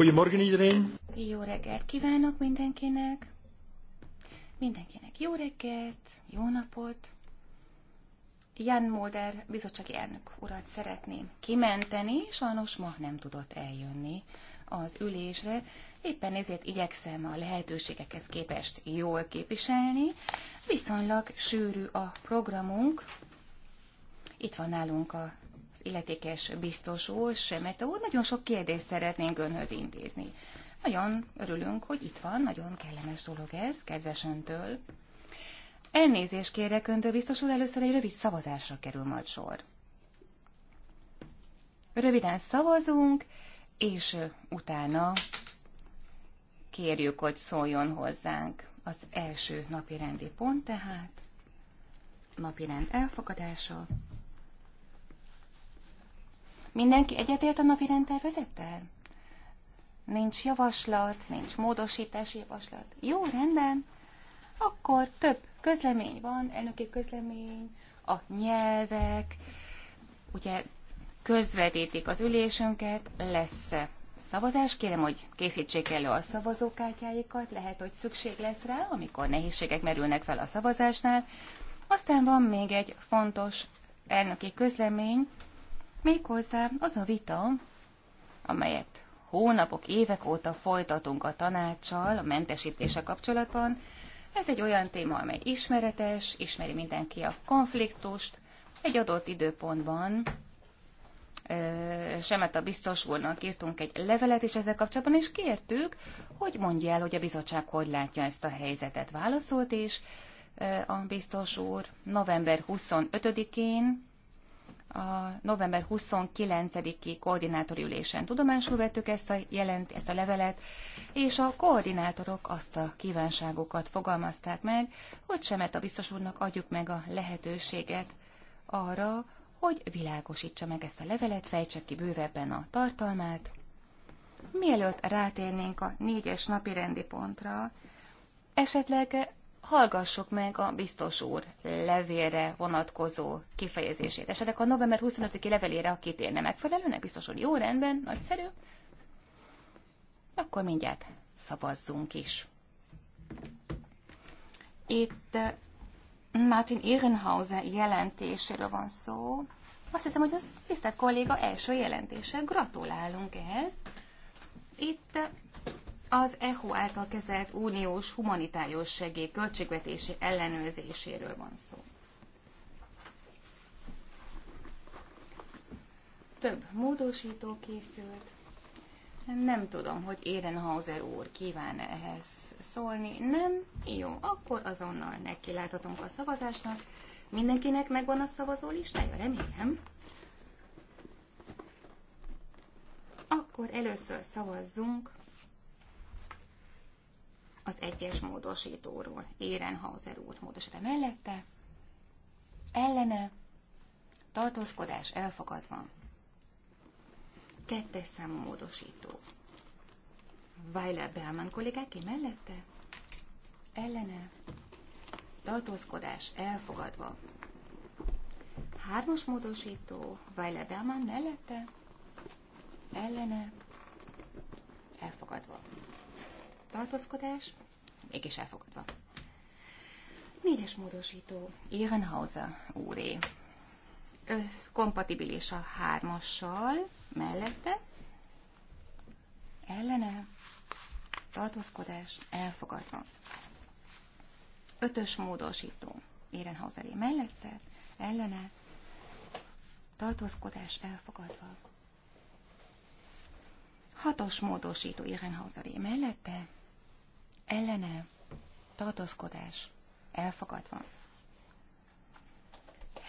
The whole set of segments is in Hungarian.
Goedemorgen iedereen. Jó reggelt kívánok mindenkinek. Mindenkinek jó reggelt, jó napot. Jan Mulder bizottsági elnök urat szeretném kimenteni, sajnos ma nem tudott eljönni az ülésre, éppen ezért igyekszem a lehetőségekhez képest jól képviselni. Viszonylag sűrű a programunk. Itt van nálunk a illetékes biztos úr, Semete úr, nagyon sok kérdést szeretnénk önhöz intézni. Nagyon örülünk, hogy itt van, nagyon kellemes dolog ez, kedves öntől. Elnézést kérek öntől, biztos úr, először egy rövid szavazásra kerül majd sor. Röviden szavazunk, és utána kérjük, hogy szóljon hozzánk az első napi rendi pont, tehát napi rend elfogadása. Mindenki egyetért a napi rendtervezettel? Nincs javaslat, nincs módosítási javaslat. Jó, rendben. Akkor több közlemény van, elnöki közlemény, a nyelvek, ugye közvetítik az ülésünket, lesz szavazás. Kérem, hogy készítsék elő a szavazókártyáikat, lehet, hogy szükség lesz rá, amikor nehézségek merülnek fel a szavazásnál. Aztán van még egy fontos elnöki közlemény, Méghozzá az a vita, amelyet hónapok, évek óta folytatunk a tanácssal, a mentesítése kapcsolatban, ez egy olyan téma, amely ismeretes, ismeri mindenki a konfliktust, egy adott időpontban Semet a biztos úrnak írtunk egy levelet, is ezzel kapcsolatban és kértük, hogy mondja el, hogy a bizottság hogy látja ezt a helyzetet. Válaszolt és a biztos úr november 25-én a november 29-i koordinátori ülésen tudomásul vettük ezt a, jelent, ezt a levelet, és a koordinátorok azt a kívánságokat fogalmazták meg, hogy Semet a biztos úrnak adjuk meg a lehetőséget arra, hogy világosítsa meg ezt a levelet, fejtse ki bővebben a tartalmát. Mielőtt rátérnénk a négyes napi rendi pontra, esetleg hallgassuk meg a biztos úr levélre vonatkozó kifejezését. Esetleg a november 25-i levelére, ha kitérne megfelelőnek, biztos úr, jó rendben, nagyszerű. Akkor mindjárt szavazzunk is. Itt eh, Martin Ehrenhauser jelentéséről van szó. Azt hiszem, hogy az tisztelt kolléga első jelentése. Gratulálunk ehhez. Itt eh, az ECHO által kezelt uniós humanitárius segély költségvetési ellenőrzéséről van szó. Több módosító készült. Nem tudom, hogy Érenhauser úr kíván -e ehhez szólni. Nem? Jó, akkor azonnal neki láthatunk a szavazásnak. Mindenkinek megvan a szavazó listája, remélem. Akkor először szavazzunk az egyes módosítóról. Érenhauser úr módosító mellette, ellene, tartózkodás elfogadva. Kettes számú módosító. Weiler Berman kollégáké mellette, ellene, tartózkodás elfogadva. Hármas módosító, Weiler Berman mellette, ellene, elfogadva tartózkodás, mégis elfogadva. Négyes módosító, Ehrenhauser úré. Össz kompatibilis a hármassal, mellette, ellene, tartózkodás, elfogadva. Ötös módosító, Ehrenhauseré mellette, ellene, tartózkodás, elfogadva. Hatos módosító Ehrenhauseré mellette, ellene tartozkodás elfogadva.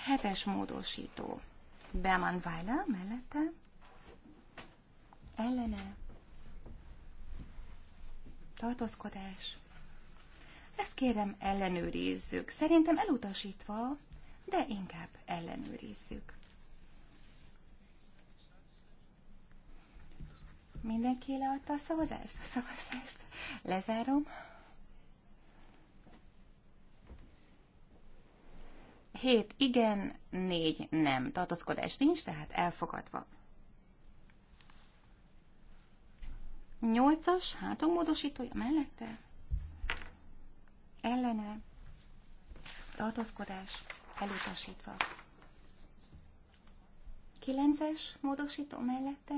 Hetes módosító. Beman Weiler mellette ellene tartozkodás. Ezt kérem ellenőrizzük. Szerintem elutasítva, de inkább ellenőrizzük. Mindenki leadta a szavazást? A szavazást? Lezárom. Hét igen, négy nem. Tartozkodás nincs, tehát elfogadva. Nyolcas hátulmódosítója mellette. Ellene. Tartózkodás elutasítva. Kilences módosító mellette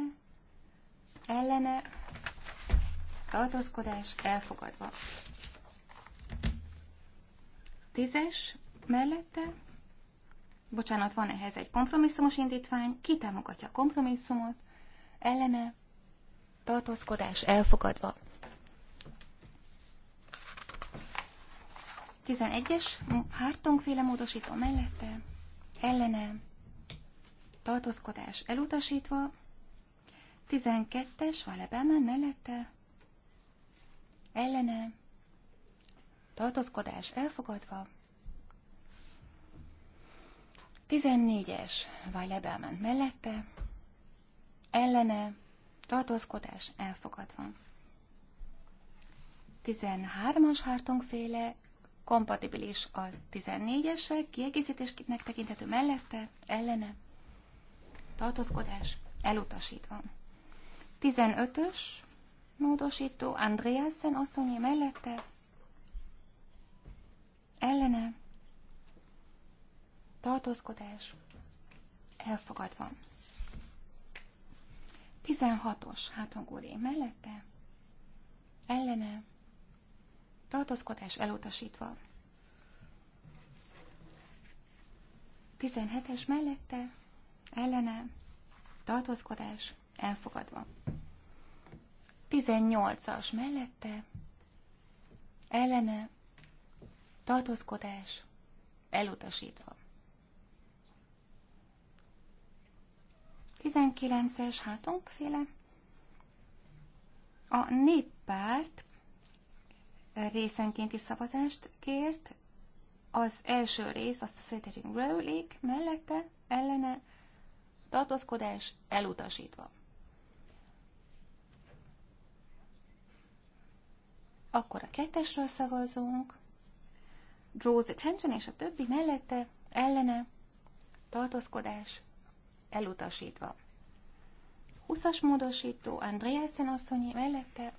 ellene, tartózkodás elfogadva. Tízes mellette, bocsánat, van ehhez egy kompromisszumos indítvány, ki támogatja a kompromisszumot, ellene, tartózkodás elfogadva. 11-es hártongféle módosító mellette, ellene, tartózkodás elutasítva, 12-es Valebelmen mellette ellene tartózkodás elfogadva. 14-es lebelment mellette ellene tartózkodás elfogadva. 13-as hártongféle kompatibilis a 14-esek, kiegészítésnek tekinthető mellette, ellene, tartózkodás elutasítva. 15-ös módosító Andreasen asszonyi mellette ellene tartózkodás elfogadva. 16-os hátongúré mellette ellene tartózkodás elutasítva. 17-es mellette ellene tartózkodás elfogadva. 18-as mellette, ellene, tartózkodás, elutasítva. 19-es hátunkféle. A néppárt részenkénti szavazást kért, az első rész a Facilitating Rowlake mellette ellene tartózkodás elutasítva. Akkor a kettesről szavazunk. Draws attention és a többi mellette, ellene, tartózkodás, elutasítva. 20-as módosító Andreasen asszonyi mellette,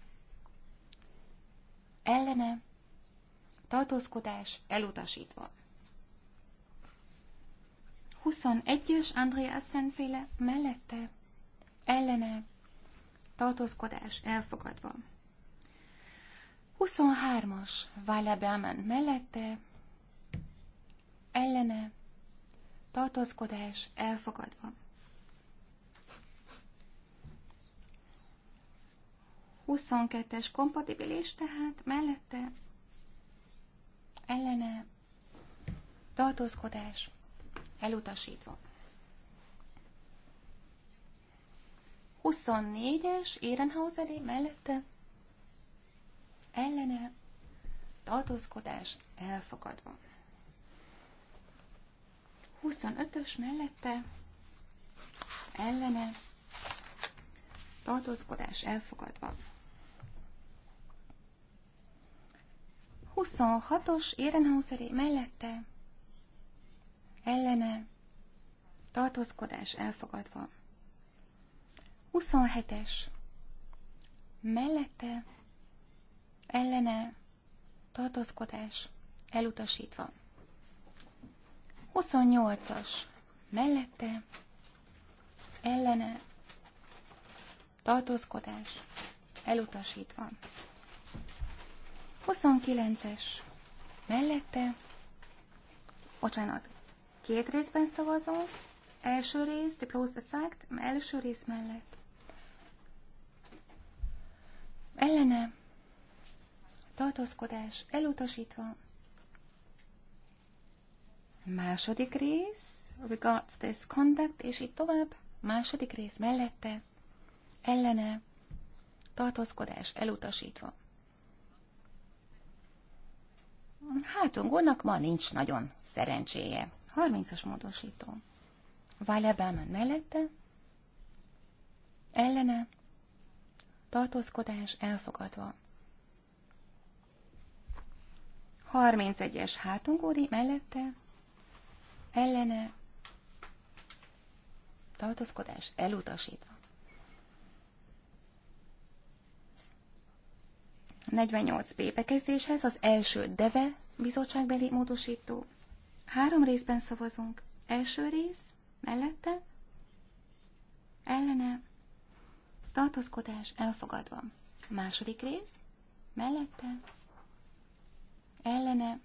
ellene, tartózkodás, elutasítva. 21-es Andreasen féle mellette, ellene, tartózkodás, elfogadva. 23-as Vale Beaman mellette, ellene, tartózkodás elfogadva. 22-es kompatibilis, tehát mellette, ellene, tartózkodás elutasítva. 24-es Ehrenhauseré mellette, ellene tartózkodás elfogadva. 25-ös mellette ellene tartózkodás elfogadva. 26-os Érenhauseré mellette ellene tartózkodás elfogadva. 27-es mellette ellene, tartózkodás, elutasítva. 28-as mellette, ellene, tartózkodás, elutasítva. 29-es mellette, bocsánat, két részben szavazunk, első rész, the plus the fact, első rész mellett. Ellene, tartózkodás elutasítva. Második rész, regards this conduct, és itt tovább. Második rész mellette, ellene, tartózkodás elutasítva. hát Hátungónak ma nincs nagyon szerencséje. 30-as módosító. Valebemen mellette, ellene, tartózkodás elfogadva. 31-es hátungóri mellette ellene tartózkodás elutasítva. 48b bekezdéshez az első DEVE bizottságbeli módosító. Három részben szavazunk. Első rész, mellette, ellene, tartózkodás elfogadva. Második rész, mellette, ellene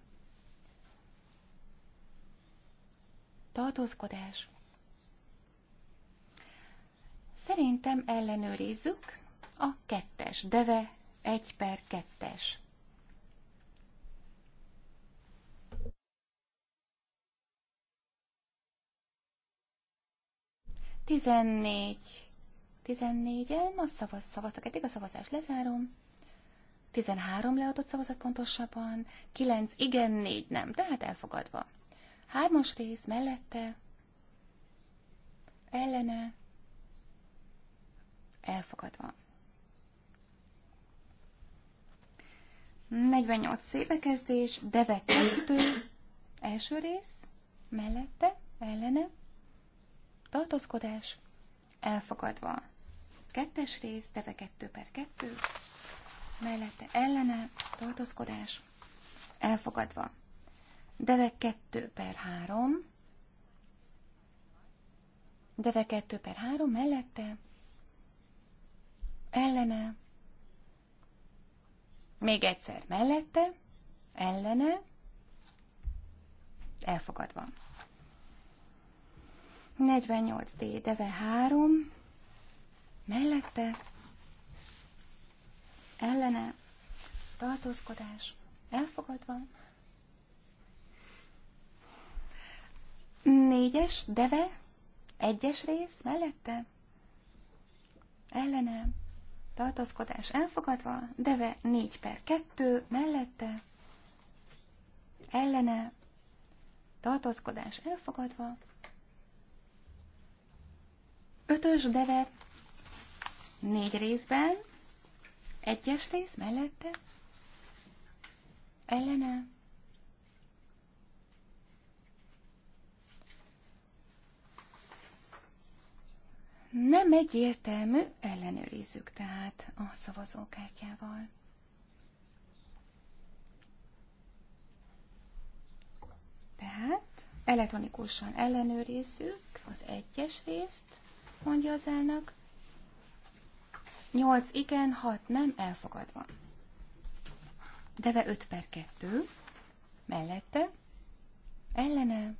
tartózkodás. Szerintem ellenőrizzük a kettes, deve 1 per kettes. Tizennégy. Tizennégyen a szavaz, szavaztak eddig, a szavazás lezárom. 13 leadott szavazat pontosabban, 9 igen, 4 nem, tehát elfogadva. Hármas rész mellette, ellene, elfogadva. 48 szépekezdés, deve 2, első rész, mellette, ellene, tartózkodás, elfogadva. Kettes rész, deve 2 per 2, mellette ellene tartózkodás elfogadva. Deve 2 per 3. Deve 2 per 3 mellette ellene. Még egyszer mellette ellene elfogadva. 48D, deve 3, mellette ellene tartózkodás elfogadva. Négyes deve, egyes rész mellette ellene tartózkodás elfogadva, deve 4 per 2 mellette ellene tartózkodás elfogadva, ötös deve négy részben, egyes rész mellette? Ellene? Nem egyértelmű, ellenőrizzük tehát a szavazókártyával. Tehát elektronikusan ellenőrizzük az egyes részt, mondja az elnök, 8 igen, 6 nem, elfogadva. Deve 5 per 2, mellette, ellene,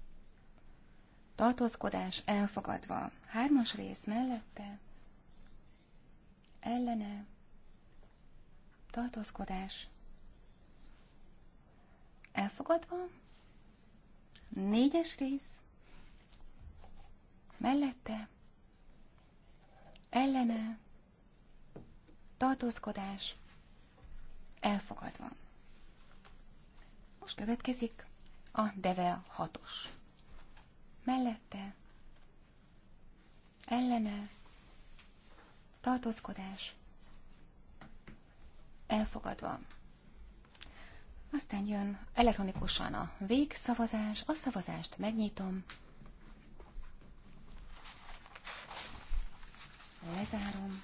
tartózkodás elfogadva. Hármas rész mellette, ellene, tartózkodás elfogadva. Négyes rész, mellette, ellene, tartózkodás elfogadva. Most következik a Devel 6-os. Mellette ellene tartózkodás elfogadva. Aztán jön elektronikusan a végszavazás, a szavazást megnyitom, lezárom.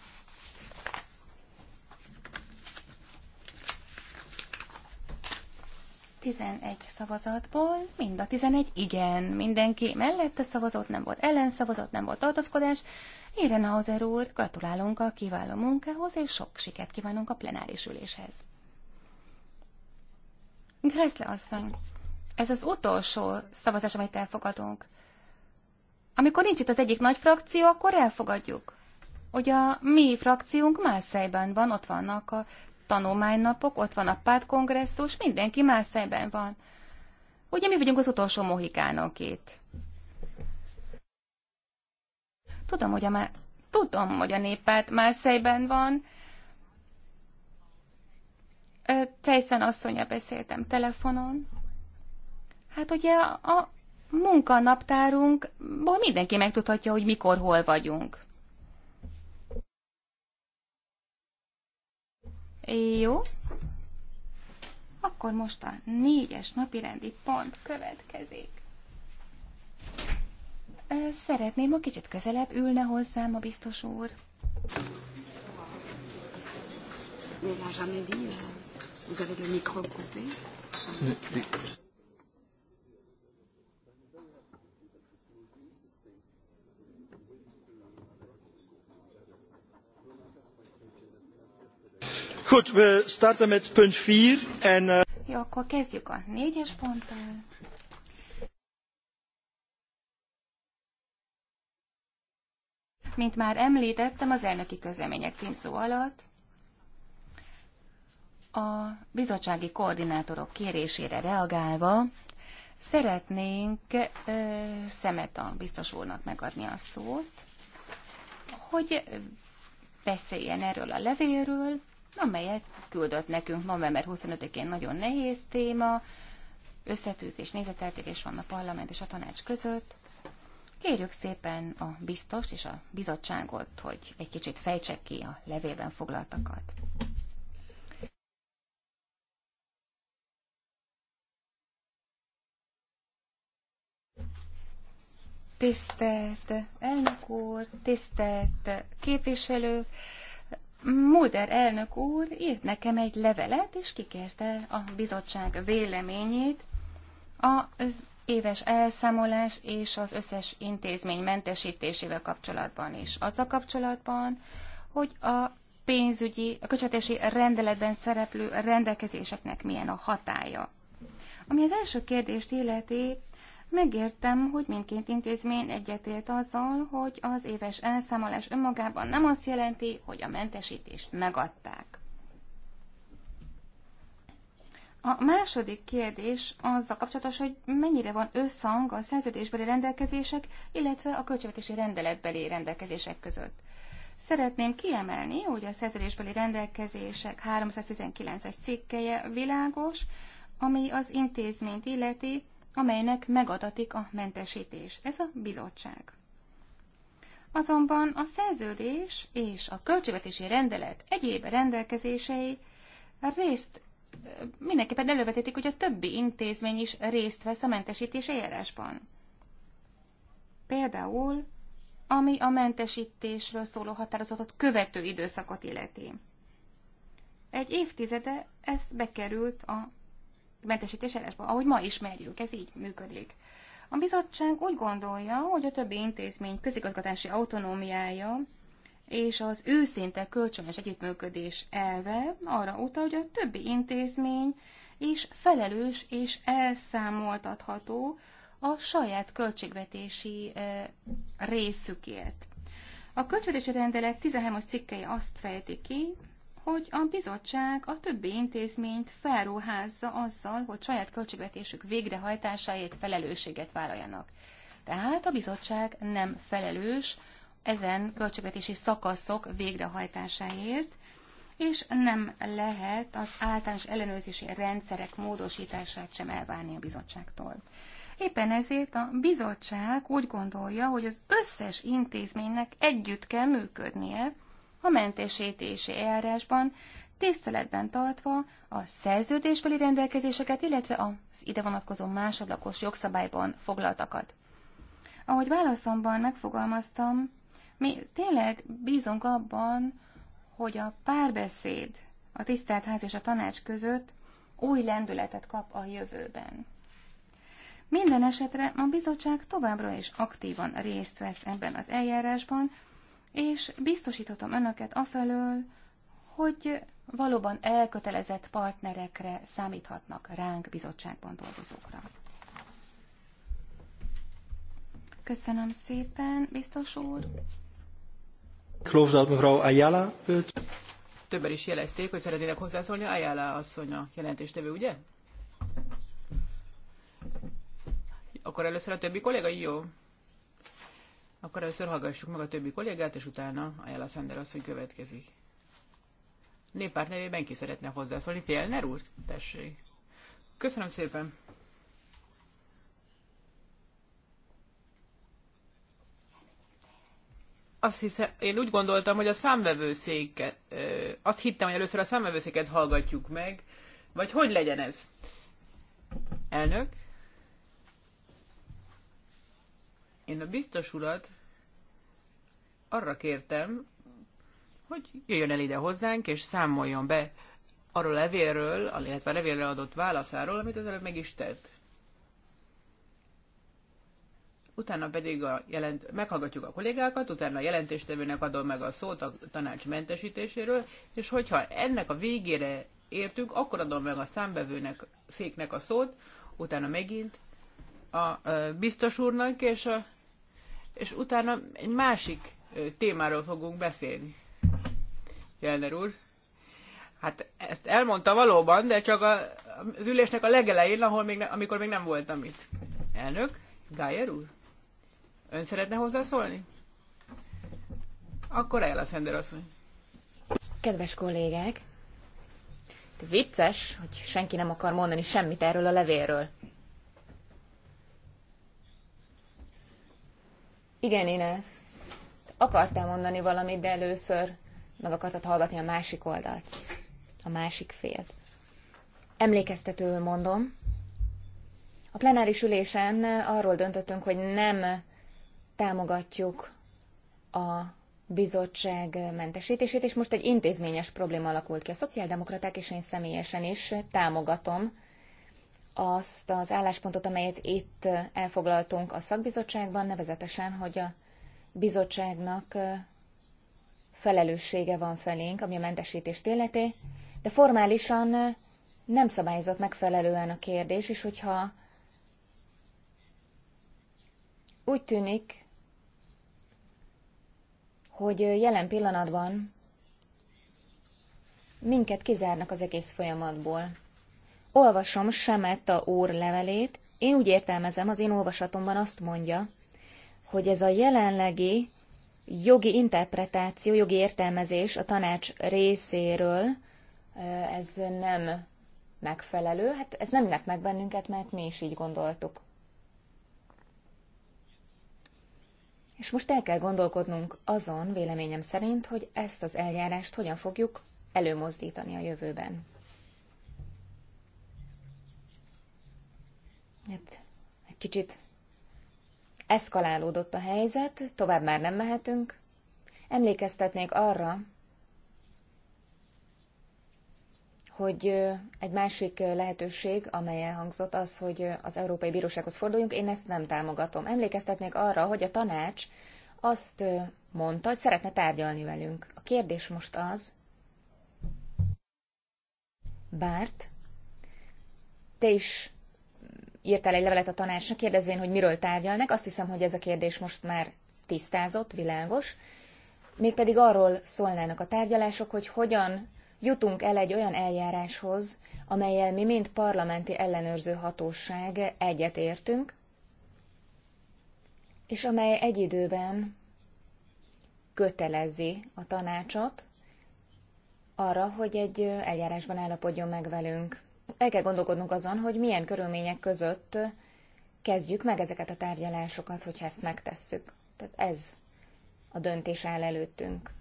11 szavazatból mind a 11 igen. Mindenki mellette szavazott, nem volt ellenszavazott, nem volt éren Hauser úr, gratulálunk a kiváló munkához, és sok sikert kívánunk a plenáris üléshez. Gressle asszony, ez az utolsó szavazás, amit elfogadunk. Amikor nincs itt az egyik nagy frakció, akkor elfogadjuk. Ugye a mi frakciónk Mászejben van, ott vannak a tanulmánynapok, ott van a pártkongresszus, mindenki más szemben van. Ugye mi vagyunk az utolsó mohikánok itt. Tudom, hogy a, má... Tudom, hogy a néppárt Márszejben van. Tejszen asszonya beszéltem telefonon. Hát ugye a, a munkanaptárunkból mindenki megtudhatja, hogy mikor hol vagyunk. Jó. Akkor most a négyes napi rendi pont következik. Szeretném, ha kicsit közelebb ülne hozzám a biztos úr. Mi a n'a jamais dit, euh, vous avez le micro coupé. Goed, we starten met punt 4. En, uh... Jó, akkor kezdjük a négyes ponttal. Mint már említettem, az elnöki közlemények címszó alatt a bizottsági koordinátorok kérésére reagálva szeretnénk ö, szemet a biztos úrnak megadni a szót, hogy beszéljen erről a levélről, amelyet küldött nekünk november 25-én nagyon nehéz téma, összetűzés, nézeteltérés van a parlament és a tanács között. Kérjük szépen a biztos és a bizottságot, hogy egy kicsit fejtsek ki a levélben foglaltakat. Tisztelt elnök úr, tisztelt képviselők, Mulder elnök úr írt nekem egy levelet, és kikérte a bizottság véleményét az éves elszámolás és az összes intézmény mentesítésével kapcsolatban is. Azzal kapcsolatban, hogy a pénzügyi, a köcsetési rendeletben szereplő rendelkezéseknek milyen a hatája. Ami az első kérdést illeti, Megértem, hogy mindkét intézmény egyetért azzal, hogy az éves elszámolás önmagában nem azt jelenti, hogy a mentesítést megadták. A második kérdés azzal kapcsolatos, hogy mennyire van összhang a szerződésbeli rendelkezések, illetve a költségvetési rendeletbeli rendelkezések között. Szeretném kiemelni, hogy a szerződésbeli rendelkezések 319-es cikkeje világos, ami az intézményt illeti, amelynek megadatik a mentesítés. Ez a bizottság. Azonban a szerződés és a költségvetési rendelet egyéb rendelkezései részt mindenképpen elővetítik, hogy a többi intézmény is részt vesz a mentesítés eljárásban. Például, ami a mentesítésről szóló határozatot követő időszakot illeti. Egy évtizede ez bekerült a mentesítés eljárásban, ahogy ma ismerjük, ez így működik. A bizottság úgy gondolja, hogy a többi intézmény közigazgatási autonómiája és az őszinte kölcsönös együttműködés elve arra utal, hogy a többi intézmény is felelős és elszámoltatható a saját költségvetési e, részükért. A költségvetési rendelet 13-as cikkei azt fejti ki, hogy a bizottság a többi intézményt felruházza azzal, hogy saját költségvetésük végrehajtásáért felelősséget vállaljanak. Tehát a bizottság nem felelős ezen költségvetési szakaszok végrehajtásáért, és nem lehet az általános ellenőrzési rendszerek módosítását sem elvárni a bizottságtól. Éppen ezért a bizottság úgy gondolja, hogy az összes intézménynek együtt kell működnie, a mentesítési eljárásban, tiszteletben tartva a szerződésbeli rendelkezéseket, illetve az ide vonatkozó másodlagos jogszabályban foglaltakat. Ahogy válaszomban megfogalmaztam, mi tényleg bízunk abban, hogy a párbeszéd a tisztelt ház és a tanács között új lendületet kap a jövőben. Minden esetre a bizottság továbbra is aktívan részt vesz ebben az eljárásban, és biztosítottam önöket afelől, hogy valóban elkötelezett partnerekre számíthatnak ránk bizottságban dolgozókra. Köszönöm szépen, biztos úr. Klóvzat mevrouw Ayala. Többen is jelezték, hogy szeretnének hozzászólni. Ayala asszony a jelentéstevő, ugye? Akkor először a többi kolléga? Jó. Akkor először hallgassuk meg a többi kollégát, és utána Ajala Szender asszony következik. Néppárt nevében ki szeretne hozzászólni? Fjellner úr? Tessék. Köszönöm szépen. Azt hiszem, én úgy gondoltam, hogy a számvevőszéket, azt hittem, hogy először a számvevőszéket hallgatjuk meg, vagy hogy legyen ez? Elnök? Én a biztos urat arra kértem, hogy jöjjön el ide hozzánk, és számoljon be arról a levélről, illetve a levélre adott válaszáról, amit az előbb meg is tett. Utána pedig a jelent, meghallgatjuk a kollégákat, utána a jelentéstevőnek adom meg a szót a tanács mentesítéséről, és hogyha ennek a végére értünk, akkor adom meg a számbevőnek, széknek a szót, utána megint a, a biztos úrnak, és, a, és utána egy másik témáról fogunk beszélni. Jelner úr. Hát ezt elmondta valóban, de csak a, az ülésnek a legelején, ahol még ne, amikor még nem voltam itt. Elnök, Gájer úr, ön szeretne hozzászólni? Akkor el a Szender asszony. Kedves kollégák, vicces, hogy senki nem akar mondani semmit erről a levélről. Igen, Inés. Akartál mondani valamit, de először meg akartad hallgatni a másik oldalt, a másik félt. Emlékeztetőül mondom, a plenáris ülésen arról döntöttünk, hogy nem támogatjuk a bizottság mentesítését, és most egy intézményes probléma alakult ki. A szociáldemokraták és én személyesen is támogatom azt az álláspontot, amelyet itt elfoglaltunk a szakbizottságban, nevezetesen, hogy a bizottságnak felelőssége van felénk, ami a mentesítést illeti, de formálisan nem szabályozott megfelelően a kérdés, és hogyha úgy tűnik, hogy jelen pillanatban minket kizárnak az egész folyamatból. Olvasom Semetta úr levelét, én úgy értelmezem, az én olvasatomban azt mondja, hogy ez a jelenlegi jogi interpretáció, jogi értelmezés a tanács részéről, ez nem megfelelő. Hát ez nem lep meg bennünket, mert mi is így gondoltuk. És most el kell gondolkodnunk azon, véleményem szerint, hogy ezt az eljárást hogyan fogjuk előmozdítani a jövőben. Hát egy kicsit Eszkalálódott a helyzet, tovább már nem mehetünk. Emlékeztetnék arra, hogy egy másik lehetőség, amely elhangzott, az, hogy az Európai Bírósághoz forduljunk, én ezt nem támogatom. Emlékeztetnék arra, hogy a tanács azt mondta, hogy szeretne tárgyalni velünk. A kérdés most az, Bárt, te is írtál egy levelet a tanácsnak, kérdezvén, hogy miről tárgyalnak. Azt hiszem, hogy ez a kérdés most már tisztázott, világos. Mégpedig arról szólnának a tárgyalások, hogy hogyan jutunk el egy olyan eljáráshoz, amelyel mi, mint parlamenti ellenőrző hatóság egyetértünk, és amely egy időben kötelezi a tanácsot arra, hogy egy eljárásban állapodjon meg velünk el kell gondolkodnunk azon, hogy milyen körülmények között kezdjük meg ezeket a tárgyalásokat, hogyha ezt megtesszük. Tehát ez a döntés áll előttünk.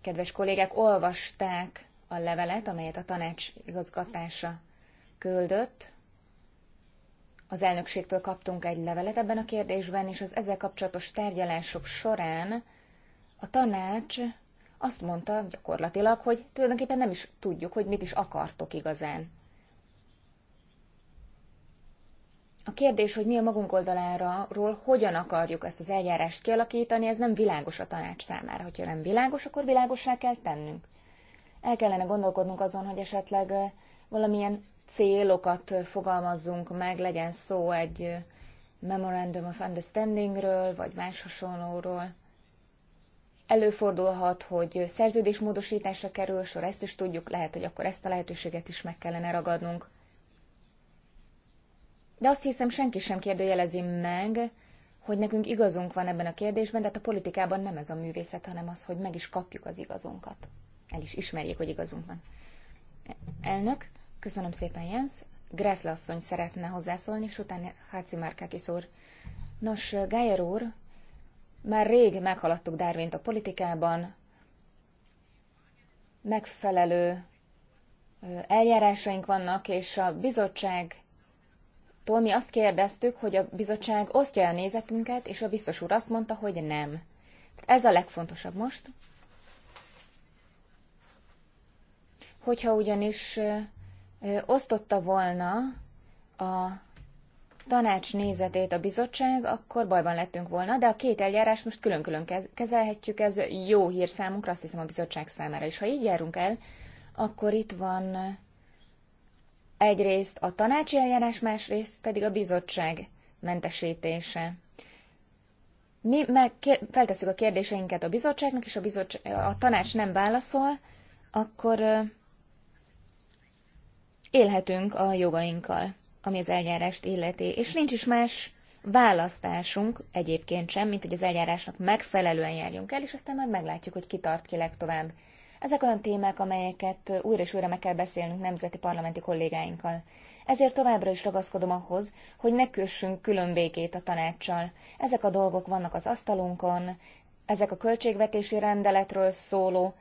Kedves kollégák, olvasták a levelet, amelyet a tanács igazgatása küldött. Az elnökségtől kaptunk egy levelet ebben a kérdésben, és az ezzel kapcsolatos tárgyalások során a tanács azt mondta gyakorlatilag, hogy tulajdonképpen nem is tudjuk, hogy mit is akartok igazán. A kérdés, hogy mi a magunk oldaláról hogyan akarjuk ezt az eljárást kialakítani, ez nem világos a tanács számára. Hogyha nem világos, akkor világosá kell tennünk. El kellene gondolkodnunk azon, hogy esetleg valamilyen célokat fogalmazzunk meg, legyen szó egy Memorandum of Understandingről, vagy más hasonlóról. Előfordulhat, hogy szerződésmódosításra kerül sor, ezt is tudjuk, lehet, hogy akkor ezt a lehetőséget is meg kellene ragadnunk. De azt hiszem, senki sem kérdőjelezi meg, hogy nekünk igazunk van ebben a kérdésben, de hát a politikában nem ez a művészet, hanem az, hogy meg is kapjuk az igazunkat. El is ismerjék, hogy igazunk van. Elnök, köszönöm szépen, Jens. Gressle asszony szeretne hozzászólni, és utána Háci Márkákis úr. Nos, Gájer úr, már rég meghaladtuk Darwint a politikában, megfelelő eljárásaink vannak, és a bizottság mi azt kérdeztük, hogy a bizottság osztja a nézetünket, és a biztos úr azt mondta, hogy nem. Ez a legfontosabb most. Hogyha ugyanis osztotta volna a tanács nézetét a bizottság, akkor bajban lettünk volna, de a két eljárás most külön-külön kezelhetjük, ez jó hír számunkra, azt hiszem a bizottság számára. És ha így járunk el, akkor itt van egyrészt a tanácsi eljárás, másrészt pedig a bizottság mentesítése. Mi meg feltesszük a kérdéseinket a bizottságnak, és a, bizottság, a tanács nem válaszol, akkor élhetünk a jogainkkal ami az eljárást illeti, és nincs is más választásunk egyébként sem, mint hogy az eljárásnak megfelelően járjunk el, és aztán majd meglátjuk, hogy ki tart ki legtovább. Ezek olyan témák, amelyeket újra és újra meg kell beszélnünk nemzeti parlamenti kollégáinkkal. Ezért továbbra is ragaszkodom ahhoz, hogy ne kössünk külön békét a tanácssal. Ezek a dolgok vannak az asztalunkon, ezek a költségvetési rendeletről szóló,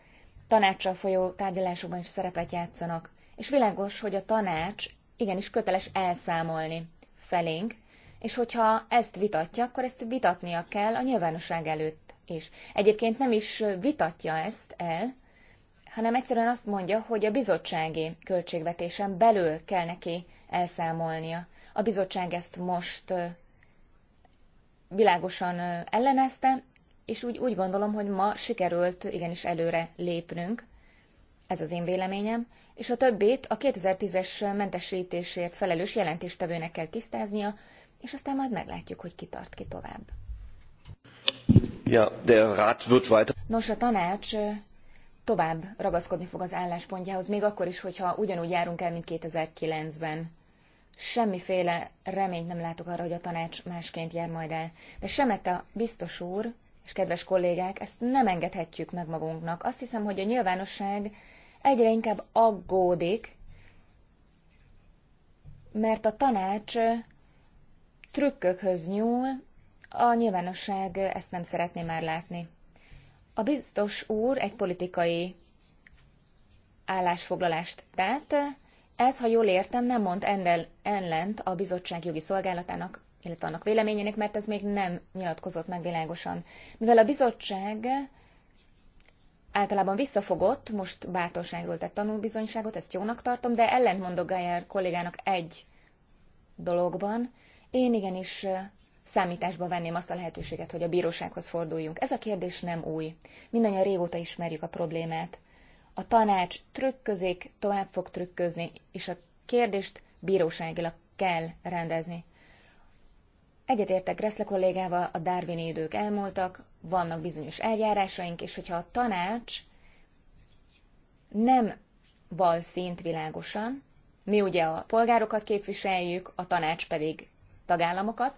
tanácssal folyó tárgyalásokban is szerepet játszanak. És világos, hogy a tanács igenis köteles elszámolni felénk, és hogyha ezt vitatja, akkor ezt vitatnia kell a nyilvánosság előtt is. Egyébként nem is vitatja ezt el, hanem egyszerűen azt mondja, hogy a bizottsági költségvetésen belül kell neki elszámolnia. A bizottság ezt most világosan ellenezte, és úgy, úgy gondolom, hogy ma sikerült igenis előre lépnünk. Ez az én véleményem és a többit a 2010-es mentesítésért felelős jelentéstevőnek kell tisztáznia, és aztán majd meglátjuk, hogy ki tart ki tovább. Ja, der Rat wird weiter. Nos, a tanács tovább ragaszkodni fog az álláspontjához, még akkor is, hogyha ugyanúgy járunk el, mint 2009-ben. Semmiféle reményt nem látok arra, hogy a tanács másként jár majd el. De Semeta biztos úr, és kedves kollégák, ezt nem engedhetjük meg magunknak. Azt hiszem, hogy a nyilvánosság egyre inkább aggódik, mert a tanács trükkökhöz nyúl, a nyilvánosság ezt nem szeretné már látni. A biztos úr egy politikai állásfoglalást tett, ez, ha jól értem, nem mond endel, ellent a bizottság jogi szolgálatának, illetve annak véleményének, mert ez még nem nyilatkozott meg világosan. Mivel a bizottság általában visszafogott, most bátorságról tett tanulbizonyságot, ezt jónak tartom, de ellentmondok Geyer kollégának egy dologban. Én igenis számításba venném azt a lehetőséget, hogy a bírósághoz forduljunk. Ez a kérdés nem új. Mindannyian régóta ismerjük a problémát. A tanács trükközik, tovább fog trükközni, és a kérdést bíróságilag kell rendezni. Egyetértek Greszle kollégával, a darwini idők elmúltak, vannak bizonyos eljárásaink, és hogyha a tanács nem val szint világosan, mi ugye a polgárokat képviseljük, a tanács pedig tagállamokat,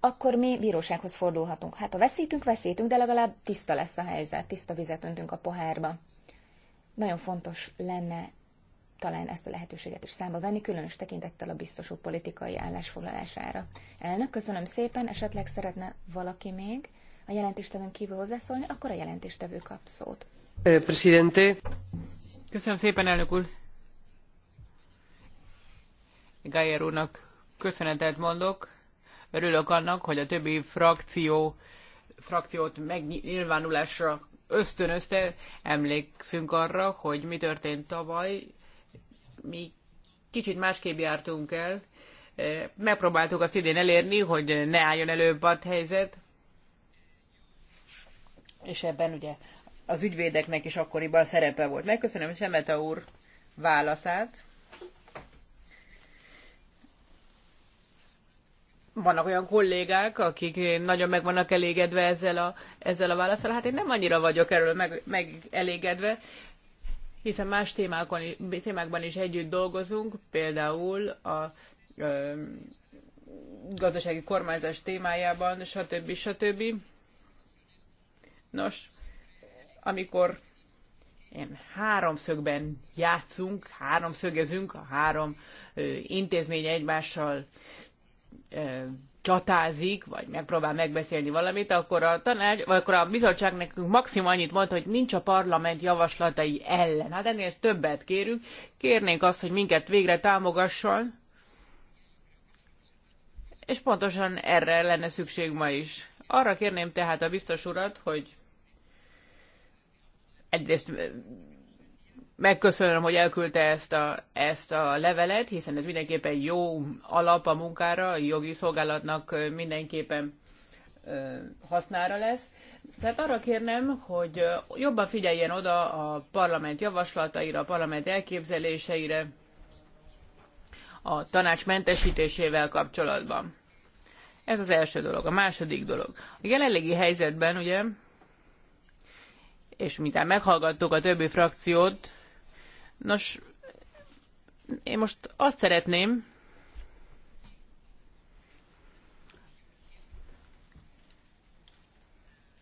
akkor mi bírósághoz fordulhatunk. Hát ha veszítünk, veszítünk, de legalább tiszta lesz a helyzet, tiszta vizet öntünk a pohárba. Nagyon fontos lenne talán ezt a lehetőséget is számba venni, különös tekintettel a biztosú politikai állásfoglalására. Elnök, köszönöm szépen, esetleg szeretne valaki még a jelentéstevőn kívül hozzászólni, akkor a jelentéstevő kap szót. Eh, presidente. Köszönöm szépen, elnök úr. Gájer úrnak köszönetet mondok. Örülök annak, hogy a többi frakció, frakciót megnyilvánulásra ösztönözte. Emlékszünk arra, hogy mi történt tavaly. Mi kicsit másképp jártunk el. Eh, megpróbáltuk azt idén elérni, hogy ne álljon elő helyzet és ebben ugye az ügyvédeknek is akkoriban szerepe volt. Megköszönöm Semete úr válaszát. Vannak olyan kollégák, akik nagyon meg vannak elégedve ezzel a, ezzel a válaszsal. Hát én nem annyira vagyok erről meg, meg elégedve, hiszen más témákon, témákban is együtt dolgozunk, például a ö, gazdasági kormányzás témájában, stb. stb. stb Nos, amikor én háromszögben játszunk, háromszögezünk, a három ö, intézmény egymással ö, csatázik, vagy megpróbál megbeszélni valamit, akkor a, tanács, vagy akkor a bizottság nekünk maximum annyit mondta, hogy nincs a parlament javaslatai ellen. Hát ennél többet kérünk. Kérnénk azt, hogy minket végre támogasson, és pontosan erre lenne szükség ma is. Arra kérném tehát a biztos urat, hogy egyrészt megköszönöm, hogy elküldte ezt a, ezt a levelet, hiszen ez mindenképpen jó alap a munkára, a jogi szolgálatnak mindenképpen hasznára lesz. Tehát arra kérnem, hogy jobban figyeljen oda a parlament javaslataira, a parlament elképzeléseire a tanács mentesítésével kapcsolatban. Ez az első dolog. A második dolog. A jelenlegi helyzetben ugye és miután meghallgattuk a többi frakciót, nos, én most azt szeretném,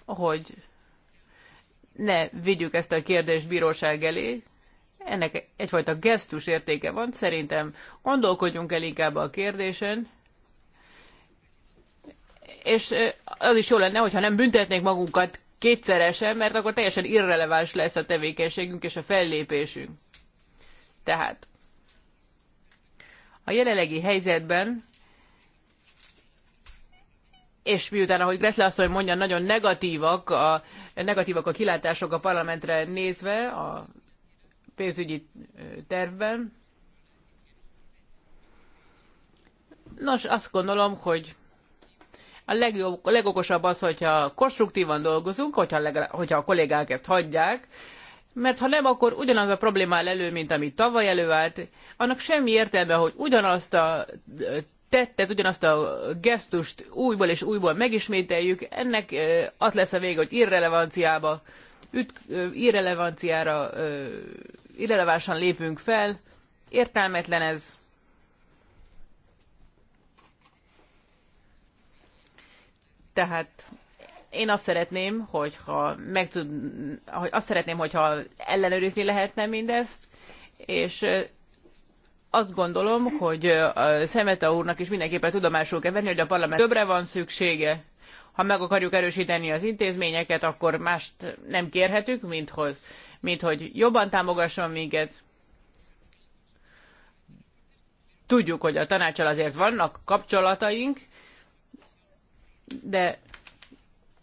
hogy ne vigyük ezt a kérdést bíróság elé, ennek egyfajta gesztus értéke van, szerintem gondolkodjunk el inkább a kérdésen, és az is jó lenne, hogyha nem büntetnék magunkat kétszeresen, mert akkor teljesen irreleváns lesz a tevékenységünk és a fellépésünk. Tehát a jelenlegi helyzetben, és miután, ahogy Gressler asszony mondja, nagyon negatívak a, negatívak a kilátások a parlamentre nézve a pénzügyi tervben, Nos, azt gondolom, hogy a legjobb, a legokosabb az, hogyha konstruktívan dolgozunk, hogyha, legalább, hogyha a kollégák ezt hagyják, mert ha nem, akkor ugyanaz a probléma áll elő, mint ami tavaly előállt. Annak semmi értelme, hogy ugyanazt a tettet, ugyanazt a gesztust újból és újból megismételjük, ennek az lesz a vége, hogy irrelevanciába, üt, irrelevanciára, irrelevánsan lépünk fel, értelmetlen ez, Tehát én azt szeretném, hogyha meg tud, hogy azt szeretném, hogyha ellenőrizni lehetne mindezt, és azt gondolom, hogy a Szemeta úrnak is mindenképpen tudomásul kell venni, hogy a parlament többre van szüksége. Ha meg akarjuk erősíteni az intézményeket, akkor mást nem kérhetünk, mint, hoz, mint hogy jobban támogasson minket. Tudjuk, hogy a tanácsal azért vannak kapcsolataink, de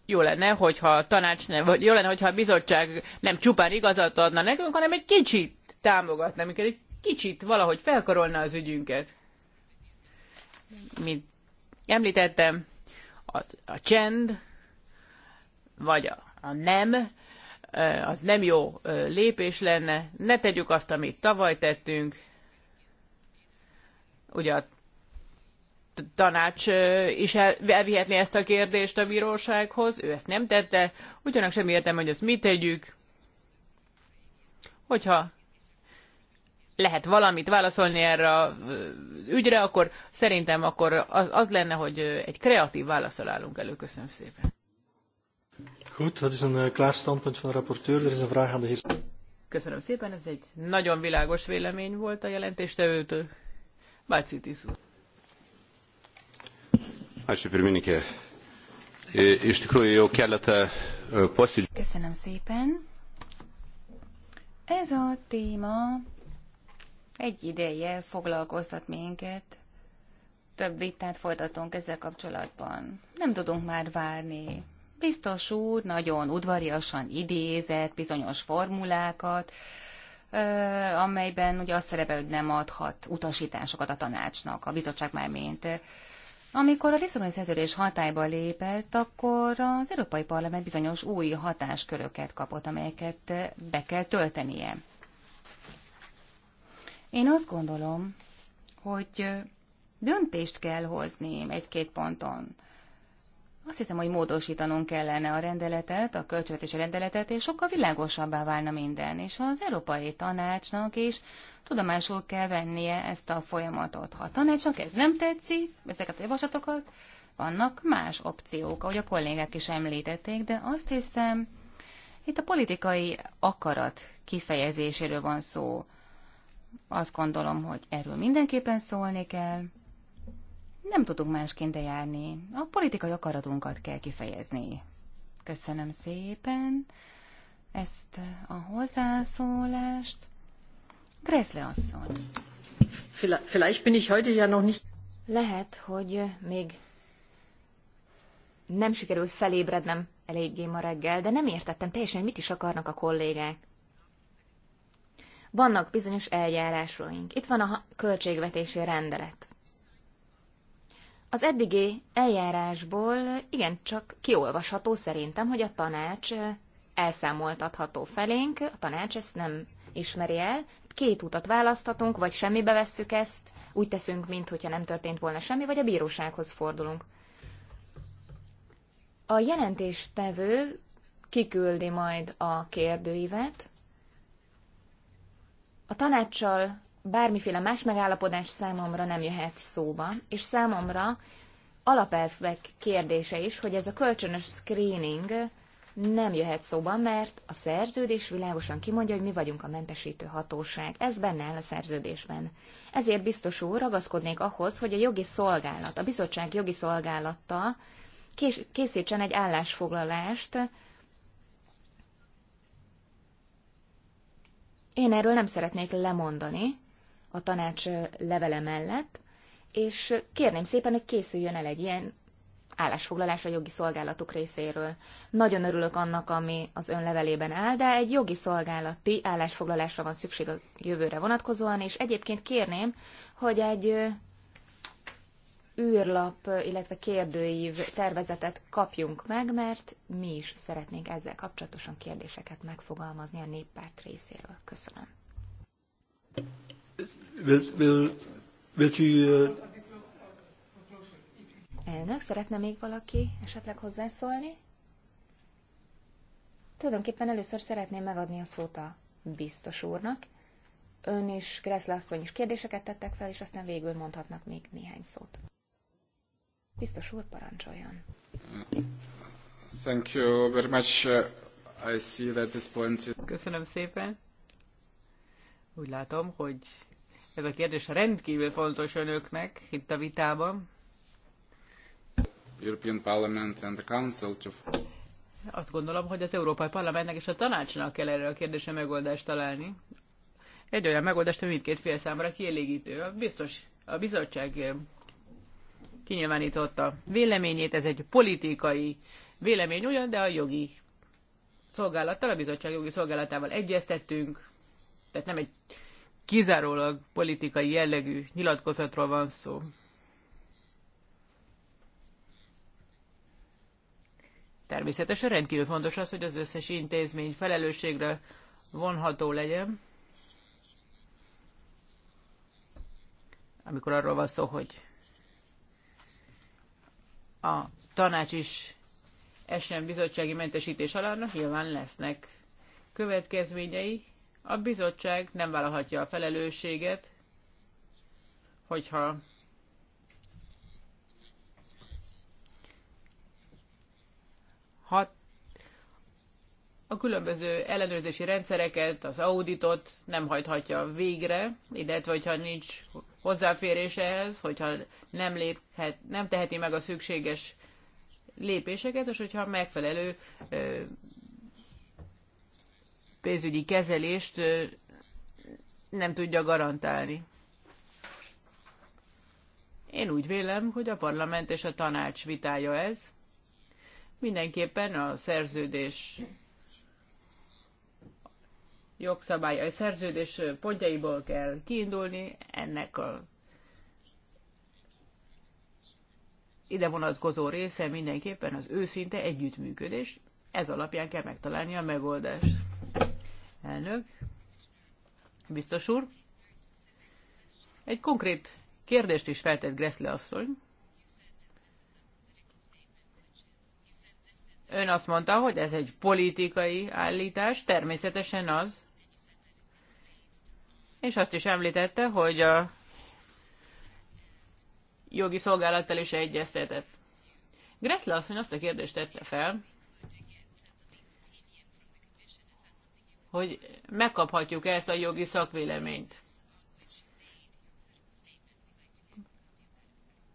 jó lenne, hogyha a tanács nem, vagy jó lenne, hogyha a bizottság nem csupán igazat adna nekünk, hanem egy kicsit támogatna minket, egy kicsit valahogy felkarolna az ügyünket. Mint említettem, a, a csend, vagy a, a nem, az nem jó lépés lenne. Ne tegyük azt, amit tavaly tettünk. Ugye a tanács is el, elvihetné ezt a kérdést a bírósághoz, ő ezt nem tette, ugyanak sem értem, hogy ezt mit tegyük, hogyha lehet valamit válaszolni erre a ügyre, akkor szerintem akkor az, az lenne, hogy egy kreatív válaszol állunk elő. Köszönöm szépen. Goed, dat is een eh, klaar standpunt van de rapporteur. Er is een vraag aan de heer... Köszönöm szépen, ez egy nagyon világos vélemény volt a jelentéstevőtől. Bácsi Tiszú. Ačiū pirmininkė. Iš tikrųjų jau keletą e, Köszönöm szépen. Ez a téma egy ideje foglalkoztat minket. Több vitát folytatunk ezzel kapcsolatban. Nem tudunk már várni. Biztos úr nagyon udvariasan idézett bizonyos formulákat, e, amelyben ugye azt szerepel, hogy nem adhat utasításokat a tanácsnak, a bizottság már mint amikor a Lisszaboni szerződés hatályba lépett, akkor az Európai Parlament bizonyos új hatásköröket kapott, amelyeket be kell töltenie. Én azt gondolom, hogy döntést kell hozni egy-két ponton. Azt hiszem, hogy módosítanunk kellene a rendeletet, a költségvetési rendeletet, és sokkal világosabbá válna minden, és az Európai Tanácsnak is tudomásul kell vennie ezt a folyamatot. Ha a tanácsnak ez nem tetszik, ezeket a javaslatokat, vannak más opciók, ahogy a kollégák is említették, de azt hiszem, itt a politikai akarat kifejezéséről van szó. Azt gondolom, hogy erről mindenképpen szólni kell. Nem tudunk másként járni. A politikai akaratunkat kell kifejezni. Köszönöm szépen ezt a hozzászólást. Gressle asszony. Vielleicht bin ich heute ja noch nicht... Lehet, hogy még nem sikerült felébrednem eléggé ma reggel, de nem értettem teljesen, mit is akarnak a kollégák. Vannak bizonyos eljárásaink. Itt van a költségvetési rendelet. Az eddigi eljárásból igen csak kiolvasható szerintem, hogy a tanács elszámoltatható felénk, a tanács ezt nem ismeri el. Két utat választhatunk, vagy semmibe vesszük ezt, úgy teszünk, mintha nem történt volna semmi, vagy a bírósághoz fordulunk. A jelentéstevő kiküldi majd a kérdőívet, a tanácssal bármiféle más megállapodás számomra nem jöhet szóba, és számomra alapelvek kérdése is, hogy ez a kölcsönös screening nem jöhet szóba, mert a szerződés világosan kimondja, hogy mi vagyunk a mentesítő hatóság. Ez benne áll a szerződésben. Ezért biztos úr ragaszkodnék ahhoz, hogy a jogi szolgálat, a bizottság jogi szolgálata készítsen egy állásfoglalást. Én erről nem szeretnék lemondani, a tanács levele mellett, és kérném szépen, hogy készüljön el egy ilyen állásfoglalás a jogi szolgálatok részéről. Nagyon örülök annak, ami az ön levelében áll, de egy jogi szolgálati állásfoglalásra van szükség a jövőre vonatkozóan, és egyébként kérném, hogy egy űrlap, illetve kérdőív tervezetet kapjunk meg, mert mi is szeretnénk ezzel kapcsolatosan kérdéseket megfogalmazni a néppárt részéről. Köszönöm wilt, wil, wilt u... Elnök, szeretne még valaki esetleg hozzászólni? Tulajdonképpen először szeretném megadni a szót a biztos úrnak. Ön és Gressle asszony is kérdéseket tettek fel, és aztán végül mondhatnak még néhány szót. Biztos úr, parancsoljon. Thank you very much. I see that this point... Köszönöm szépen. Úgy látom, hogy ez a kérdés rendkívül fontos önöknek itt a vitában. European Parliament and the Council to... Azt gondolom, hogy az Európai Parlamentnek és a tanácsnak kell erre a kérdésre megoldást találni. Egy olyan megoldást, ami mindkét fél számára kielégítő. Biztos a bizottság eh, kinyilvánította véleményét, ez egy politikai vélemény ugyan, de a jogi szolgálattal, a bizottság jogi szolgálatával egyeztettünk, tehát nem egy kizárólag politikai jellegű nyilatkozatról van szó. Természetesen rendkívül fontos az, hogy az összes intézmény felelősségre vonható legyen, amikor arról van szó, hogy a tanács is essen bizottsági mentesítés alá, nyilván lesznek következményei, a bizottság nem vállalhatja a felelősséget, hogyha hat a különböző ellenőrzési rendszereket, az auditot nem hajthatja végre, illetve hogyha nincs hozzáférés ehhez, hogyha nem, léphet, nem teheti meg a szükséges lépéseket, és hogyha megfelelő ö, pénzügyi kezelést nem tudja garantálni. Én úgy vélem, hogy a parlament és a tanács vitája ez. Mindenképpen a szerződés jogszabály, a szerződés pontjaiból kell kiindulni, ennek a ide vonatkozó része mindenképpen az őszinte együttműködés, ez alapján kell megtalálni a megoldást. Elnök, biztos úr, egy konkrét kérdést is feltett Gressle asszony. Ön azt mondta, hogy ez egy politikai állítás, természetesen az. És azt is említette, hogy a jogi szolgálattal is egyeztetett. Gressle asszony azt a kérdést tette fel, hogy megkaphatjuk -e ezt a jogi szakvéleményt.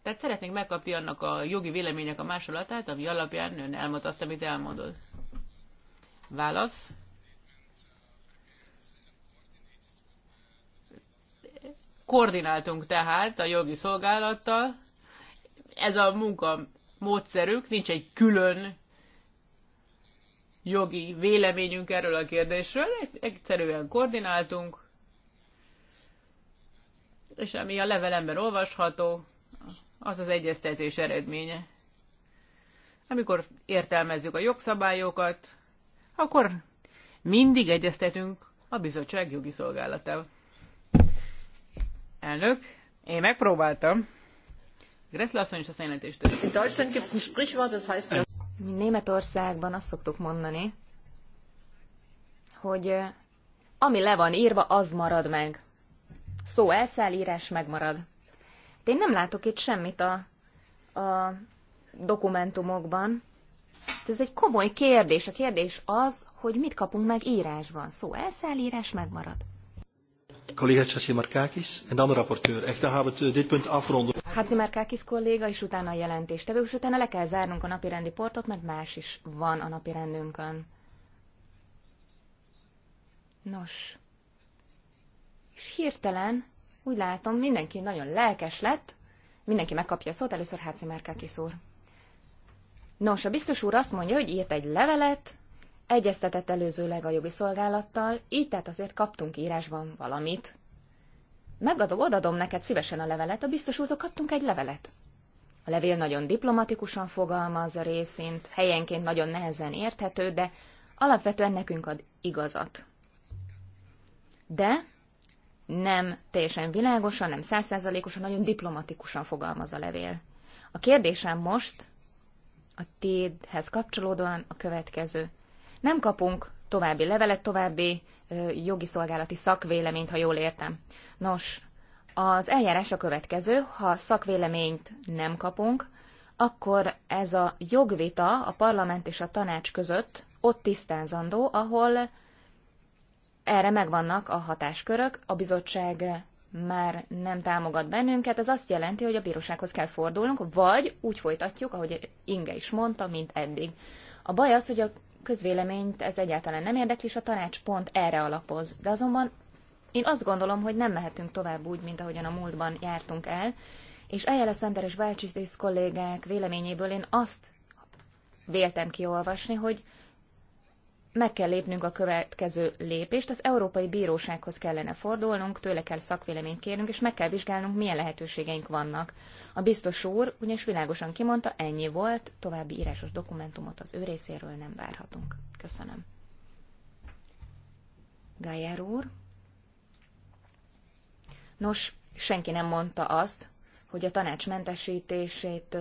Tehát szeretnénk megkapni annak a jogi véleménynek a másolatát, ami alapján ön elmondta azt, amit elmondott. Válasz. Koordináltunk tehát a jogi szolgálattal. Ez a munka módszerük, nincs egy külön jogi véleményünk erről a kérdésről, egyszerűen koordináltunk, és ami a levelemben olvasható, az az egyeztetés eredménye. Amikor értelmezzük a jogszabályokat, akkor mindig egyeztetünk a bizottság jogi szolgálatával. Elnök, én megpróbáltam. Gressler asszony is a szénletéstől. Deutschland gibt es ein Sprichwort, das heißt, mi Németországban azt szoktuk mondani, hogy ami le van írva, az marad meg. Szó elszáll, írás megmarad. De én nem látok itt semmit a, a dokumentumokban. Ez egy komoly kérdés. A kérdés az, hogy mit kapunk meg írásban. Szó elszáll, írás megmarad. Collega Csacimarkákis, en dan de rapporteur. Echt, dan gaan we eh, dit punt afronden. kolléga, és utána a jelentéstevő, és utána le kell zárnunk a napirendi portot, mert más is van a napirendünkön. Nos. És hirtelen, úgy látom, mindenki nagyon lelkes lett, mindenki megkapja a szót, először Hacimarkákis úr. Nos, a biztos úr azt mondja, hogy írt egy levelet, egyeztetett előzőleg a jogi szolgálattal, így tehát azért kaptunk írásban valamit. Megadom, odadom neked szívesen a levelet, a biztos úrtól kaptunk egy levelet. A levél nagyon diplomatikusan fogalmaz a részint, helyenként nagyon nehezen érthető, de alapvetően nekünk ad igazat. De nem teljesen világosan, nem százszerzalékosan, nagyon diplomatikusan fogalmaz a levél. A kérdésem most a tédhez kapcsolódóan a következő. Nem kapunk további levelet, további jogi szolgálati szakvéleményt, ha jól értem. Nos, az eljárás a következő, ha szakvéleményt nem kapunk, akkor ez a jogvita a parlament és a tanács között ott tisztázandó, ahol erre megvannak a hatáskörök, a bizottság már nem támogat bennünket, ez azt jelenti, hogy a bírósághoz kell fordulnunk, vagy úgy folytatjuk, ahogy Inge is mondta, mint eddig. A baj az, hogy a közvéleményt ez egyáltalán nem érdekli, és a tanács pont erre alapoz. De azonban én azt gondolom, hogy nem mehetünk tovább úgy, mint ahogyan a múltban jártunk el, és Ejjele Szenter és kollégák véleményéből én azt véltem kiolvasni, hogy meg kell lépnünk a következő lépést, az Európai Bírósághoz kellene fordulnunk, tőle kell szakvéleményt kérnünk, és meg kell vizsgálnunk, milyen lehetőségeink vannak. A biztos úr ugyanis világosan kimondta, ennyi volt, további írásos dokumentumot az ő részéről nem várhatunk. Köszönöm. Gájár úr. Nos, senki nem mondta azt, hogy a tanács mentesítését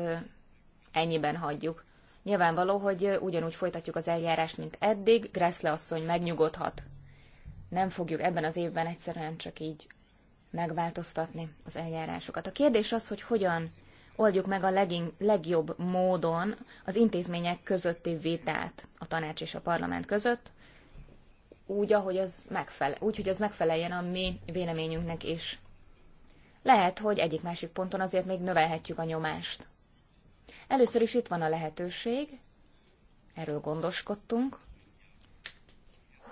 ennyiben hagyjuk. Nyilvánvaló, hogy ugyanúgy folytatjuk az eljárást, mint eddig. Gressle asszony megnyugodhat. Nem fogjuk ebben az évben egyszerűen csak így megváltoztatni az eljárásokat. A kérdés az, hogy hogyan oldjuk meg a legin, legjobb módon az intézmények közötti vitát a tanács és a parlament között, úgy, ahogy az megfele, úgy, hogy az megfeleljen a mi véleményünknek is. Lehet, hogy egyik-másik ponton azért még növelhetjük a nyomást. Először is itt van a lehetőség, erről gondoskodtunk,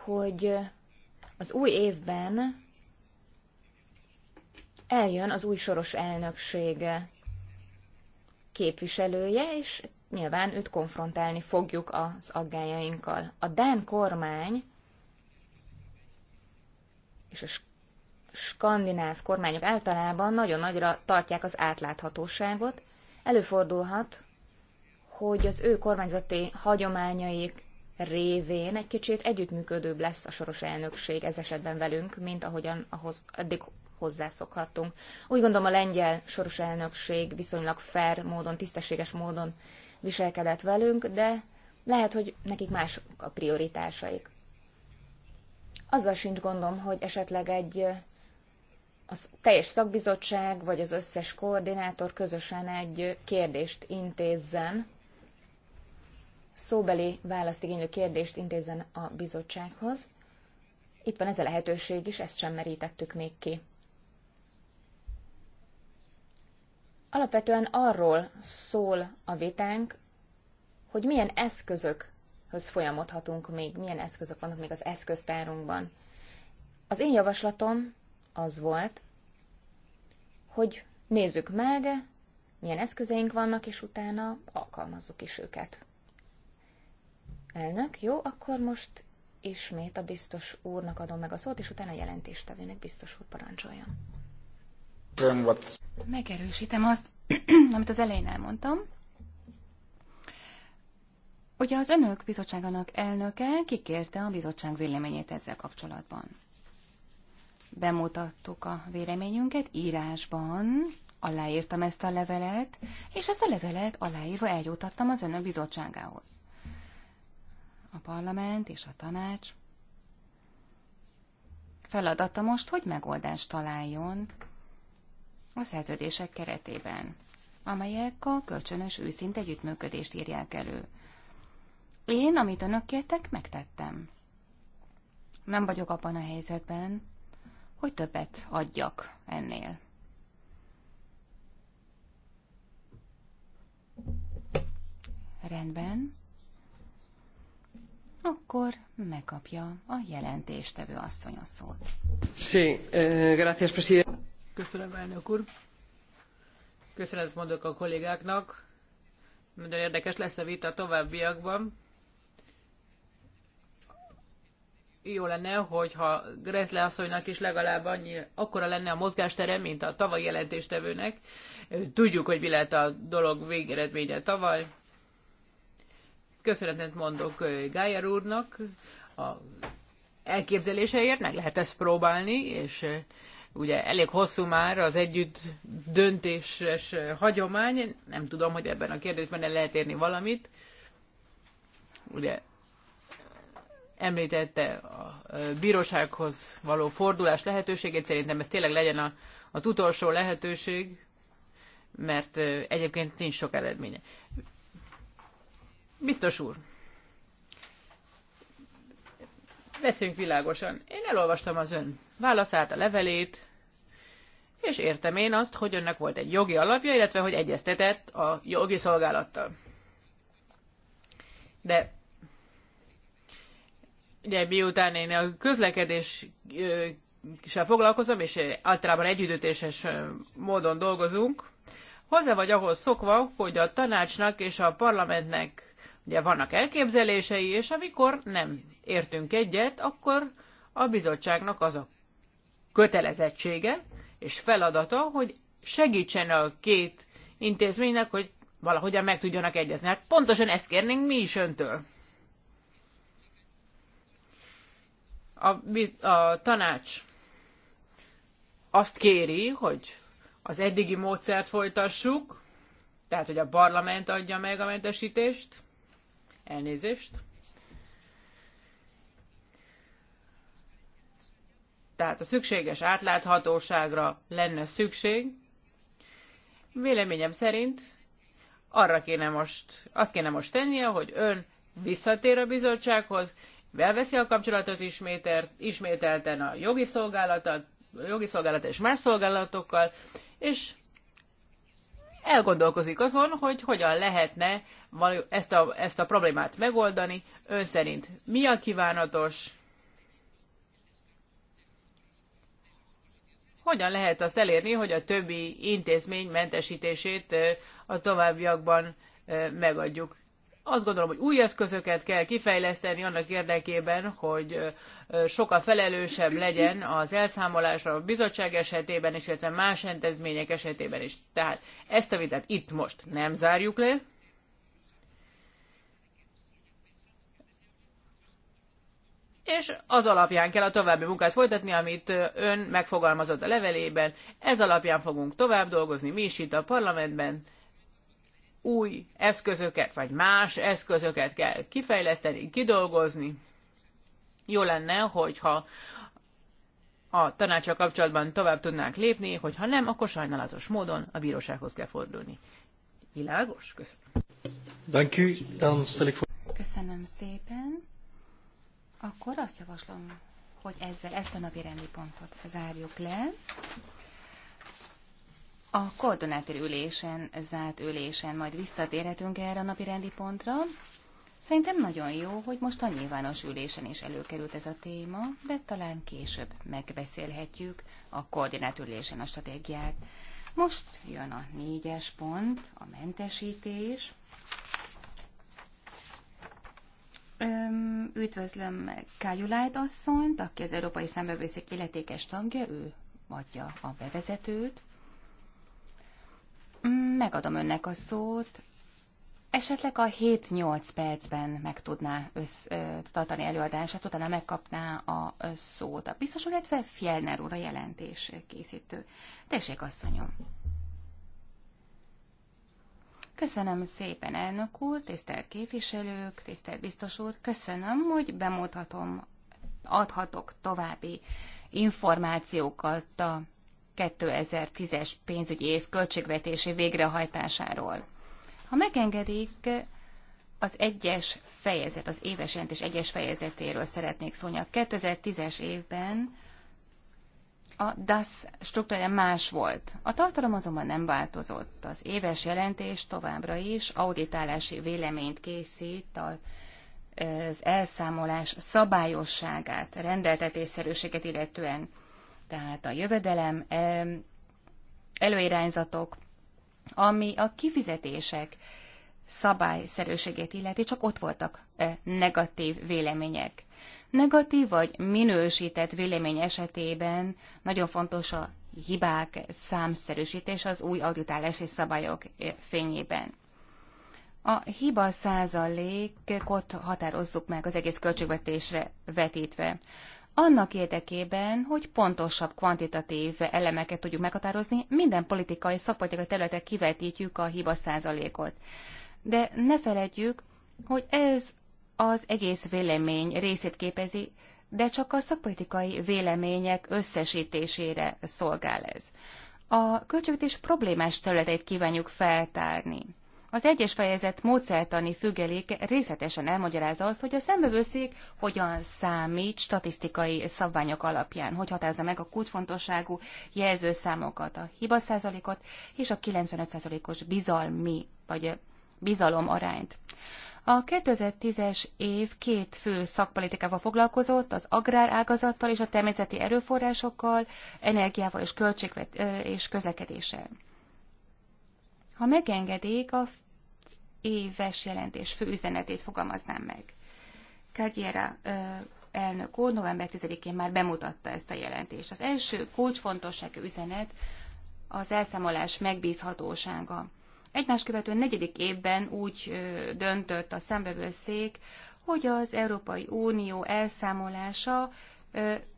hogy az új évben eljön az új soros elnökség képviselője, és nyilván őt konfrontálni fogjuk az aggájainkkal. A Dán kormány és a skandináv kormányok általában nagyon nagyra tartják az átláthatóságot. Előfordulhat, hogy az ő kormányzati hagyományaik révén egy kicsit együttműködőbb lesz a soros elnökség ez esetben velünk, mint ahogyan ahhoz eddig hozzászokhattunk. Úgy gondolom a lengyel soros elnökség viszonylag fair módon, tisztességes módon viselkedett velünk, de lehet, hogy nekik más a prioritásaik. Azzal sincs gondom, hogy esetleg egy a teljes szakbizottság vagy az összes koordinátor közösen egy kérdést intézzen szóbeli választ igénylő kérdést intézzen a bizottsághoz. Itt van ez a lehetőség is, ezt sem merítettük még ki. Alapvetően arról szól a vitánk, hogy milyen eszközökhöz folyamodhatunk még, milyen eszközök vannak még az eszköztárunkban. Az én javaslatom az volt, hogy nézzük meg, milyen eszközeink vannak, és utána alkalmazzuk is őket. Elnök, jó, akkor most ismét a biztos úrnak adom meg a szót, és utána a jelentéstevének biztos úr parancsoljon. Megerősítem azt, amit az elején elmondtam. Ugye az önök bizottságának elnöke kikérte a bizottság véleményét ezzel kapcsolatban. Bemutattuk a véleményünket írásban, aláírtam ezt a levelet, és ezt a levelet aláírva eljutattam az önök bizottságához a parlament és a tanács feladata most, hogy megoldást találjon a szerződések keretében, amelyek a kölcsönös őszinte együttműködést írják elő. Én, amit önök kértek, megtettem. Nem vagyok abban a helyzetben, hogy többet adjak ennél. Rendben akkor megkapja a jelentéstevő asszony a szót. Sí, eh, gracias, president. Köszönöm, elnök úr. Köszönetet mondok a kollégáknak. Nagyon érdekes lesz a vita továbbiakban. Jó lenne, hogyha Grezle asszonynak is legalább annyi, akkora lenne a mozgástere, mint a tavaly jelentéstevőnek. Tudjuk, hogy mi lett a dolog végeredménye tavaly köszönetet mondok Gájer úrnak a elképzeléseért, meg lehet ezt próbálni, és ugye elég hosszú már az együtt döntéses hagyomány, nem tudom, hogy ebben a kérdésben el lehet érni valamit. Ugye említette a bírósághoz való fordulás lehetőségét, szerintem ez tényleg legyen a, az utolsó lehetőség, mert egyébként nincs sok eredménye. Biztos úr, beszéljünk világosan. Én elolvastam az ön válaszát, a levelét, és értem én azt, hogy önnek volt egy jogi alapja, illetve hogy egyeztetett a jogi szolgálattal. De ugye miután én a közlekedéssel foglalkozom, és általában együttütéses módon dolgozunk, hozzá vagy ahhoz szokva, hogy a tanácsnak és a parlamentnek Ugye vannak elképzelései, és amikor nem értünk egyet, akkor a bizottságnak az a kötelezettsége és feladata, hogy segítsen a két intézménynek, hogy valahogyan meg tudjanak egyezni. Hát pontosan ezt kérnénk mi is öntől. A, a tanács azt kéri, hogy az eddigi módszert folytassuk, tehát hogy a parlament adja meg a mentesítést, Elnézést. Tehát a szükséges átláthatóságra lenne szükség. Véleményem szerint arra kéne most, azt kéne most tennie, hogy ön visszatér a bizottsághoz, Velveszi a kapcsolatot ismételt, ismételten a jogi szolgálatot, jogi szolgálat és más szolgálatokkal, és elgondolkozik azon, hogy hogyan lehetne ezt a, ezt a problémát megoldani. Ön szerint mi a kívánatos? Hogyan lehet azt elérni, hogy a többi intézmény mentesítését a továbbiakban megadjuk? Azt gondolom, hogy új eszközöket kell kifejleszteni annak érdekében, hogy sokkal felelősebb legyen az elszámolásra a bizottság esetében, és illetve más intézmények esetében is. Tehát ezt a vitát itt most nem zárjuk le, és az alapján kell a további munkát folytatni, amit ön megfogalmazott a levelében. Ez alapján fogunk tovább dolgozni mi is itt a parlamentben, új eszközöket, vagy más eszközöket kell kifejleszteni, kidolgozni. Jó lenne, hogyha a tanácsa kapcsolatban tovább tudnánk lépni, hogyha nem, akkor sajnálatos módon a bírósághoz kell fordulni. Világos? Köszönöm. Köszönöm szépen. Akkor azt javaslom, hogy ezzel ezt a napi rendi pontot zárjuk le. A koordinátor ülésen, zárt ülésen majd visszatérhetünk erre a napi rendi pontra. Szerintem nagyon jó, hogy most a nyilvános ülésen is előkerült ez a téma, de talán később megbeszélhetjük a koordinátor ülésen a stratégiát. Most jön a négyes pont, a mentesítés. Öm, üdvözlöm Kájulájt asszonyt, aki az Európai Szembevőszék illetékes tagja, ő adja a bevezetőt. Megadom önnek a szót. Esetleg a 7-8 percben meg tudná össz, ö, tartani előadását, utána megkapná a szót a biztos, illetve Fjellner úr a jelentés készítő. Tessék, asszonyom! Köszönöm szépen, elnök úr, tisztelt képviselők, tisztelt biztos úr, köszönöm, hogy bemutatom. adhatok további információkat a 2010-es pénzügyi év költségvetési végrehajtásáról. Ha megengedik, az egyes fejezet, az éves jelentés egyes fejezetéről szeretnék szólni. A 2010-es évben a DAS struktúrája más volt. A tartalom azonban nem változott. Az éves jelentés továbbra is auditálási véleményt készít a az elszámolás szabályosságát, rendeltetésszerűséget illetően tehát a jövedelem, előirányzatok, ami a kifizetések szabályszerűségét illeti, csak ott voltak e, negatív vélemények. Negatív vagy minősített vélemény esetében nagyon fontos a hibák számszerűsítés az új auditálási szabályok e, fényében. A hiba százalékot határozzuk meg az egész költségvetésre vetítve annak érdekében, hogy pontosabb kvantitatív elemeket tudjuk meghatározni, minden politikai, szakpolitikai területen kivetítjük a hiba százalékot. De ne feledjük, hogy ez az egész vélemény részét képezi, de csak a szakpolitikai vélemények összesítésére szolgál ez. A költségvetés problémás területeit kívánjuk feltárni. Az egyes fejezet módszertani függeléke részletesen elmagyarázza azt, hogy a szembevőszék hogyan számít statisztikai szabványok alapján, hogy határozza meg a kulcsfontosságú jelzőszámokat, a hibaszázalékot és a 95%-os bizalmi vagy bizalom arányt. A 2010-es év két fő szakpolitikával foglalkozott, az agrárágazattal és a természeti erőforrásokkal, energiával és, költségvet- és közlekedéssel. Ha megengedék, az éves jelentés fő üzenetét fogalmaznám meg. Kagyera elnök úr november 10-én már bemutatta ezt a jelentést. Az első kulcsfontosságú üzenet az elszámolás megbízhatósága. Egymás követő negyedik évben úgy döntött a szembevőszék, hogy az Európai Unió elszámolása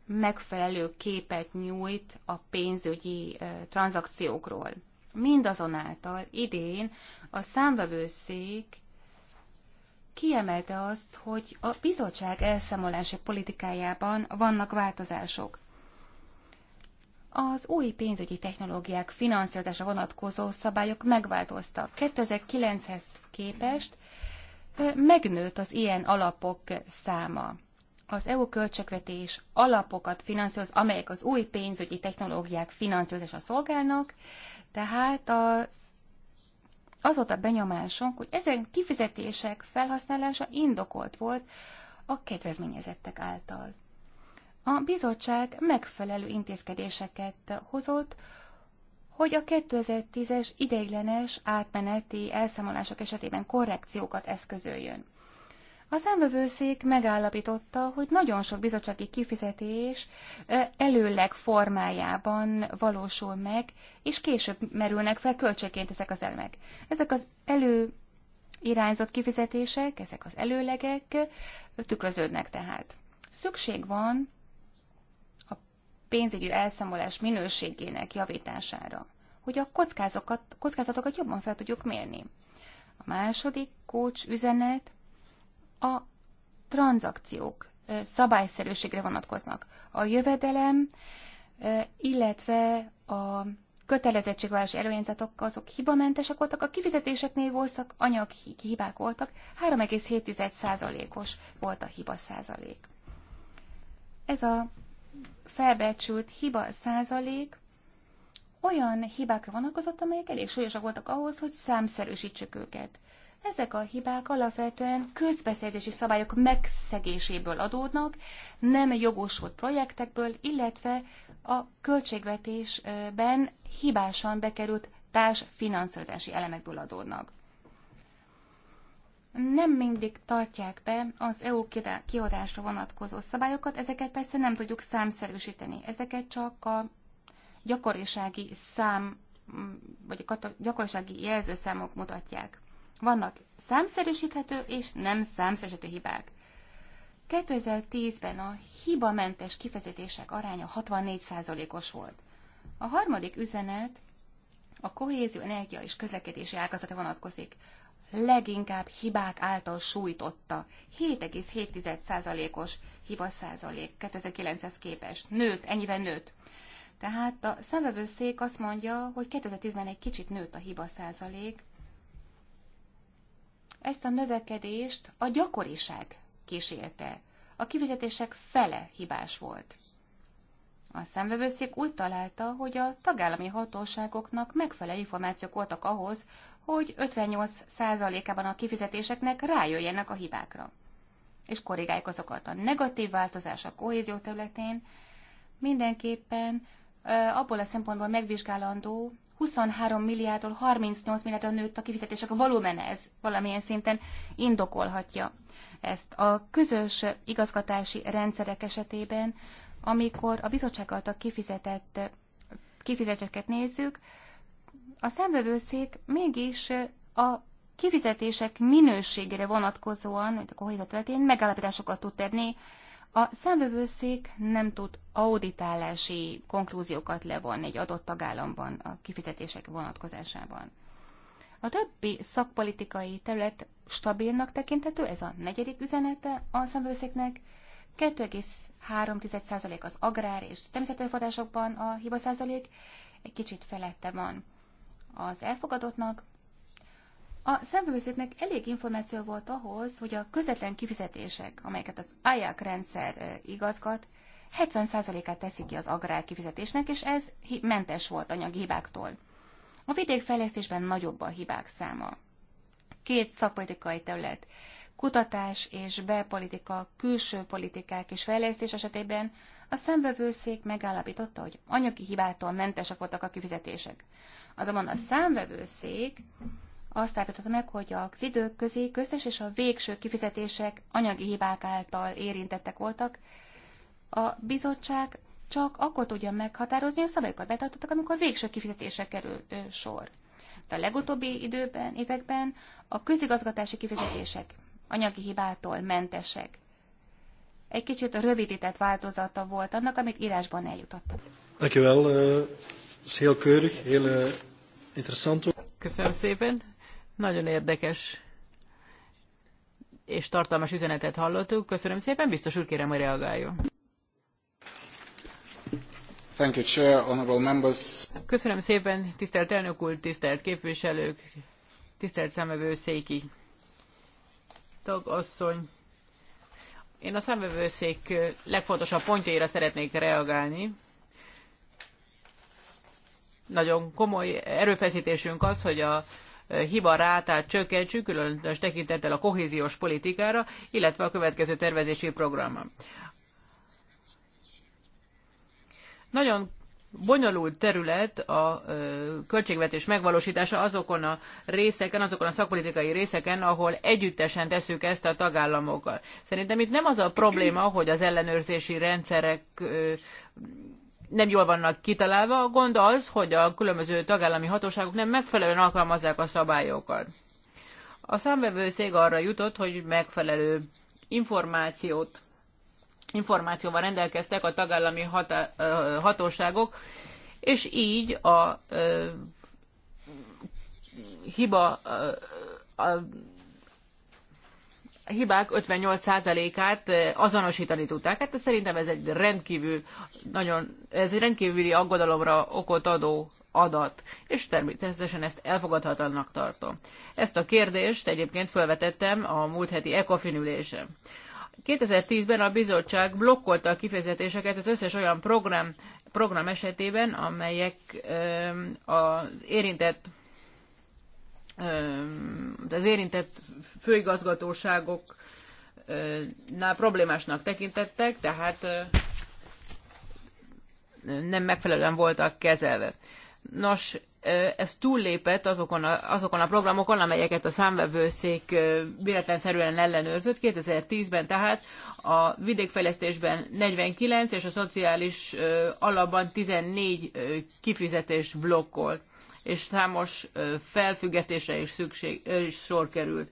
megfelelő képet nyújt a pénzügyi tranzakciókról. Mindazonáltal idén a számvevőszék kiemelte azt, hogy a bizottság elszámolási politikájában vannak változások. Az új pénzügyi technológiák finanszírozása vonatkozó szabályok megváltoztak. 2009-hez képest megnőtt az ilyen alapok száma. Az EU költségvetés alapokat finanszíroz, amelyek az új pénzügyi technológiák finanszírozása szolgálnak, tehát az, az volt a benyomásunk, hogy ezen kifizetések felhasználása indokolt volt a kedvezményezettek által. A bizottság megfelelő intézkedéseket hozott, hogy a 2010-es ideiglenes átmeneti elszámolások esetében korrekciókat eszközöljön. A szemvevőszék megállapította, hogy nagyon sok bizottsági kifizetés előleg formájában valósul meg, és később merülnek fel költségként ezek az elemek. Ezek az előirányzott kifizetések, ezek az előlegek tükröződnek tehát. Szükség van a pénzügyi elszámolás minőségének javítására, hogy a kockázatokat, kockázatokat jobban fel tudjuk mérni. A második kulcs üzenet a tranzakciók szabályszerűségre vonatkoznak. A jövedelem, illetve a kötelezettségvállalás előnyzatok azok hibamentesek voltak, a kifizetéseknél voltak anyagi hibák voltak, 3,7%-os volt a hiba százalék. Ez a felbecsült hiba százalék olyan hibákra vonatkozott, amelyek elég súlyosak voltak ahhoz, hogy számszerűsítsük őket. Ezek a hibák alapvetően közbeszerzési szabályok megszegéséből adódnak, nem jogosult projektekből, illetve a költségvetésben hibásan bekerült társfinanszírozási elemekből adódnak. Nem mindig tartják be az EU kiadásra vonatkozó szabályokat, ezeket persze nem tudjuk számszerűsíteni, ezeket csak a gyakorisági szám, vagy a gyakorisági jelzőszámok mutatják. Vannak számszerűsíthető és nem számszerűsíthető hibák. 2010-ben a hibamentes kifizetések aránya 64%-os volt. A harmadik üzenet a kohézió, energia és közlekedési ágazatra vonatkozik. Leginkább hibák által sújtotta 7,7%-os hiba százalék 2009-hez képest. Nőtt, ennyivel nőtt. Tehát a szemvevőszék azt mondja, hogy 2010-ben egy kicsit nőtt a hiba százalék, ezt a növekedést a gyakoriság kísérte. A kifizetések fele hibás volt. A szemvevőszék úgy találta, hogy a tagállami hatóságoknak megfelelő információk voltak ahhoz, hogy 58%-ában a kifizetéseknek rájöjjenek a hibákra. És korrigálják azokat a negatív változás a kohézió területén, mindenképpen abból a szempontból megvizsgálandó, 23 milliárdról 38 milliárdra nőtt a kifizetések a volumene, ez valamilyen szinten indokolhatja ezt. A közös igazgatási rendszerek esetében, amikor a bizottság által kifizetett kifizetéseket nézzük, a szemvevőszék mégis a kifizetések minőségére vonatkozóan, a kohézat megállapításokat tud tenni, a számvevőszék nem tud auditálási konklúziókat levonni egy adott tagállamban a kifizetések vonatkozásában. A többi szakpolitikai terület stabilnak tekinthető, ez a negyedik üzenete a számvevőszéknek. 2,3% az agrár és természetőforrásokban a hiba százalék, egy kicsit felette van az elfogadottnak, a szemvevőszéknek elég információ volt ahhoz, hogy a közvetlen kifizetések, amelyeket az IAC rendszer igazgat, 70%-át teszik ki az agrár kifizetésnek, és ez mentes volt anyagi hibáktól. A vidékfejlesztésben nagyobb a hibák száma. Két szakpolitikai terület, kutatás és belpolitika, külső politikák és fejlesztés esetében a számvevőszék megállapította, hogy anyagi hibától mentesek voltak a kifizetések. Azonban a számvevőszék azt állapította meg, hogy az közé köztes és a végső kifizetések anyagi hibák által érintettek voltak. A bizottság csak akkor tudja meghatározni, hogy a szabályokat betartottak, amikor végső kifizetésre kerül ö, sor. De a legutóbbi időben, években a közigazgatási kifizetések anyagi hibától mentesek. Egy kicsit rövidített változata volt annak, amit írásban eljutottam. Eh, eh, Köszönöm szépen. Nagyon érdekes és tartalmas üzenetet hallottuk. Köszönöm szépen, biztos úr kérem, hogy reagáljon. Thank you, Chair, honorable members. Köszönöm szépen, tisztelt elnök úr, tisztelt képviselők, tisztelt széki tagasszony. Én a számövőszék legfontosabb pontjaira szeretnék reagálni. Nagyon komoly erőfeszítésünk az, hogy a hiba rátát csökkentsük, különös tekintettel a kohéziós politikára, illetve a következő tervezési programra. Nagyon bonyolult terület a költségvetés megvalósítása azokon a részeken, azokon a szakpolitikai részeken, ahol együttesen tesszük ezt a tagállamokkal. Szerintem itt nem az a probléma, hogy az ellenőrzési rendszerek nem jól vannak kitalálva. A gond az, hogy a különböző tagállami hatóságok nem megfelelően alkalmazzák a szabályokat. A számbevőszég arra jutott, hogy megfelelő információt, információval rendelkeztek a tagállami hatá, hatóságok, és így a, a, a hiba a, a hibák 58%-át azonosítani tudták. Hát szerintem ez egy rendkívül, nagyon, ez egy rendkívüli aggodalomra okot adó adat, és természetesen ezt elfogadhatatlannak tartom. Ezt a kérdést egyébként felvetettem a múlt heti ECOFIN ülésen. 2010-ben a bizottság blokkolta a kifizetéseket az összes olyan program, program esetében, amelyek az érintett az érintett főigazgatóságoknál problémásnak tekintettek, tehát nem megfelelően voltak kezelve. Nos, ez túllépett azokon a, azokon a programokon, amelyeket a számvevőszék véletlenszerűen ellenőrzött. 2010-ben tehát a vidékfejlesztésben 49 és a szociális alapban 14 kifizetés blokkolt, és számos felfüggesztésre is, szükség, is sor került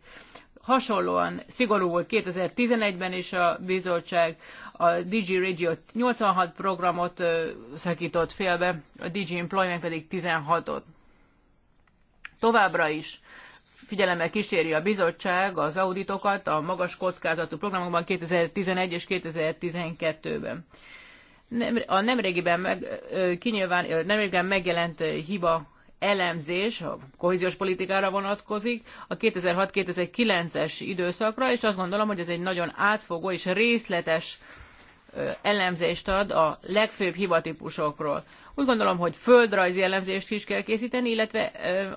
hasonlóan szigorú volt 2011-ben is a bizottság, a DG Radio 86 programot szakított félbe, a DG Employment pedig 16-ot. Továbbra is figyelemmel kíséri a bizottság az auditokat a magas kockázatú programokban 2011 és 2012-ben. Nem, a nemrégiben, meg, kinyilván, nemrégiben megjelent hiba elemzés a kohéziós politikára vonatkozik a 2006-2009-es időszakra, és azt gondolom, hogy ez egy nagyon átfogó és részletes elemzést ad a legfőbb hivatípusokról. Úgy gondolom, hogy földrajzi elemzést is kell készíteni, illetve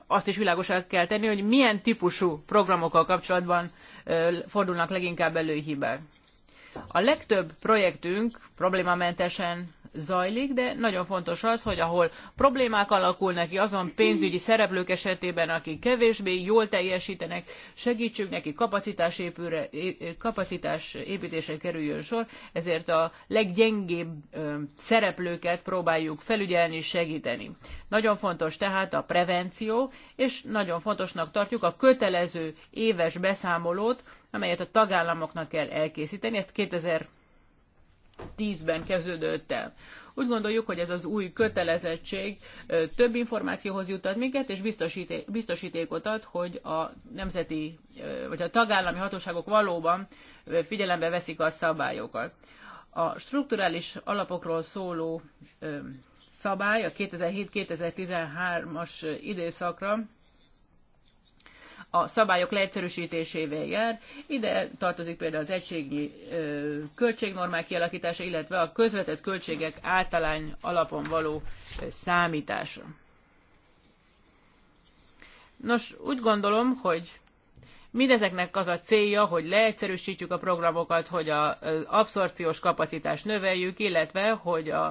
azt is világosá kell tenni, hogy milyen típusú programokkal kapcsolatban fordulnak leginkább előhibák. A legtöbb projektünk problémamentesen zajlik, de nagyon fontos az, hogy ahol problémák alakulnak ki, azon pénzügyi szereplők esetében, akik kevésbé jól teljesítenek, segítsünk neki kapacitásépülre, kapacitás építésre kerüljön sor, ezért a leggyengébb szereplőket próbáljuk felügyelni és segíteni. Nagyon fontos tehát a prevenció, és nagyon fontosnak tartjuk a kötelező éves beszámolót, amelyet a tagállamoknak kell elkészíteni, ezt 2000 2010-ben kezdődött el. Úgy gondoljuk, hogy ez az új kötelezettség több információhoz juttat minket, és biztosíté- biztosítékot ad, hogy a nemzeti vagy a tagállami hatóságok valóban figyelembe veszik a szabályokat. A strukturális alapokról szóló szabály a 2007-2013-as időszakra a szabályok leegyszerűsítésével jár. Ide tartozik például az egységi költségnormák kialakítása, illetve a közvetett költségek általány alapon való számítása. Nos, úgy gondolom, hogy mindezeknek az a célja, hogy leegyszerűsítjük a programokat, hogy az abszorciós kapacitást növeljük, illetve hogy a,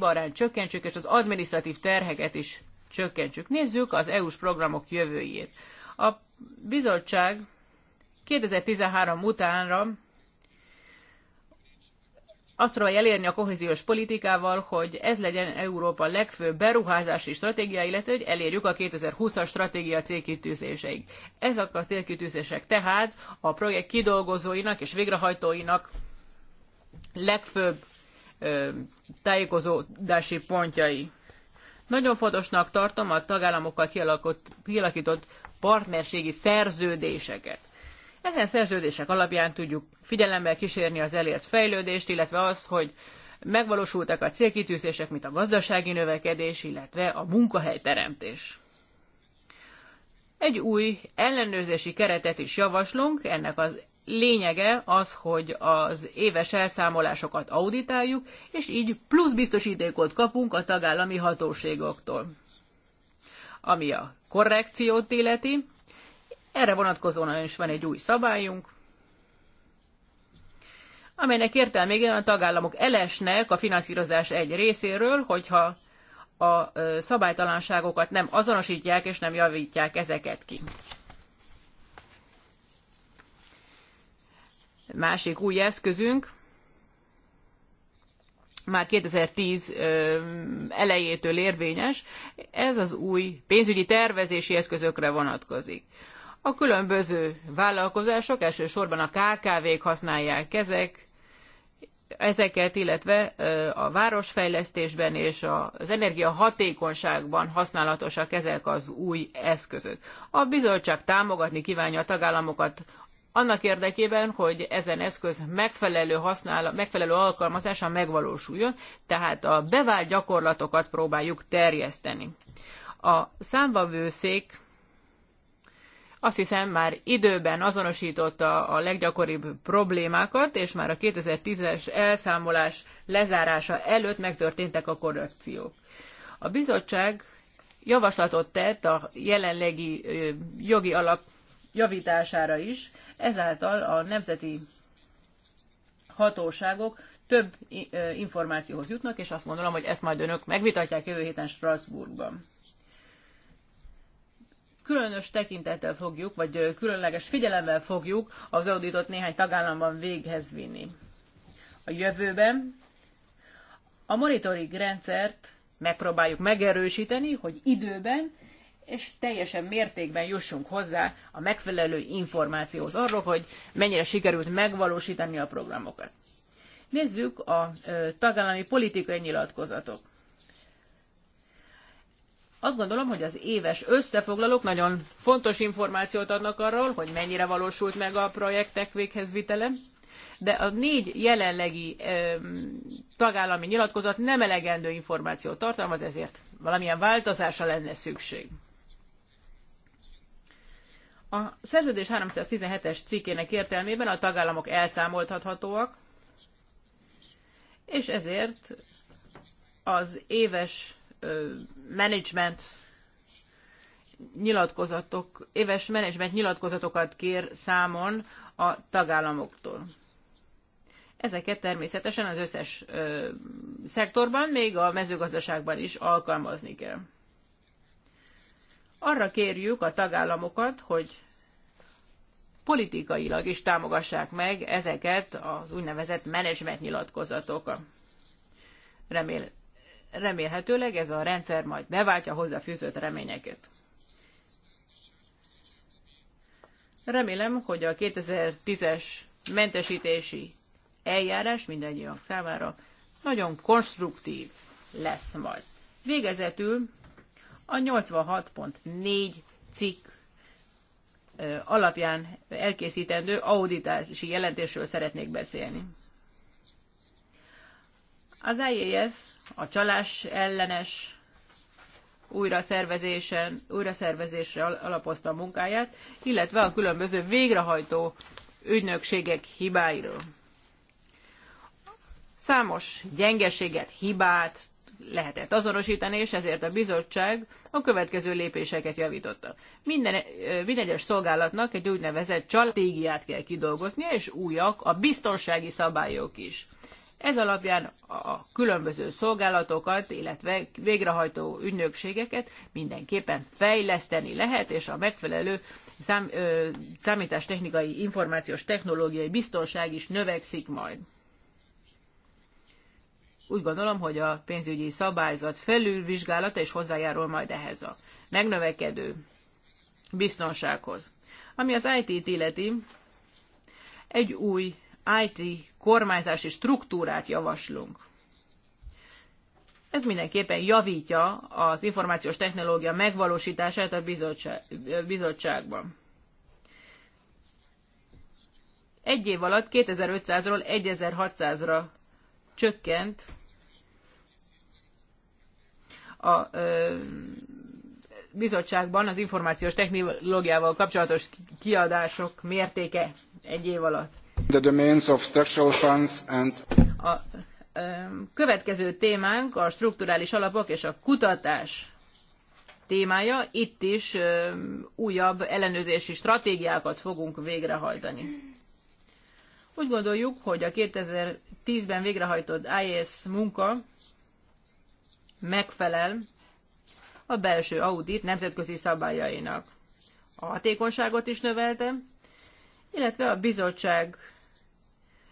a csökkentsük, és az administratív terheket is csökkentsük. Nézzük az EU-s programok jövőjét. A bizottság 2013 utánra azt próbálja elérni a kohéziós politikával, hogy ez legyen Európa legfőbb beruházási stratégia, illetve hogy elérjük a 2020-as stratégia célkitűzéseig. Ezek a célkitűzések tehát a projekt kidolgozóinak és végrehajtóinak legfőbb ö, tájékozódási pontjai. Nagyon fontosnak tartom a tagállamokkal kialakított partnerségi szerződéseket. Ezen szerződések alapján tudjuk figyelemmel kísérni az elért fejlődést, illetve az, hogy megvalósultak a célkitűzések, mint a gazdasági növekedés, illetve a munkahelyteremtés. Egy új ellenőrzési keretet is javaslunk, ennek az lényege az, hogy az éves elszámolásokat auditáljuk, és így plusz biztosítékot kapunk a tagállami hatóségoktól. Ami a korrekciót illeti. Erre vonatkozóan is van egy új szabályunk, amelynek értelmében a tagállamok elesnek a finanszírozás egy részéről, hogyha a szabálytalanságokat nem azonosítják és nem javítják ezeket ki. Másik új eszközünk már 2010 elejétől érvényes, ez az új pénzügyi tervezési eszközökre vonatkozik. A különböző vállalkozások, elsősorban a KKV-k használják ezek, ezeket, illetve a városfejlesztésben és az energiahatékonyságban használatosak ezek az új eszközök. A bizottság támogatni kívánja a tagállamokat annak érdekében, hogy ezen eszköz megfelelő, használ, megfelelő alkalmazása megvalósuljon, tehát a bevált gyakorlatokat próbáljuk terjeszteni. A számvavőszék azt hiszem már időben azonosította a leggyakoribb problémákat, és már a 2010-es elszámolás lezárása előtt megtörténtek a korrekciók. A bizottság javaslatot tett a jelenlegi jogi alap javítására is, ezáltal a nemzeti hatóságok több információhoz jutnak, és azt gondolom, hogy ezt majd önök megvitatják jövő héten Strasbourgban. Különös tekintettel fogjuk, vagy különleges figyelemmel fogjuk az auditot néhány tagállamban véghez vinni. A jövőben a monitoring rendszert megpróbáljuk megerősíteni, hogy időben és teljesen mértékben jussunk hozzá a megfelelő információhoz arról, hogy mennyire sikerült megvalósítani a programokat. Nézzük a tagállami politikai nyilatkozatok. Azt gondolom, hogy az éves összefoglalók nagyon fontos információt adnak arról, hogy mennyire valósult meg a projektek véghezvitele, de a négy jelenlegi ö, tagállami nyilatkozat nem elegendő információt tartalmaz, ezért valamilyen változásra lenne szükség. A szerződés 317-es cikkének értelmében a tagállamok elszámoltathatóak, és ezért az éves management nyilatkozatok, éves menedzsment nyilatkozatokat kér számon a tagállamoktól. Ezeket természetesen az összes ö, szektorban, még a mezőgazdaságban is alkalmazni kell. Arra kérjük a tagállamokat, hogy politikailag is támogassák meg ezeket az úgynevezett menedzsmentnyilatkozatokat. Remél, remélhetőleg ez a rendszer majd beváltja hozzá fűzött reményeket. Remélem, hogy a 2010-es mentesítési eljárás mindannyiunk számára nagyon konstruktív lesz majd. Végezetül a 86.4 cikk alapján elkészítendő auditási jelentésről szeretnék beszélni. Az IAS a csalás ellenes újra, szervezésen, újra szervezésre alapozta a munkáját, illetve a különböző végrehajtó ügynökségek hibáiról. Számos gyengeséget, hibát, lehetett azonosítani, és ezért a bizottság a következő lépéseket javította. Minden, minden egyes szolgálatnak egy úgynevezett stratégiát kell kidolgoznia, és újak a biztonsági szabályok is. Ez alapján a különböző szolgálatokat, illetve végrehajtó ügynökségeket mindenképpen fejleszteni lehet, és a megfelelő szám, számítástechnikai, információs technológiai biztonság is növekszik majd. Úgy gondolom, hogy a pénzügyi szabályzat felülvizsgálata és hozzájárul majd ehhez a megnövekedő biztonsághoz. Ami az IT-t illeti, egy új IT kormányzási struktúrát javaslunk. Ez mindenképpen javítja az információs technológia megvalósítását a bizottságban. Egy év alatt 2500-ról 1600-ra csökkent a bizottságban az információs technológiával kapcsolatos kiadások mértéke egy év alatt. The domains of structural funds and... A következő témánk a strukturális alapok és a kutatás témája. Itt is újabb ellenőrzési stratégiákat fogunk végrehajtani. Úgy gondoljuk, hogy a 2010-ben végrehajtott IS munka megfelel a belső audit nemzetközi szabályainak. A hatékonyságot is növelte, illetve a bizottság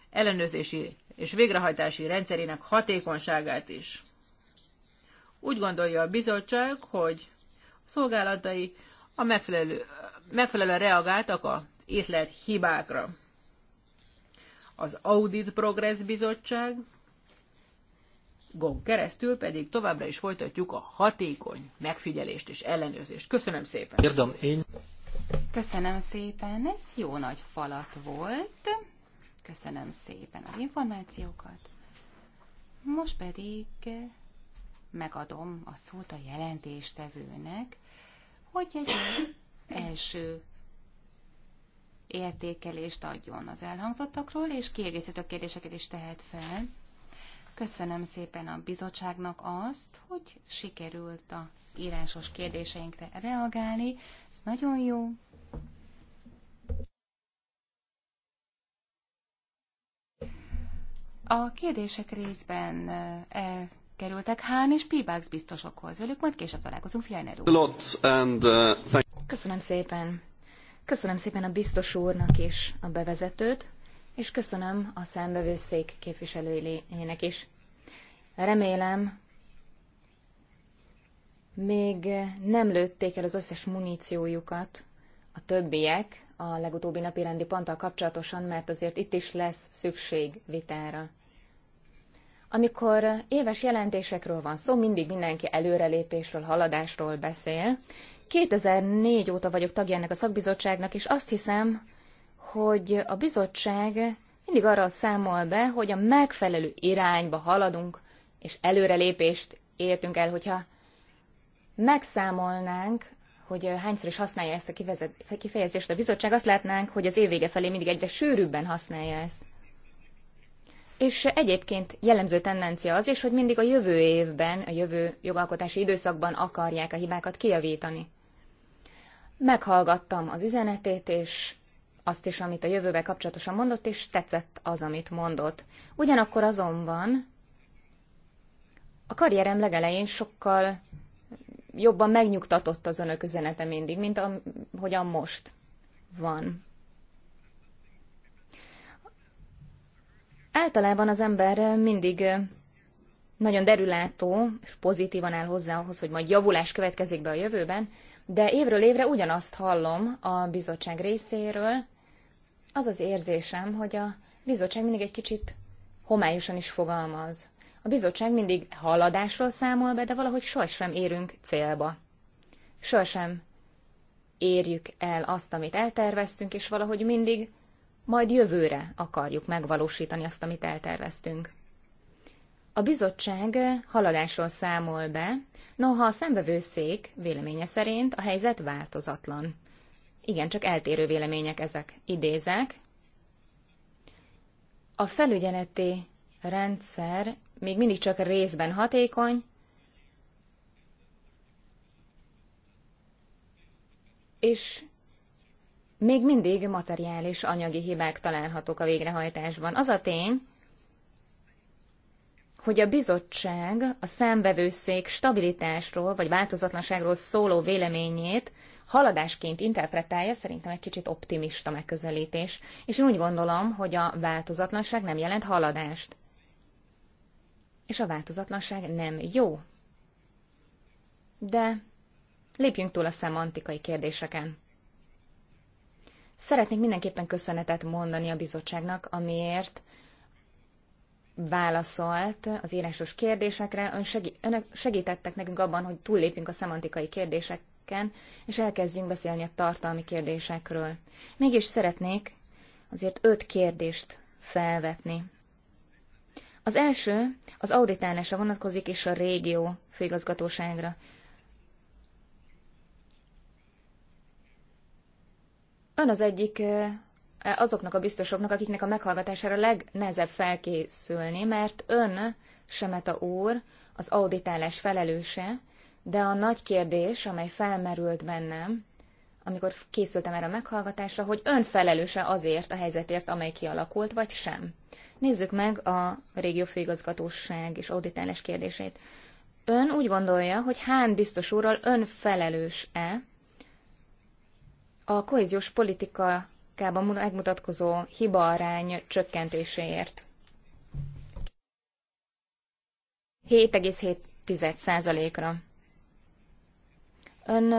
ellenőrzési és végrehajtási rendszerének hatékonyságát is. Úgy gondolja a bizottság, hogy a szolgálatai a megfelelő, megfelelően reagáltak a észlelt hibákra az Audit Progress Bizottság, gong keresztül pedig továbbra is folytatjuk a hatékony megfigyelést és ellenőrzést. Köszönöm szépen! Érdem, én... Köszönöm szépen, ez jó nagy falat volt. Köszönöm szépen az információkat. Most pedig megadom a szót a jelentéstevőnek, hogy egy első értékelést adjon az elhangzottakról, és kiegészítő kérdéseket is tehet fel. Köszönöm szépen a bizottságnak azt, hogy sikerült az írásos kérdéseinkre reagálni. Ez nagyon jó. A kérdések részben kerültek Hán és Pibax biztosokhoz. Velük majd később találkozunk, Fjellner úr. Köszönöm szépen. Köszönöm szépen a biztos úrnak is a bevezetőt, és köszönöm a számbevőszék képviselőjének is. Remélem, még nem lőtték el az összes muníciójukat a többiek a legutóbbi napi rendi ponttal kapcsolatosan, mert azért itt is lesz szükség vitára. Amikor éves jelentésekről van szó, mindig mindenki előrelépésről, haladásról beszél, 2004 óta vagyok tagja ennek a szakbizottságnak, és azt hiszem, hogy a bizottság mindig arra számol be, hogy a megfelelő irányba haladunk, és előrelépést értünk el, hogyha megszámolnánk, hogy hányszor is használja ezt a kifejezést a bizottság, azt látnánk, hogy az évvége felé mindig egyre sűrűbben használja ezt. És egyébként jellemző tendencia az is, hogy mindig a jövő évben, a jövő jogalkotási időszakban akarják a hibákat kijavítani. Meghallgattam az üzenetét, és azt is, amit a jövővel kapcsolatosan mondott, és tetszett az, amit mondott. Ugyanakkor azonban a karrierem legelején sokkal jobban megnyugtatott az önök üzenete mindig, mint hogyan most van. Általában az ember mindig nagyon derülátó, és pozitívan áll hozzá ahhoz, hogy majd javulás következik be a jövőben, de évről évre ugyanazt hallom a bizottság részéről. Az az érzésem, hogy a bizottság mindig egy kicsit homályosan is fogalmaz. A bizottság mindig haladásról számol be, de valahogy sohasem érünk célba. Sohasem érjük el azt, amit elterveztünk, és valahogy mindig majd jövőre akarjuk megvalósítani azt, amit elterveztünk. A bizottság haladásról számol be, Noha a szék véleménye szerint a helyzet változatlan. Igen, csak eltérő vélemények ezek. Idézek. A felügyeleti rendszer még mindig csak részben hatékony, és még mindig materiális anyagi hibák találhatók a végrehajtásban. Az a tény, hogy a bizottság a számbevőszék stabilitásról vagy változatlanságról szóló véleményét haladásként interpretálja, szerintem egy kicsit optimista megközelítés, és én úgy gondolom, hogy a változatlanság nem jelent haladást. És a változatlanság nem jó. De lépjünk túl a szemantikai kérdéseken. Szeretnék mindenképpen köszönetet mondani a bizottságnak, amiért válaszolt az írásos kérdésekre, Ön segí- önök segítettek nekünk abban, hogy túllépjünk a szemantikai kérdéseken, és elkezdjünk beszélni a tartalmi kérdésekről. Mégis szeretnék azért öt kérdést felvetni. Az első az auditálásra vonatkozik, és a régió főigazgatóságra. Ön az egyik eh, azoknak a biztosoknak, akiknek a meghallgatására legnehezebb felkészülni, mert ön, Semeta úr, az auditálás felelőse, de a nagy kérdés, amely felmerült bennem, amikor készültem erre a meghallgatásra, hogy ön felelőse azért a helyzetért, amely kialakult, vagy sem. Nézzük meg a régiófőigazgatóság és auditálás kérdését. Ön úgy gondolja, hogy hány biztos úrral ön felelős-e a kohéziós politika statisztikában megmutatkozó hibaarány csökkentéséért. 7,7%-ra. Ön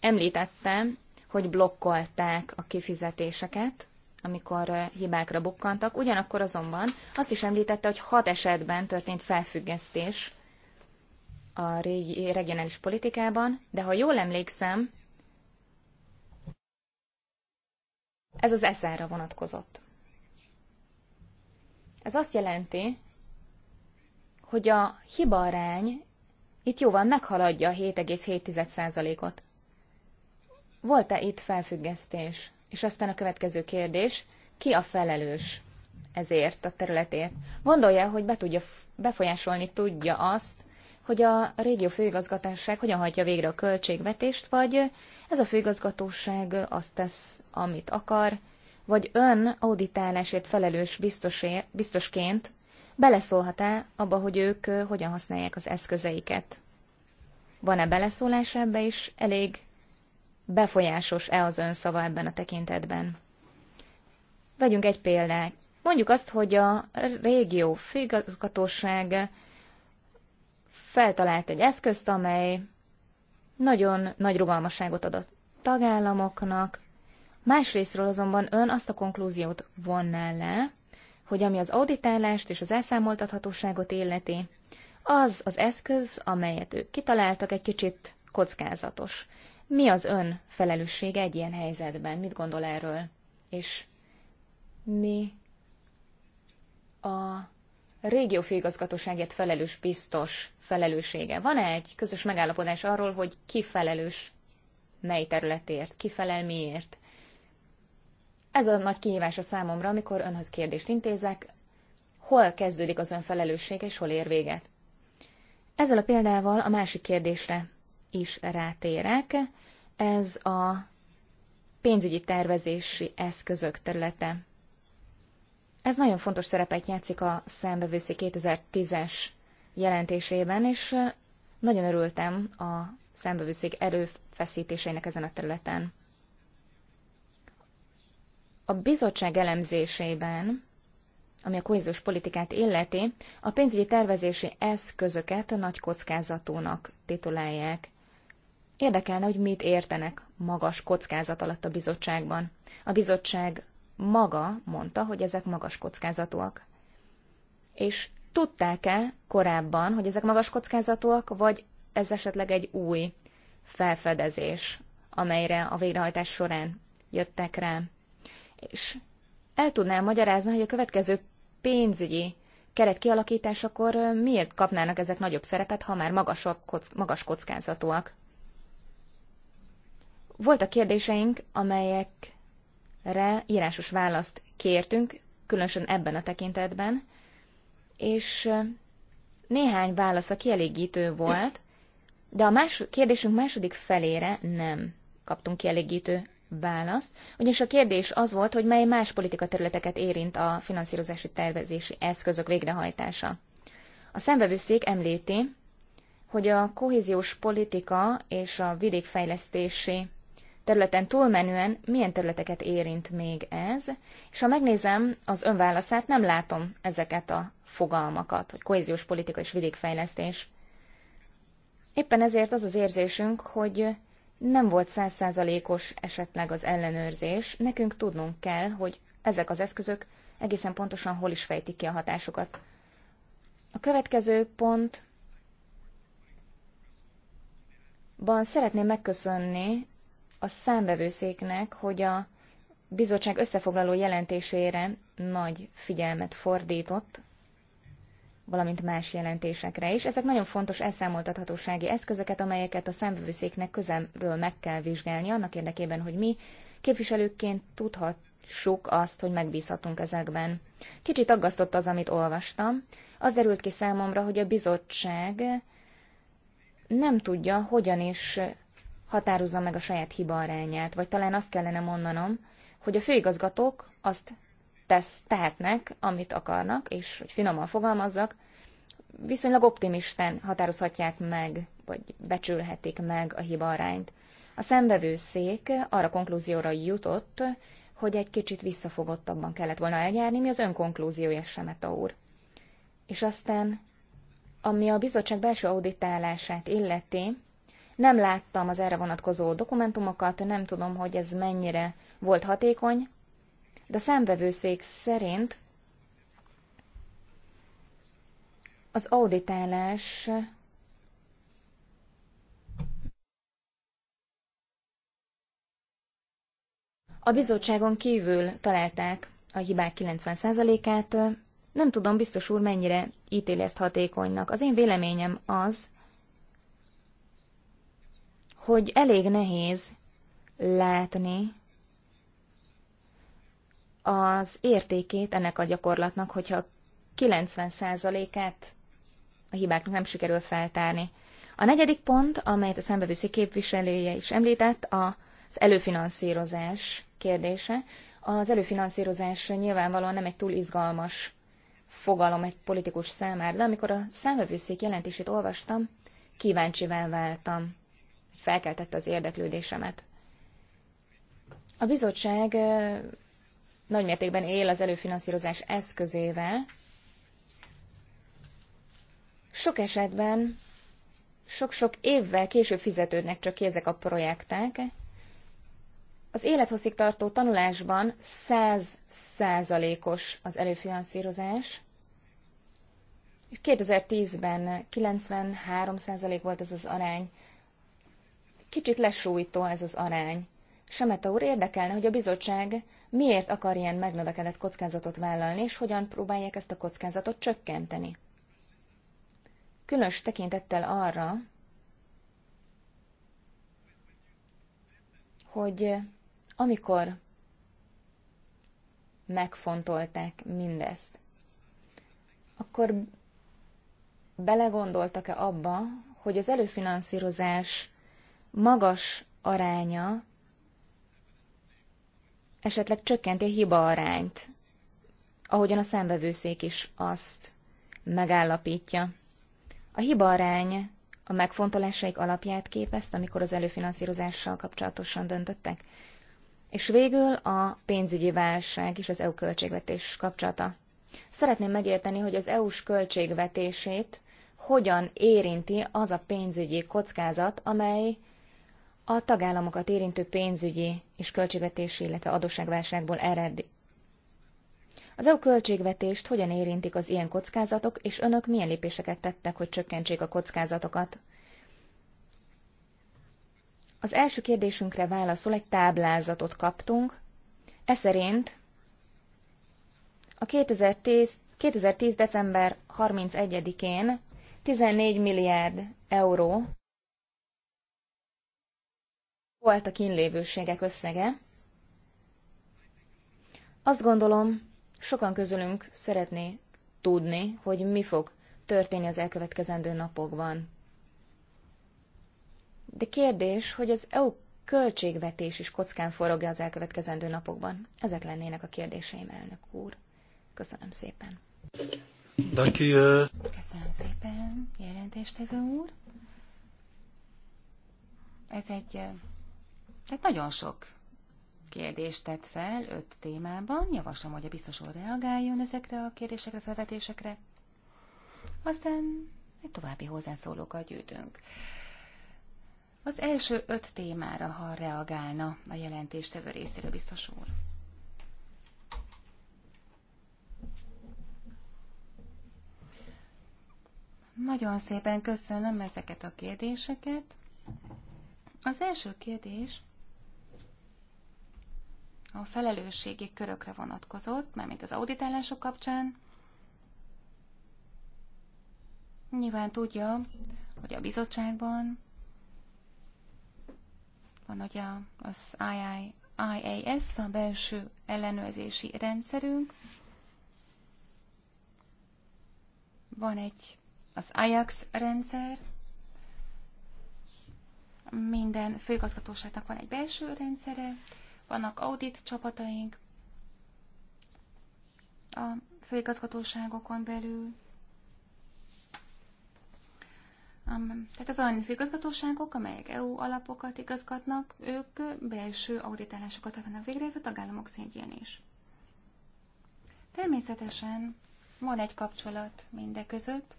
említette, hogy blokkolták a kifizetéseket, amikor hibákra bukkantak, ugyanakkor azonban azt is említette, hogy hat esetben történt felfüggesztés a régi regionális politikában, de ha jól emlékszem, Ez az eszára vonatkozott. Ez azt jelenti, hogy a arány itt jóval meghaladja a 7,7%-ot. Volt-e itt felfüggesztés? És aztán a következő kérdés, ki a felelős ezért a területért? Gondolja, hogy be tudja, befolyásolni tudja azt, hogy a régió főigazgatásság hogyan hagyja végre a költségvetést, vagy ez a főigazgatóság azt tesz, amit akar, vagy ön auditálásért felelős biztosé, biztosként beleszólhat-e abba, hogy ők hogyan használják az eszközeiket? Van-e beleszólás ebbe is? Elég befolyásos-e az ön szava ebben a tekintetben? Vegyünk egy példát. Mondjuk azt, hogy a régió főigazgatóság feltalált egy eszközt, amely nagyon nagy rugalmasságot ad a tagállamoknak, másrésztről azonban ön azt a konklúziót vonná le, hogy ami az auditálást és az elszámoltathatóságot illeti, az az eszköz, amelyet ők kitaláltak, egy kicsit kockázatos. Mi az ön felelőssége egy ilyen helyzetben? Mit gondol erről? És mi a régió főigazgatóságért felelős biztos felelőssége. Van-e egy közös megállapodás arról, hogy ki felelős mely területért, ki felel miért? Ez a nagy kihívás a számomra, amikor önhöz kérdést intézek, hol kezdődik az ön felelőssége és hol ér véget. Ezzel a példával a másik kérdésre is rátérek. Ez a pénzügyi tervezési eszközök területe. Ez nagyon fontos szerepet játszik a Szembevőszi 2010-es jelentésében, és nagyon örültem a szembevőszék erőfeszítéseinek ezen a területen. A bizottság elemzésében, ami a kohéziós politikát illeti, a pénzügyi tervezési eszközöket a nagy kockázatúnak titulálják. Érdekelne, hogy mit értenek magas kockázat alatt a bizottságban. A bizottság maga mondta, hogy ezek magas kockázatúak. És tudták-e korábban, hogy ezek magas kockázatúak, vagy ez esetleg egy új felfedezés, amelyre a végrehajtás során jöttek rá? És el tudnám magyarázni, hogy a következő pénzügyi keret kialakításakor miért kapnának ezek nagyobb szerepet, ha már magasabb, kock, magas kockázatúak? Voltak kérdéseink, amelyek re írásos választ kértünk, különösen ebben a tekintetben, és néhány válasz a kielégítő volt, de a más, kérdésünk második felére nem kaptunk kielégítő választ, ugyanis a kérdés az volt, hogy mely más politika területeket érint a finanszírozási tervezési eszközök végrehajtása. A szembevőszék említi, hogy a kohéziós politika és a vidékfejlesztési területen túlmenően milyen területeket érint még ez, és ha megnézem az önválaszát, nem látom ezeket a fogalmakat, hogy kohéziós politika és vidékfejlesztés. Éppen ezért az az érzésünk, hogy nem volt százszázalékos esetleg az ellenőrzés, nekünk tudnunk kell, hogy ezek az eszközök egészen pontosan hol is fejtik ki a hatásukat. A következő pont Ban szeretném megköszönni a számbevőszéknek, hogy a bizottság összefoglaló jelentésére nagy figyelmet fordított, valamint más jelentésekre is. Ezek nagyon fontos elszámoltathatósági eszközöket, amelyeket a számbevőszéknek közelről meg kell vizsgálni, annak érdekében, hogy mi képviselőként tudhassuk azt, hogy megbízhatunk ezekben. Kicsit aggasztott az, amit olvastam. Az derült ki számomra, hogy a bizottság nem tudja, hogyan is határozza meg a saját hiba arányát, vagy talán azt kellene mondanom, hogy a főigazgatók azt tesz, tehetnek, amit akarnak, és hogy finoman fogalmazzak, viszonylag optimisten határozhatják meg, vagy becsülhetik meg a hiba arányt. A szék arra konklúzióra jutott, hogy egy kicsit visszafogottabban kellett volna eljárni, mi az önkonklúziója Semeta úr. És aztán, ami a bizottság belső auditálását illeti, nem láttam az erre vonatkozó dokumentumokat, nem tudom, hogy ez mennyire volt hatékony, de a számvevőszék szerint az auditálás a bizottságon kívül találták a hibák 90%-át. Nem tudom, biztos úr, mennyire ítéli ezt hatékonynak. Az én véleményem az, hogy elég nehéz látni az értékét ennek a gyakorlatnak, hogyha 90%-át a hibáknak nem sikerül feltárni. A negyedik pont, amelyet a szembevűszi képviselője is említett, az előfinanszírozás kérdése. Az előfinanszírozás nyilvánvalóan nem egy túl izgalmas fogalom egy politikus számára, de amikor a számvevőszék jelentését olvastam, kíváncsivel váltam felkeltette az érdeklődésemet. A bizottság nagymértékben él az előfinanszírozás eszközével. Sok esetben sok-sok évvel később fizetődnek csak ki ezek a projektek. Az élethosszig tartó tanulásban 100 százalékos az előfinanszírozás. 2010-ben 93 százalék volt ez az arány, Kicsit lesújtó ez az arány. Semeta úr érdekelne, hogy a bizottság miért akar ilyen megnövekedett kockázatot vállalni, és hogyan próbálják ezt a kockázatot csökkenteni. Különös tekintettel arra, hogy amikor megfontolták mindezt, akkor belegondoltak-e abba, hogy az előfinanszírozás magas aránya esetleg csökkenti a hiba arányt, ahogyan a számbevőszék is azt megállapítja. A hiba arány a megfontolásaik alapját képezt, amikor az előfinanszírozással kapcsolatosan döntöttek. És végül a pénzügyi válság és az EU költségvetés kapcsolata. Szeretném megérteni, hogy az EU-s költségvetését hogyan érinti az a pénzügyi kockázat, amely a tagállamokat érintő pénzügyi és költségvetési, illetve adósságválságból ered. Az EU költségvetést hogyan érintik az ilyen kockázatok, és önök milyen lépéseket tettek, hogy csökkentsék a kockázatokat? Az első kérdésünkre válaszol egy táblázatot kaptunk. Ez szerint a 2010, 2010 december 31-én 14 milliárd euró volt a kínlévőségek összege. Azt gondolom, sokan közülünk szeretné tudni, hogy mi fog történni az elkövetkezendő napokban. De kérdés, hogy az EU költségvetés is kockán forog-e az elkövetkezendő napokban? Ezek lennének a kérdéseim, elnök úr. Köszönöm szépen. Köszönöm szépen, jelentéstevő úr. Ez egy tehát nagyon sok kérdést tett fel öt témában. Javaslom, hogy a biztosul reagáljon ezekre a kérdésekre, felvetésekre. Aztán egy további hozzászólókat gyűjtünk. Az első öt témára, ha reagálna a jelentéstevő részéről, biztos úr. Nagyon szépen köszönöm ezeket a kérdéseket. Az első kérdés a felelősségi körökre vonatkozott, mint az auditálások kapcsán. Nyilván tudja, hogy a bizottságban van ugye az II, IAS, a belső ellenőrzési rendszerünk. Van egy az Ajax rendszer, minden főigazgatóságnak van egy belső rendszere, vannak audit csapataink a főigazgatóságokon belül. Tehát az olyan főigazgatóságok, amelyek EU alapokat igazgatnak, ők belső auditálásokat hajtanak végre, a tagállamok szintjén is. Természetesen van egy kapcsolat mindeközött.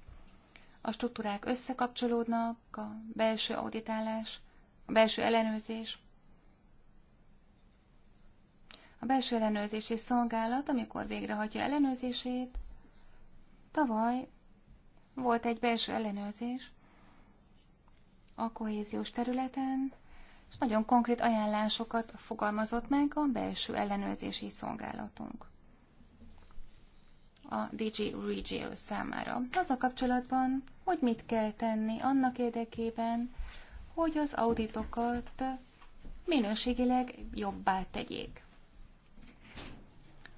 A struktúrák összekapcsolódnak, a belső auditálás, a belső ellenőrzés a belső ellenőrzési szolgálat, amikor végrehajtja ellenőrzését, tavaly volt egy belső ellenőrzés a kohéziós területen, és nagyon konkrét ajánlásokat fogalmazott meg a belső ellenőrzési szolgálatunk a DG Regio számára. Az a kapcsolatban, hogy mit kell tenni annak érdekében, hogy az auditokat minőségileg jobbá tegyék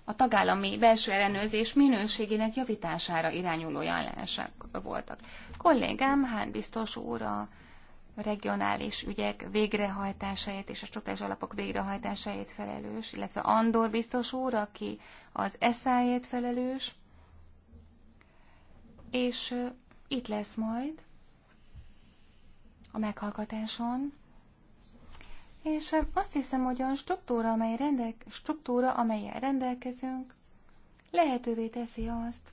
a tagállami belső ellenőrzés minőségének javítására irányuló ajánlások voltak. Kollégám, hát biztos úr a regionális ügyek végrehajtásáért és a struktúrás alapok végrehajtásáért felelős, illetve Andor biztos úr, aki az eszájét felelős, és itt lesz majd a meghallgatáson és azt hiszem, hogy a struktúra, amely rendel- struktúra, amelyen rendelkezünk, lehetővé teszi azt,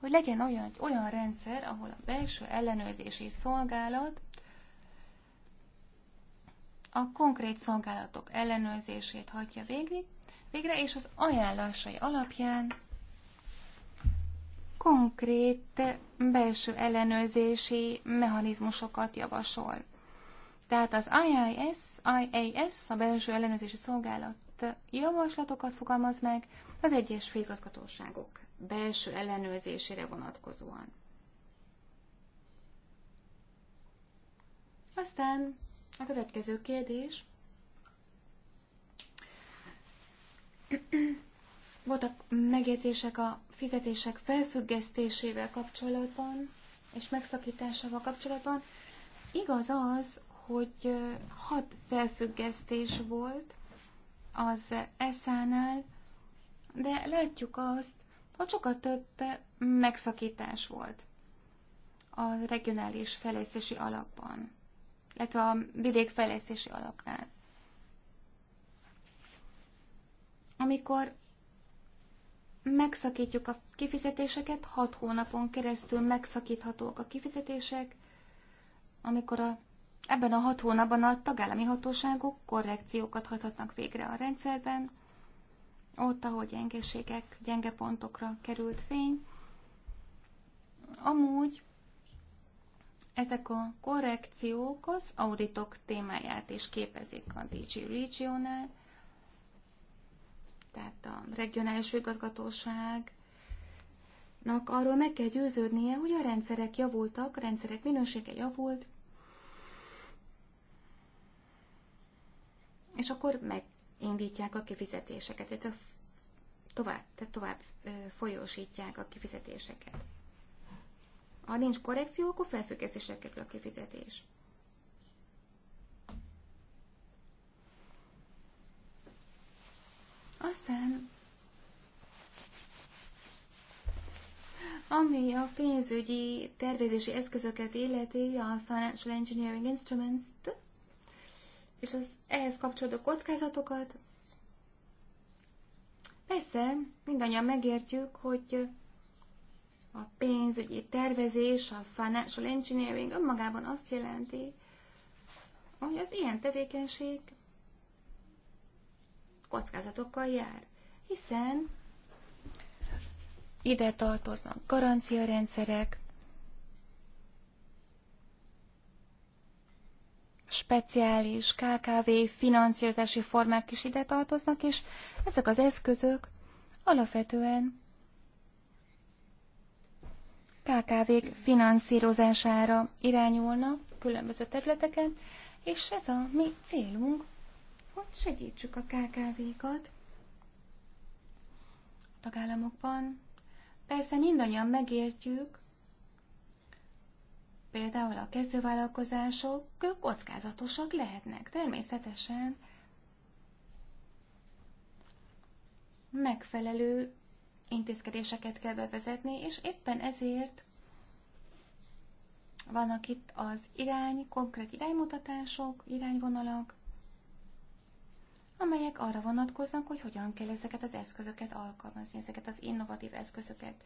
hogy legyen olyan, olyan rendszer, ahol a belső ellenőrzési szolgálat a konkrét szolgálatok ellenőrzését hagyja végig, végre, és az ajánlásai alapján konkrét belső ellenőrzési mechanizmusokat javasol. Tehát az IIS, IAS, a belső ellenőrzési szolgálat javaslatokat fogalmaz meg az egyes főigazgatóságok belső ellenőrzésére vonatkozóan. Aztán a következő kérdés. Voltak megjegyzések a fizetések felfüggesztésével kapcsolatban és megszakításával kapcsolatban. Igaz az, hogy hat felfüggesztés volt az eszánál, de látjuk azt, hogy sokkal több megszakítás volt a regionális fejlesztési alapban, illetve a vidék fejlesztési alapnál. Amikor megszakítjuk a kifizetéseket, hat hónapon keresztül megszakíthatók a kifizetések, amikor a Ebben a hat hónapban a tagállami hatóságok korrekciókat hajthatnak végre a rendszerben, ott, ahol gyengeségek, gyenge pontokra került fény. Amúgy ezek a korrekciók az auditok témáját is képezik a DG Regionál, tehát a regionális főigazgatóságnak arról meg kell győződnie, hogy a rendszerek javultak, a rendszerek minősége javult, és akkor megindítják a kifizetéseket, tehát tovább, tehát tovább folyósítják a kifizetéseket. Ha nincs korrekció, akkor felfüggesztésre kerül a kifizetés. Aztán, ami a pénzügyi tervezési eszközöket illeti, a Financial Engineering Instruments, és az ehhez kapcsolódó kockázatokat. Persze, mindannyian megértjük, hogy a pénzügyi tervezés, a financial engineering önmagában azt jelenti, hogy az ilyen tevékenység kockázatokkal jár, hiszen ide tartoznak garanciarendszerek, speciális KKV finanszírozási formák is ide tartoznak, és ezek az eszközök alapvetően kkv finanszírozására irányulnak különböző területeken, és ez a mi célunk, hogy segítsük a KKV-kat a tagállamokban. Persze mindannyian megértjük, Például a kezdővállalkozások kockázatosak lehetnek, természetesen megfelelő intézkedéseket kell bevezetni, és éppen ezért vannak itt az irány, konkrét iránymutatások, irányvonalak, amelyek arra vonatkoznak, hogy hogyan kell ezeket az eszközöket alkalmazni, ezeket az innovatív eszközöket.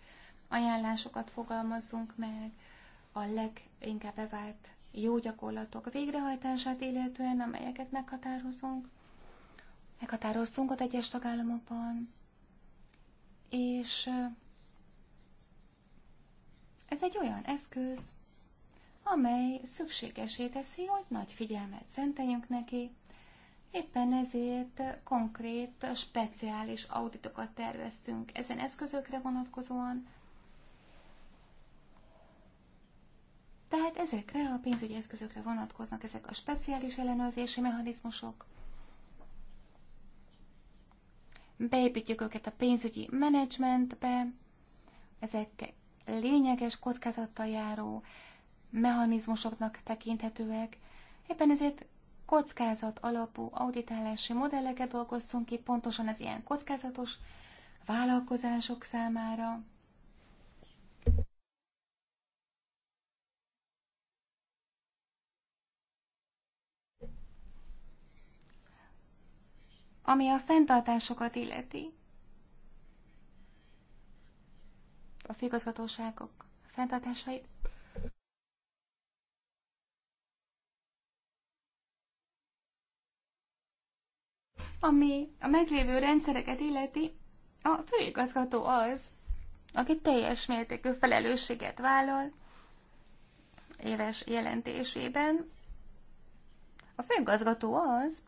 Ajánlásokat fogalmazzunk meg, a leginkább bevált jó gyakorlatok végrehajtását illetően, amelyeket meghatározunk, meghatároztunk az egyes tagállamokban, és eh, ez egy olyan eszköz, amely szükségesé teszi, hogy nagy figyelmet szenteljünk neki, Éppen ezért konkrét, speciális auditokat terveztünk ezen eszközökre vonatkozóan, Tehát ezekre a pénzügyi eszközökre vonatkoznak ezek a speciális ellenőrzési mechanizmusok. Beépítjük őket a pénzügyi menedzsmentbe, ezek lényeges kockázattal járó mechanizmusoknak tekinthetőek. Éppen ezért kockázat alapú auditálási modelleket dolgoztunk ki pontosan az ilyen kockázatos vállalkozások számára. Ami a fenntartásokat illeti, a főigazgatóságok fenntartásait, ami a meglévő rendszereket illeti, a főigazgató az, aki teljes mértékű felelősséget vállal éves jelentésében. A főigazgató az,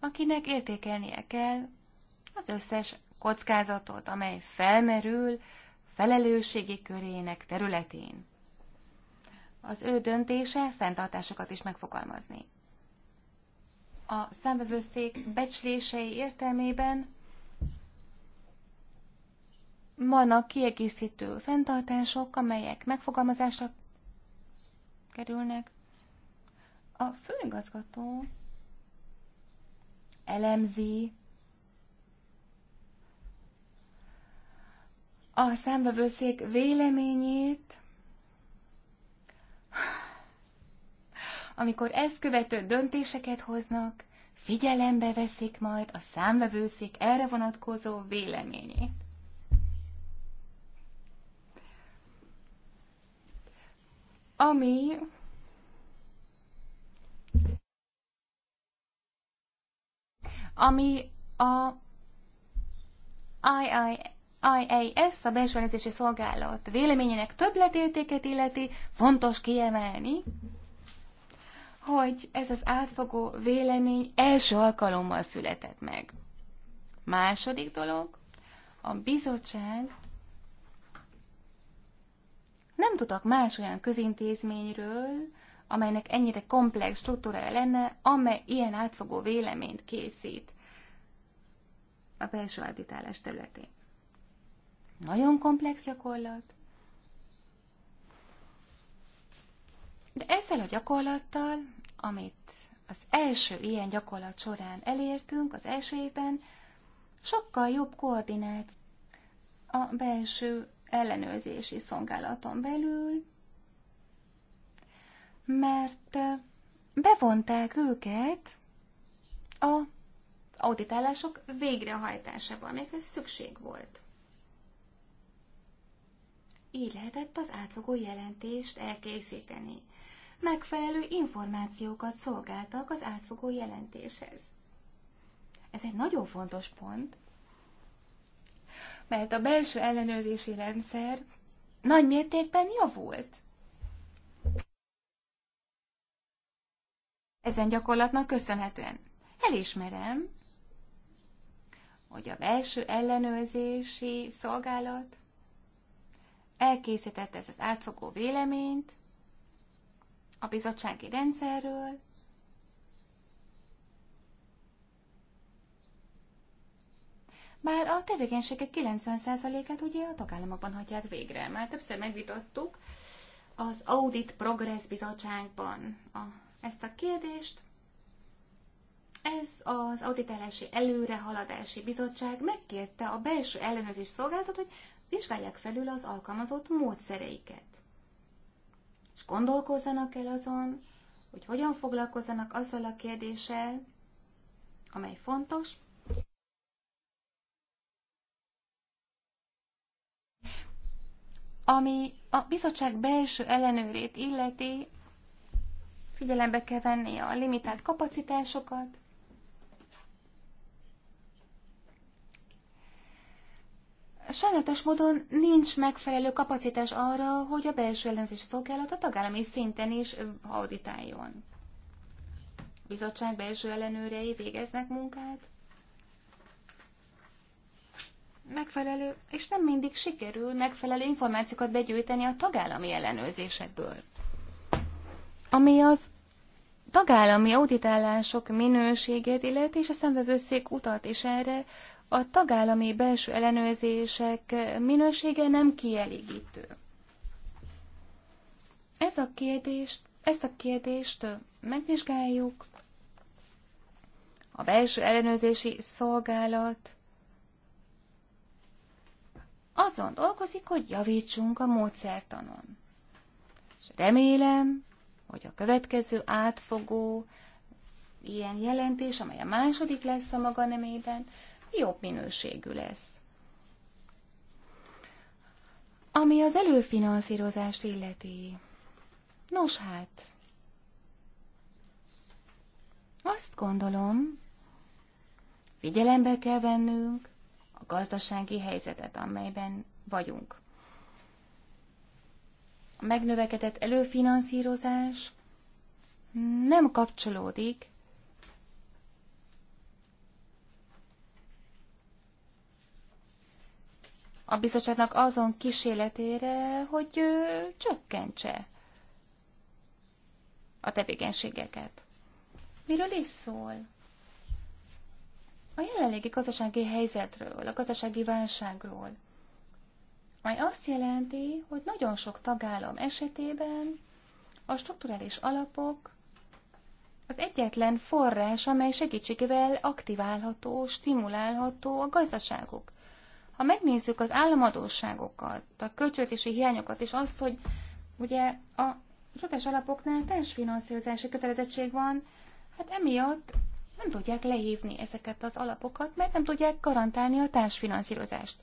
akinek értékelnie kell az összes kockázatot, amely felmerül felelősségi körének területén. Az ő döntése fenntartásokat is megfogalmazni. A számvevőszék becslései értelmében vannak kiegészítő fenntartások, amelyek megfogalmazásra kerülnek. A főigazgató elemzi, a számvevőszék véleményét, amikor ezt követő döntéseket hoznak, figyelembe veszik majd a számvevőszék erre vonatkozó véleményét. Ami ami a IAS, a belső ellenőrzési szolgálat véleményének többletértéket illeti, fontos kiemelni, hogy ez az átfogó vélemény első alkalommal született meg. Második dolog, a bizottság nem tudok más olyan közintézményről, amelynek ennyire komplex struktúrája lenne, amely ilyen átfogó véleményt készít a belső auditálás területén. Nagyon komplex gyakorlat. De ezzel a gyakorlattal, amit az első ilyen gyakorlat során elértünk, az első évben, sokkal jobb koordinált a belső ellenőrzési szolgálaton belül, mert bevonták őket a auditálások végrehajtásában, amikhez szükség volt. Így lehetett az átfogó jelentést elkészíteni. Megfelelő információkat szolgáltak az átfogó jelentéshez. Ez egy nagyon fontos pont, mert a belső ellenőrzési rendszer nagy mértékben javult. Ezen gyakorlatnak köszönhetően elismerem, hogy a belső ellenőrzési szolgálat elkészítette ezt az átfogó véleményt a bizottsági rendszerről, Bár a tevékenységek 90%-át ugye a tagállamokban hagyják végre. Már többször megvitattuk az Audit Progress Bizottságban a ezt a kérdést. Ez az Auditálási Előrehaladási Bizottság megkérte a belső ellenőrzés szolgáltat, hogy vizsgálják felül az alkalmazott módszereiket. És gondolkozzanak el azon, hogy hogyan foglalkozzanak azzal a kérdéssel, amely fontos. Ami a bizottság belső ellenőrét illeti, Figyelembe kell venni a limitált kapacitásokat. Sajnálatos módon nincs megfelelő kapacitás arra, hogy a belső ellenzési szolgálat a tagállami szinten is auditáljon. A bizottság belső ellenőrei végeznek munkát, megfelelő, és nem mindig sikerül megfelelő információkat begyűjteni a tagállami ellenőrzésekből ami az tagállami auditálások minőségét illeti, és a szemvevőszék utat is erre, a tagállami belső ellenőrzések minősége nem kielégítő. Ez a kérdést, ezt a kérdést megvizsgáljuk. A belső ellenőrzési szolgálat azon dolgozik, hogy javítsunk a módszertanon. És remélem, hogy a következő átfogó ilyen jelentés, amely a második lesz a maga nemében, jobb minőségű lesz. Ami az előfinanszírozást illeti. Nos hát, azt gondolom, figyelembe kell vennünk a gazdasági helyzetet, amelyben vagyunk a megnövekedett előfinanszírozás nem kapcsolódik a bizottságnak azon kísérletére, hogy csökkentse a tevékenységeket. Miről is szól? A jelenlegi gazdasági helyzetről, a gazdasági válságról majd azt jelenti, hogy nagyon sok tagállam esetében a strukturális alapok az egyetlen forrás, amely segítségével aktiválható, stimulálható a gazdaságuk. Ha megnézzük az államadóságokat, a költségvetési hiányokat, és azt, hogy ugye a csodás alapoknál társfinanszírozási kötelezettség van, hát emiatt nem tudják lehívni ezeket az alapokat, mert nem tudják garantálni a társfinanszírozást.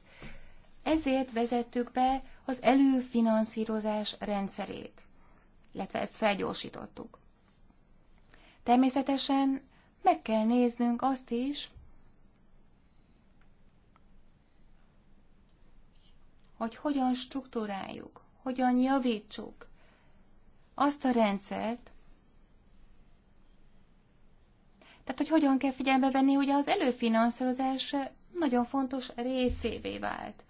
Ezért vezettük be az előfinanszírozás rendszerét, illetve ezt felgyorsítottuk. Természetesen meg kell néznünk azt is, hogy hogyan struktúráljuk, hogyan javítsuk azt a rendszert, tehát, hogy hogyan kell figyelme venni, hogy az előfinanszírozás nagyon fontos részévé vált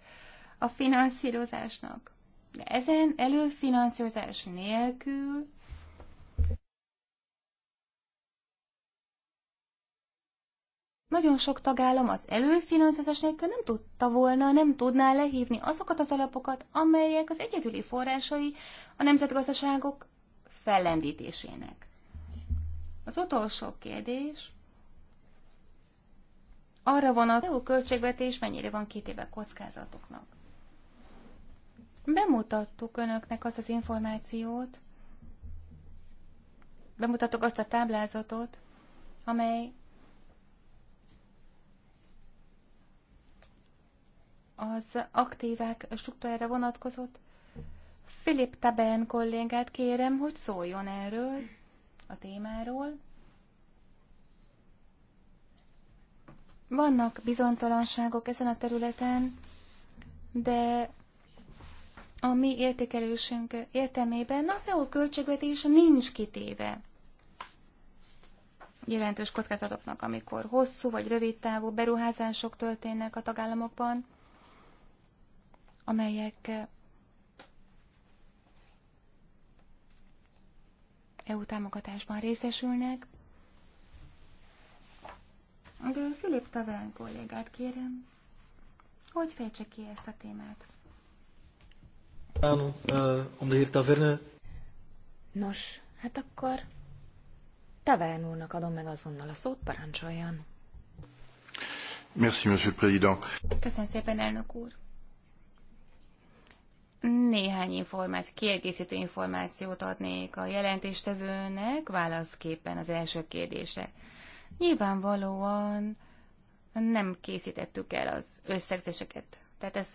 a finanszírozásnak. De ezen előfinanszírozás nélkül Nagyon sok tagállam az előfinanszírozás nélkül nem tudta volna, nem tudná lehívni azokat az alapokat, amelyek az egyedüli forrásai a nemzetgazdaságok fellendítésének. Az utolsó kérdés arra vonat, a költségvetés mennyire van két éve kockázatoknak bemutattuk önöknek azt az információt, bemutattuk azt a táblázatot, amely az aktívák struktúrára vonatkozott. Filip Taben kollégát kérem, hogy szóljon erről a témáról. Vannak bizonytalanságok ezen a területen, de a mi értékelésünk értelmében az EU költségvetés nincs kitéve jelentős kockázatoknak, amikor hosszú vagy rövid távú beruházások történnek a tagállamokban, amelyek EU támogatásban részesülnek. De Filip Tavern kollégát kérem, hogy fejtse ki ezt a témát. Eh, Nos, hát akkor Taverne úrnak adom meg azonnal a szót, parancsoljon. Merci, monsieur le président. Köszönöm szépen, elnök úr. Néhány információ, kiegészítő információt adnék a jelentéstevőnek válaszképpen az első kérdésre. Nyilvánvalóan nem készítettük el az összegzéseket tehát ez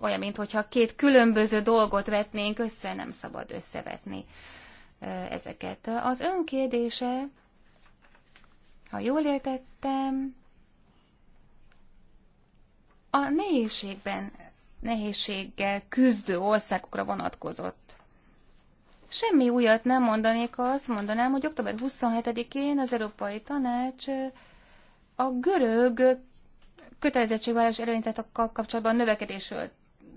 olyan, mintha két különböző dolgot vetnénk össze, nem szabad összevetni ezeket. Az önkérdése, ha jól értettem, a nehézségben, nehézséggel küzdő országokra vonatkozott. Semmi újat nem mondanék, azt mondanám, hogy október 27-én az Európai Tanács a görög kötelezettségvállalás előnyzetokkal kapcsolatban növekedésről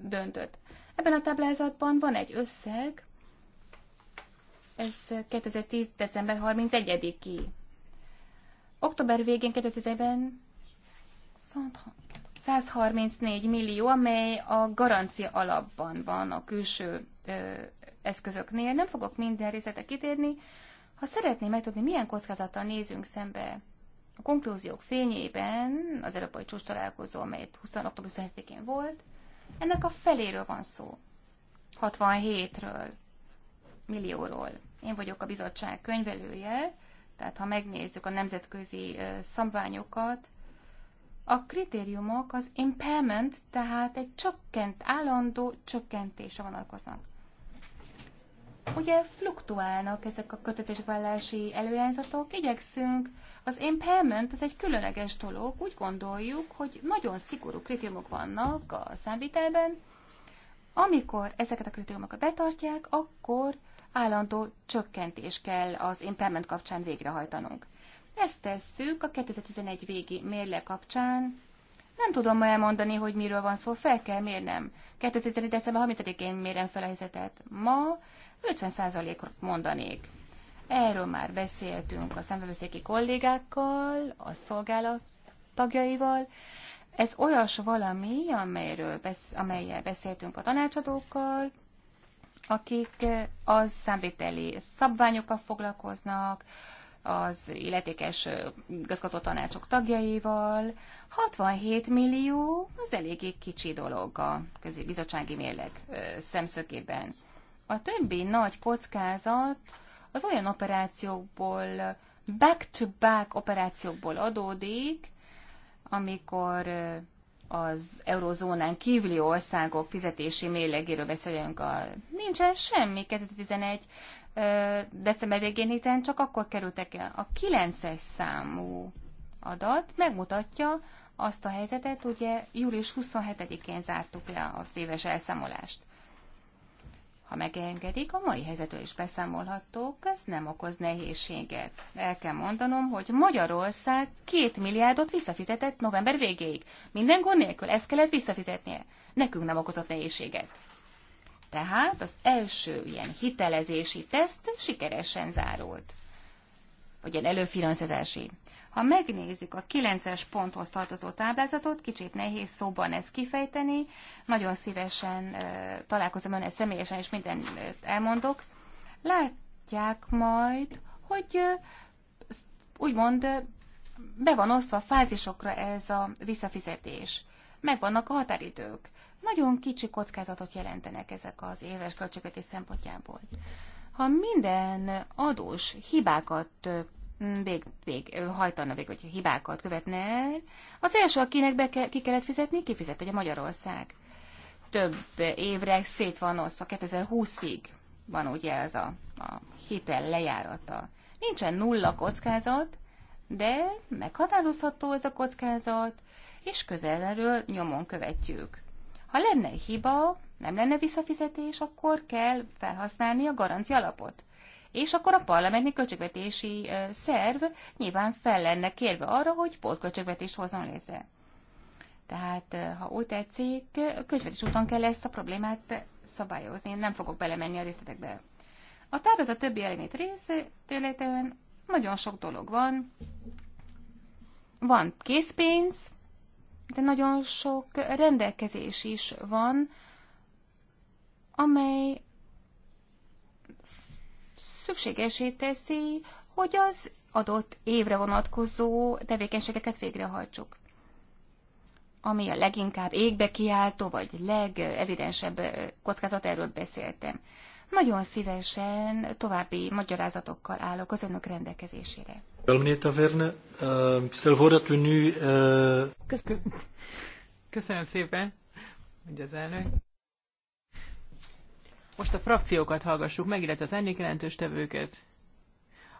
döntött. Ebben a táblázatban van egy összeg, ez 2010. december 31-i. Október végén 2010-ben 134 millió, amely a garancia alapban van a külső ö, eszközöknél. Nem fogok minden részletre kitérni. Ha szeretném megtudni, milyen kockázattal nézünk szembe a konklúziók fényében az európai csúcs találkozó, amely 20. október 27-én volt, ennek a feléről van szó. 67-ről, millióról. Én vagyok a bizottság könyvelője, tehát ha megnézzük a nemzetközi szabványokat, a kritériumok az impairment, tehát egy csökkent, állandó csökkentése vonatkoznak ugye fluktuálnak ezek a kötetésvállási előányzatok, igyekszünk, az impairment, ez egy különleges dolog, úgy gondoljuk, hogy nagyon szigorú kritériumok vannak a számvitelben, amikor ezeket a kritériumokat betartják, akkor állandó csökkentés kell az impairment kapcsán végrehajtanunk. Ezt tesszük a 2011 végi mérle kapcsán, nem tudom ma elmondani, hogy miről van szó, fel kell mérnem. 2011. december 30-én mérem fel a helyzetet. Ma 50%-ot mondanék. Erről már beszéltünk a szembevőszéki kollégákkal, a szolgálat tagjaival. Ez olyas valami, amelyről besz- amelyel beszéltünk a tanácsadókkal, akik eh, az számviteli szabványokkal foglalkoznak, az illetékes igazgató tanácsok tagjaival. 67 millió az eléggé kicsi dolog a bizottsági mérleg szemszögében. A többi nagy kockázat az olyan operációkból, back-to-back -back operációkból adódik, amikor az eurozónán kívüli országok fizetési mélegéről beszélünk. A, nincsen semmi 2011 december végén, hiszen csak akkor kerültek el. A 9-es számú adat megmutatja azt a helyzetet, ugye július 27-én zártuk le az éves elszámolást. Ha megengedik, a mai helyzetről is beszámolhatók, ez nem okoz nehézséget. El kell mondanom, hogy Magyarország két milliárdot visszafizetett november végéig. Minden gond nélkül ezt kellett visszafizetnie. Nekünk nem okozott nehézséget. Tehát az első ilyen hitelezési teszt sikeresen zárult. Vagy ilyen előfinanszírozási. Ha megnézzük a 9-es ponthoz tartozó táblázatot, kicsit nehéz szóban ezt kifejteni, nagyon szívesen találkozom önnel személyesen, és mindent elmondok. Látják majd, hogy úgymond be van osztva fázisokra ez a visszafizetés. Megvannak a határidők. Nagyon kicsi kockázatot jelentenek ezek az éves költségvetés szempontjából. Ha minden adós hibákat vég, vég, hajtana végül, hogy hibákat követne el, az első, akinek be ke, ki kellett fizetni, kifizet, a Magyarország. Több évre szét van osztva, 2020-ig van ugye ez a, a hitel lejárata. Nincsen nulla kockázat, de meghatározható ez a kockázat, és közelről nyomon követjük. Ha lenne hiba, nem lenne visszafizetés, akkor kell felhasználni a garancia alapot. És akkor a parlamenti költségvetési szerv nyilván fel lenne kérve arra, hogy pótköltségvetés hozzon létre. Tehát, ha úgy tetszik, költségvetés úton kell ezt a problémát szabályozni. Én nem fogok belemenni a részletekbe. A táblázat többi elemét részletően nagyon sok dolog van. Van készpénz, de nagyon sok rendelkezés is van, amely szükségesé teszi, hogy az adott évre vonatkozó tevékenységeket végrehajtsuk. Ami a leginkább égbe kiáltó, vagy legevidensebb kockázat, erről beszéltem. Nagyon szívesen további magyarázatokkal állok az önök rendelkezésére. Wel, meneer Taverne, ehm, ik stel voor dat we nu... Eh, Köszönöm szépen, elnök. Most a frakciókat hallgassuk meg, illetve az ennél jelentős tevőket.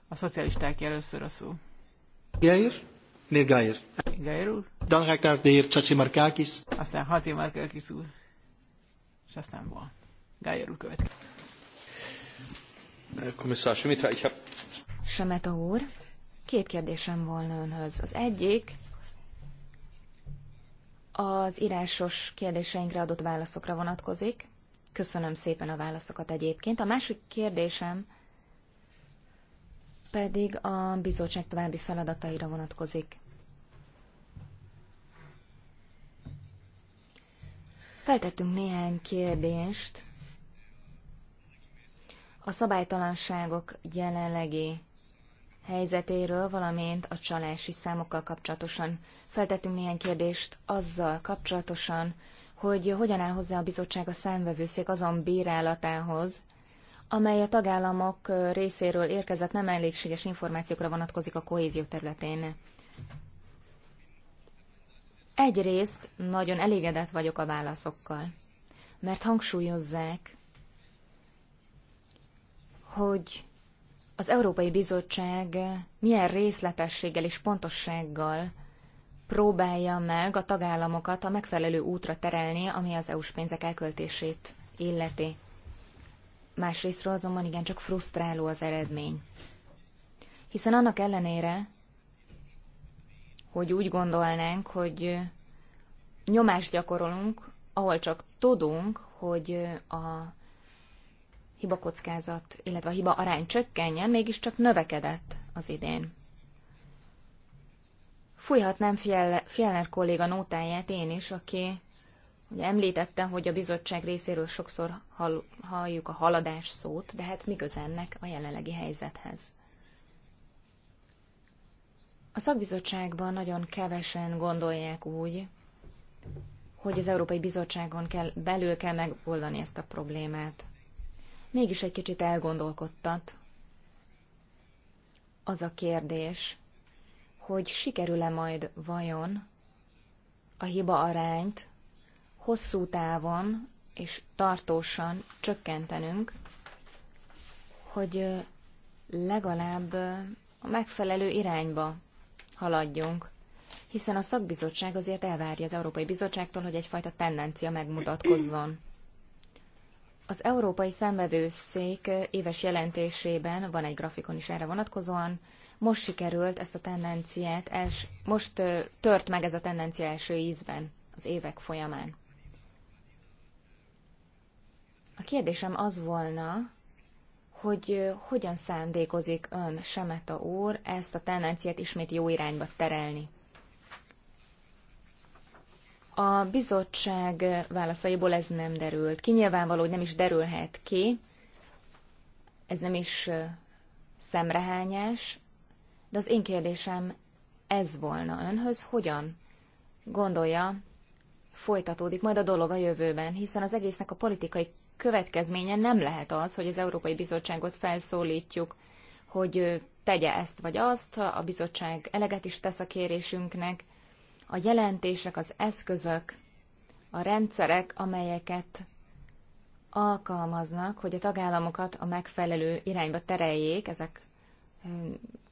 A szocialisták először a szó. Geir? Meneer Geir. Geir úr? Dan ga ik naar de heer Tsatsimarkakis. Aztán Hatsimarkakis úr. És aztán van. Geir úr következik. Kommissár Semeta úr. Két kérdésem volna önhöz. Az egyik az írásos kérdéseinkre adott válaszokra vonatkozik. Köszönöm szépen a válaszokat egyébként. A másik kérdésem pedig a bizottság további feladataira vonatkozik. Feltettünk néhány kérdést a szabálytalanságok jelenlegi helyzetéről, valamint a csalási számokkal kapcsolatosan. Feltettünk néhány kérdést azzal kapcsolatosan, hogy hogyan áll hozzá a bizottság a számvevőszék azon bírálatához, amely a tagállamok részéről érkezett nem elégséges információkra vonatkozik a kohézió területén. Egyrészt nagyon elégedett vagyok a válaszokkal, mert hangsúlyozzák, hogy az Európai Bizottság milyen részletességgel és pontossággal próbálja meg a tagállamokat a megfelelő útra terelni, ami az EU-s pénzek elköltését illeti. Másrésztről azonban igencsak frusztráló az eredmény. Hiszen annak ellenére, hogy úgy gondolnánk, hogy nyomást gyakorolunk, ahol csak tudunk, hogy a hibakockázat, illetve a hiba arány csökkenjen, mégiscsak növekedett az idén. Fújhatnám Fjellner kolléga nótáját én is, aki ugye említette, hogy a bizottság részéről sokszor hall, halljuk a haladás szót, de hát mi ennek a jelenlegi helyzethez? A szakbizottságban nagyon kevesen gondolják úgy, hogy az Európai Bizottságon kell, belül kell megoldani ezt a problémát mégis egy kicsit elgondolkodtat az a kérdés, hogy sikerül-e majd vajon a hiba arányt hosszú távon és tartósan csökkentenünk, hogy legalább a megfelelő irányba haladjunk, hiszen a szakbizottság azért elvárja az Európai Bizottságtól, hogy egyfajta tendencia megmutatkozzon. Az Európai Szenvedőszék éves jelentésében van egy grafikon is erre vonatkozóan. Most sikerült ezt a tendenciát, els, most tört meg ez a tendencia első ízben az évek folyamán. A kérdésem az volna, hogy hogyan szándékozik ön, Semeta úr, ezt a tendenciát ismét jó irányba terelni. A bizottság válaszaiból ez nem derült ki. Nyilvánvaló, hogy nem is derülhet ki. Ez nem is szemrehányás. De az én kérdésem ez volna önhöz, hogyan gondolja, folytatódik majd a dolog a jövőben, hiszen az egésznek a politikai következménye nem lehet az, hogy az Európai Bizottságot felszólítjuk, hogy tegye ezt vagy azt, a bizottság eleget is tesz a kérésünknek, a jelentések, az eszközök, a rendszerek, amelyeket alkalmaznak, hogy a tagállamokat a megfelelő irányba tereljék, ezek,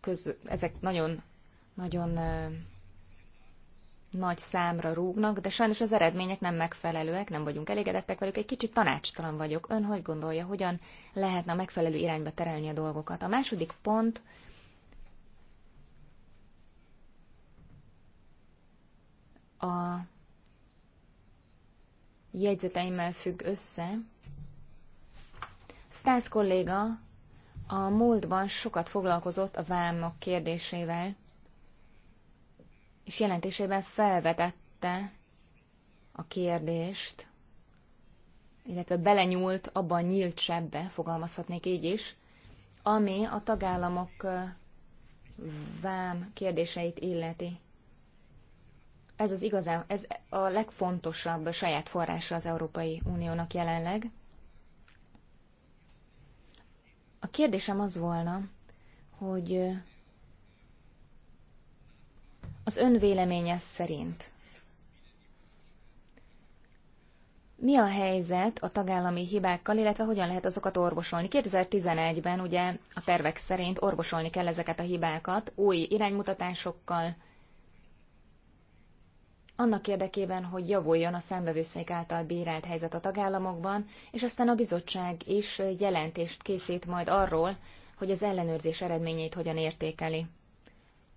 köz, ezek nagyon, nagyon nagy számra rúgnak, de sajnos az eredmények nem megfelelőek, nem vagyunk elégedettek velük, egy kicsit tanácstalan vagyok. Ön hogy gondolja, hogyan lehetne a megfelelő irányba terelni a dolgokat? A második pont a jegyzeteimmel függ össze. Stász kolléga a múltban sokat foglalkozott a vámok kérdésével, és jelentésében felvetette a kérdést, illetve belenyúlt abba nyílt sebbe, fogalmazhatnék így is, ami a tagállamok vám kérdéseit illeti. Ez az igazán, ez a legfontosabb saját forrása az Európai Uniónak jelenleg. A kérdésem az volna, hogy az ön véleménye szerint mi a helyzet a tagállami hibákkal, illetve hogyan lehet azokat orvosolni? 2011-ben ugye a tervek szerint orvosolni kell ezeket a hibákat új iránymutatásokkal, annak érdekében, hogy javuljon a szembevőszék által bírált helyzet a tagállamokban, és aztán a bizottság is jelentést készít majd arról, hogy az ellenőrzés eredményeit hogyan értékeli.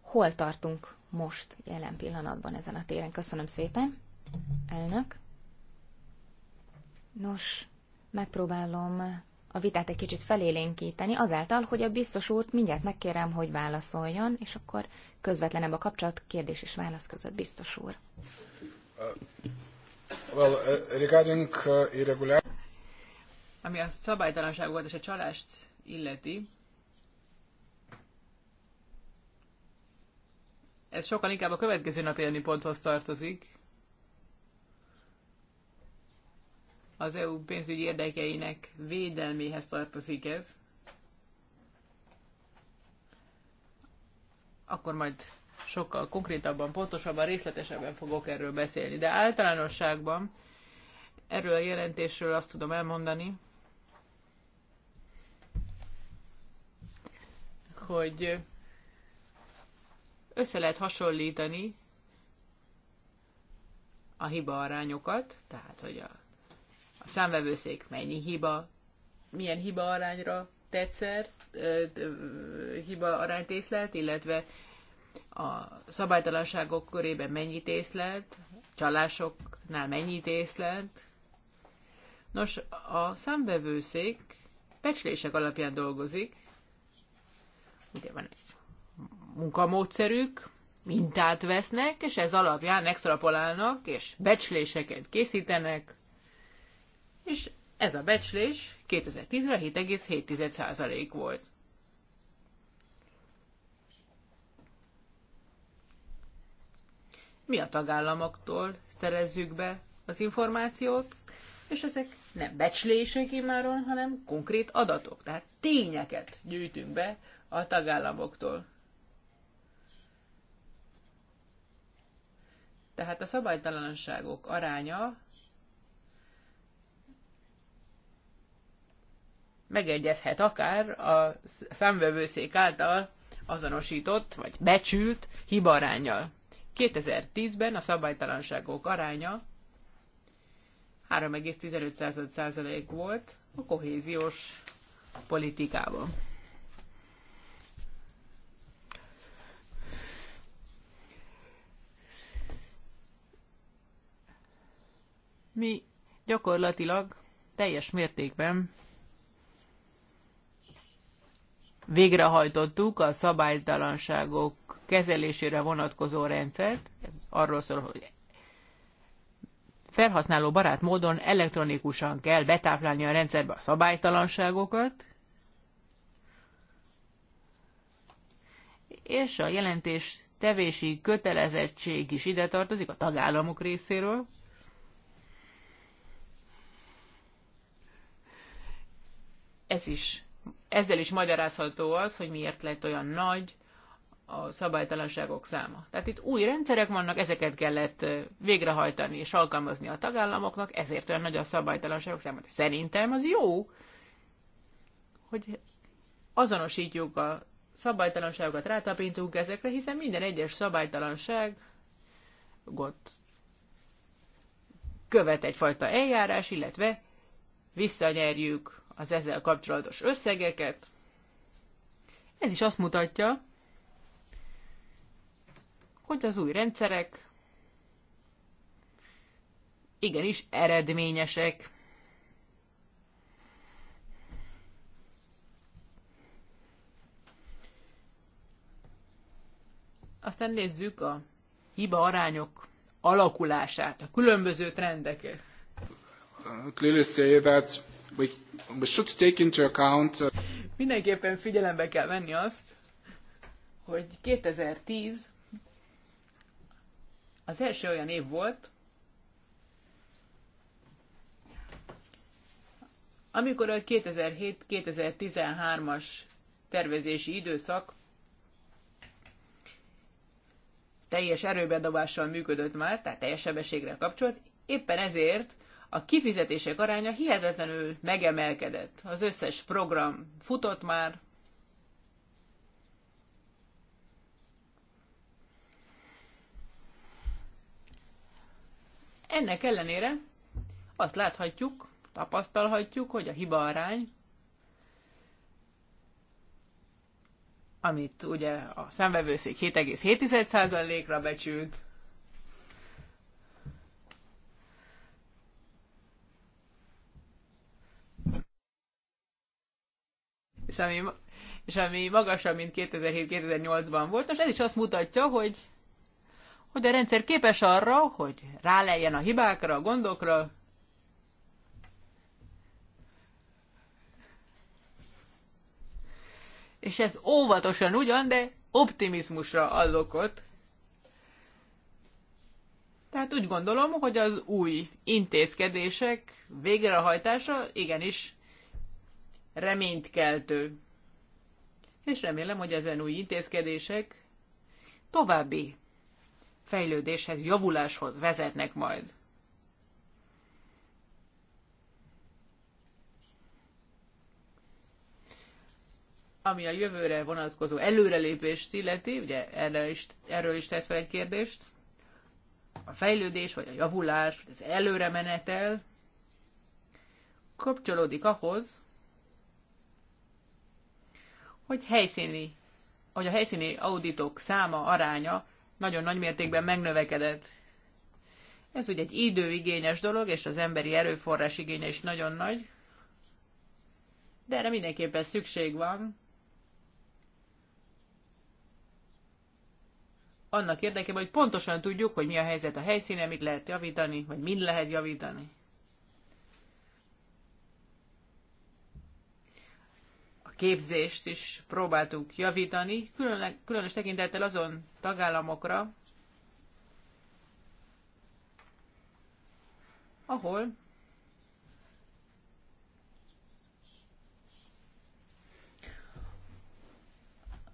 Hol tartunk most jelen pillanatban ezen a téren? Köszönöm szépen, elnök. Nos, megpróbálom a vitát egy kicsit felélénkíteni, azáltal, hogy a biztos úrt mindjárt megkérem, hogy válaszoljon, és akkor közvetlenebb a kapcsolat kérdés és válasz között, biztos úr. Uh, well, uh, regarding uh, irregular... Ami a szabálytalanságokat és a csalást illeti, ez sokkal inkább a következő napi ponthoz tartozik, az EU pénzügyi érdekeinek védelméhez tartozik ez. Akkor majd sokkal konkrétabban, pontosabban, részletesebben fogok erről beszélni. De általánosságban erről a jelentésről azt tudom elmondani, hogy össze lehet hasonlítani a hiba arányokat, tehát hogy a a számvevőszék mennyi hiba, milyen hiba arányra tetszer, hiba arányt észlelt, illetve a szabálytalanságok körében mennyit észlelt, csalásoknál mennyit észlelt. Nos, a számvevőszék becslések alapján dolgozik, ugye van egy munkamódszerük, mintát vesznek, és ez alapján extrapolálnak, és becsléseket készítenek és ez a becslés 2010-re 7,7% volt. Mi a tagállamoktól szerezzük be az információt, és ezek nem becslések immáron, hanem konkrét adatok, tehát tényeket gyűjtünk be a tagállamoktól. Tehát a szabálytalanságok aránya megegyezhet akár a számvevőszék által azonosított vagy becsült hibarányjal. 2010-ben a szabálytalanságok aránya 3,15% volt a kohéziós politikában. Mi gyakorlatilag teljes mértékben végrehajtottuk a szabálytalanságok kezelésére vonatkozó rendszert. Ez arról szól, hogy felhasználó barát módon elektronikusan kell betáplálni a rendszerbe a szabálytalanságokat, és a jelentés tevési kötelezettség is ide tartozik a tagállamok részéről. Ez is ezzel is magyarázható az, hogy miért lett olyan nagy a szabálytalanságok száma. Tehát itt új rendszerek vannak, ezeket kellett végrehajtani és alkalmazni a tagállamoknak, ezért olyan nagy a szabálytalanságok száma. De szerintem az jó, hogy azonosítjuk a szabálytalanságokat, rátapintunk ezekre, hiszen minden egyes szabálytalanságot követ egyfajta eljárás, illetve visszanyerjük az ezzel kapcsolatos összegeket. Ez is azt mutatja, hogy az új rendszerek igenis eredményesek. Aztán nézzük a hiba arányok alakulását, a különböző trendeket. Uh, clearly say that we, we should take into account... Uh, Mindenképpen figyelembe kell venni azt, hogy 2010 az első olyan év volt, amikor a 2007-2013-as tervezési időszak teljes erőbedobással működött már, tehát teljes sebességre kapcsolt, éppen ezért a kifizetések aránya hihetetlenül megemelkedett. Az összes program futott már, Ennek ellenére azt láthatjuk, tapasztalhatjuk, hogy a hiba arány, amit ugye a szemvevőszék 7,7%-ra becsült, és ami, és ami magasabb, mint 2007-2008-ban volt. Most ez is azt mutatja, hogy, hogy a rendszer képes arra, hogy ráleljen a hibákra, a gondokra, és ez óvatosan ugyan, de optimizmusra ad okot. Tehát úgy gondolom, hogy az új intézkedések végrehajtása igenis reményt keltő. És remélem, hogy ezen új intézkedések további fejlődéshez, javuláshoz vezetnek majd. Ami a jövőre vonatkozó előrelépést illeti, ugye erről is, erről is tett fel egy kérdést, a fejlődés, vagy a javulás, vagy az előre menetel kapcsolódik ahhoz, hogy helyszíni, hogy a helyszíni auditok száma, aránya nagyon nagy mértékben megnövekedett. Ez ugye egy időigényes dolog, és az emberi erőforrás igénye is nagyon nagy, de erre mindenképpen szükség van, annak érdekében, hogy pontosan tudjuk, hogy mi a helyzet a helyszínen, mit lehet javítani, vagy mind lehet javítani. képzést is próbáltuk javítani, különleg, különös tekintettel azon tagállamokra, ahol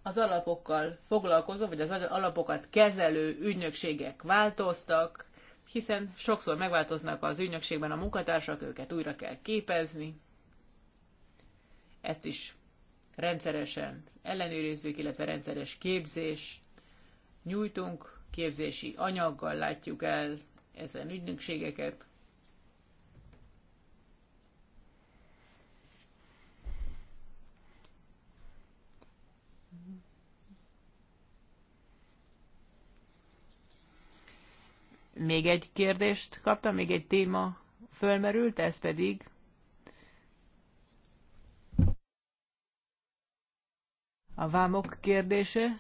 az alapokkal foglalkozó, vagy az alapokat kezelő ügynökségek változtak, hiszen sokszor megváltoznak az ügynökségben a munkatársak, őket újra kell képezni. Ezt is rendszeresen ellenőrizzük, illetve rendszeres képzés nyújtunk, képzési anyaggal látjuk el ezen ügynökségeket. Még egy kérdést kaptam, még egy téma fölmerült, ez pedig a vámok kérdése.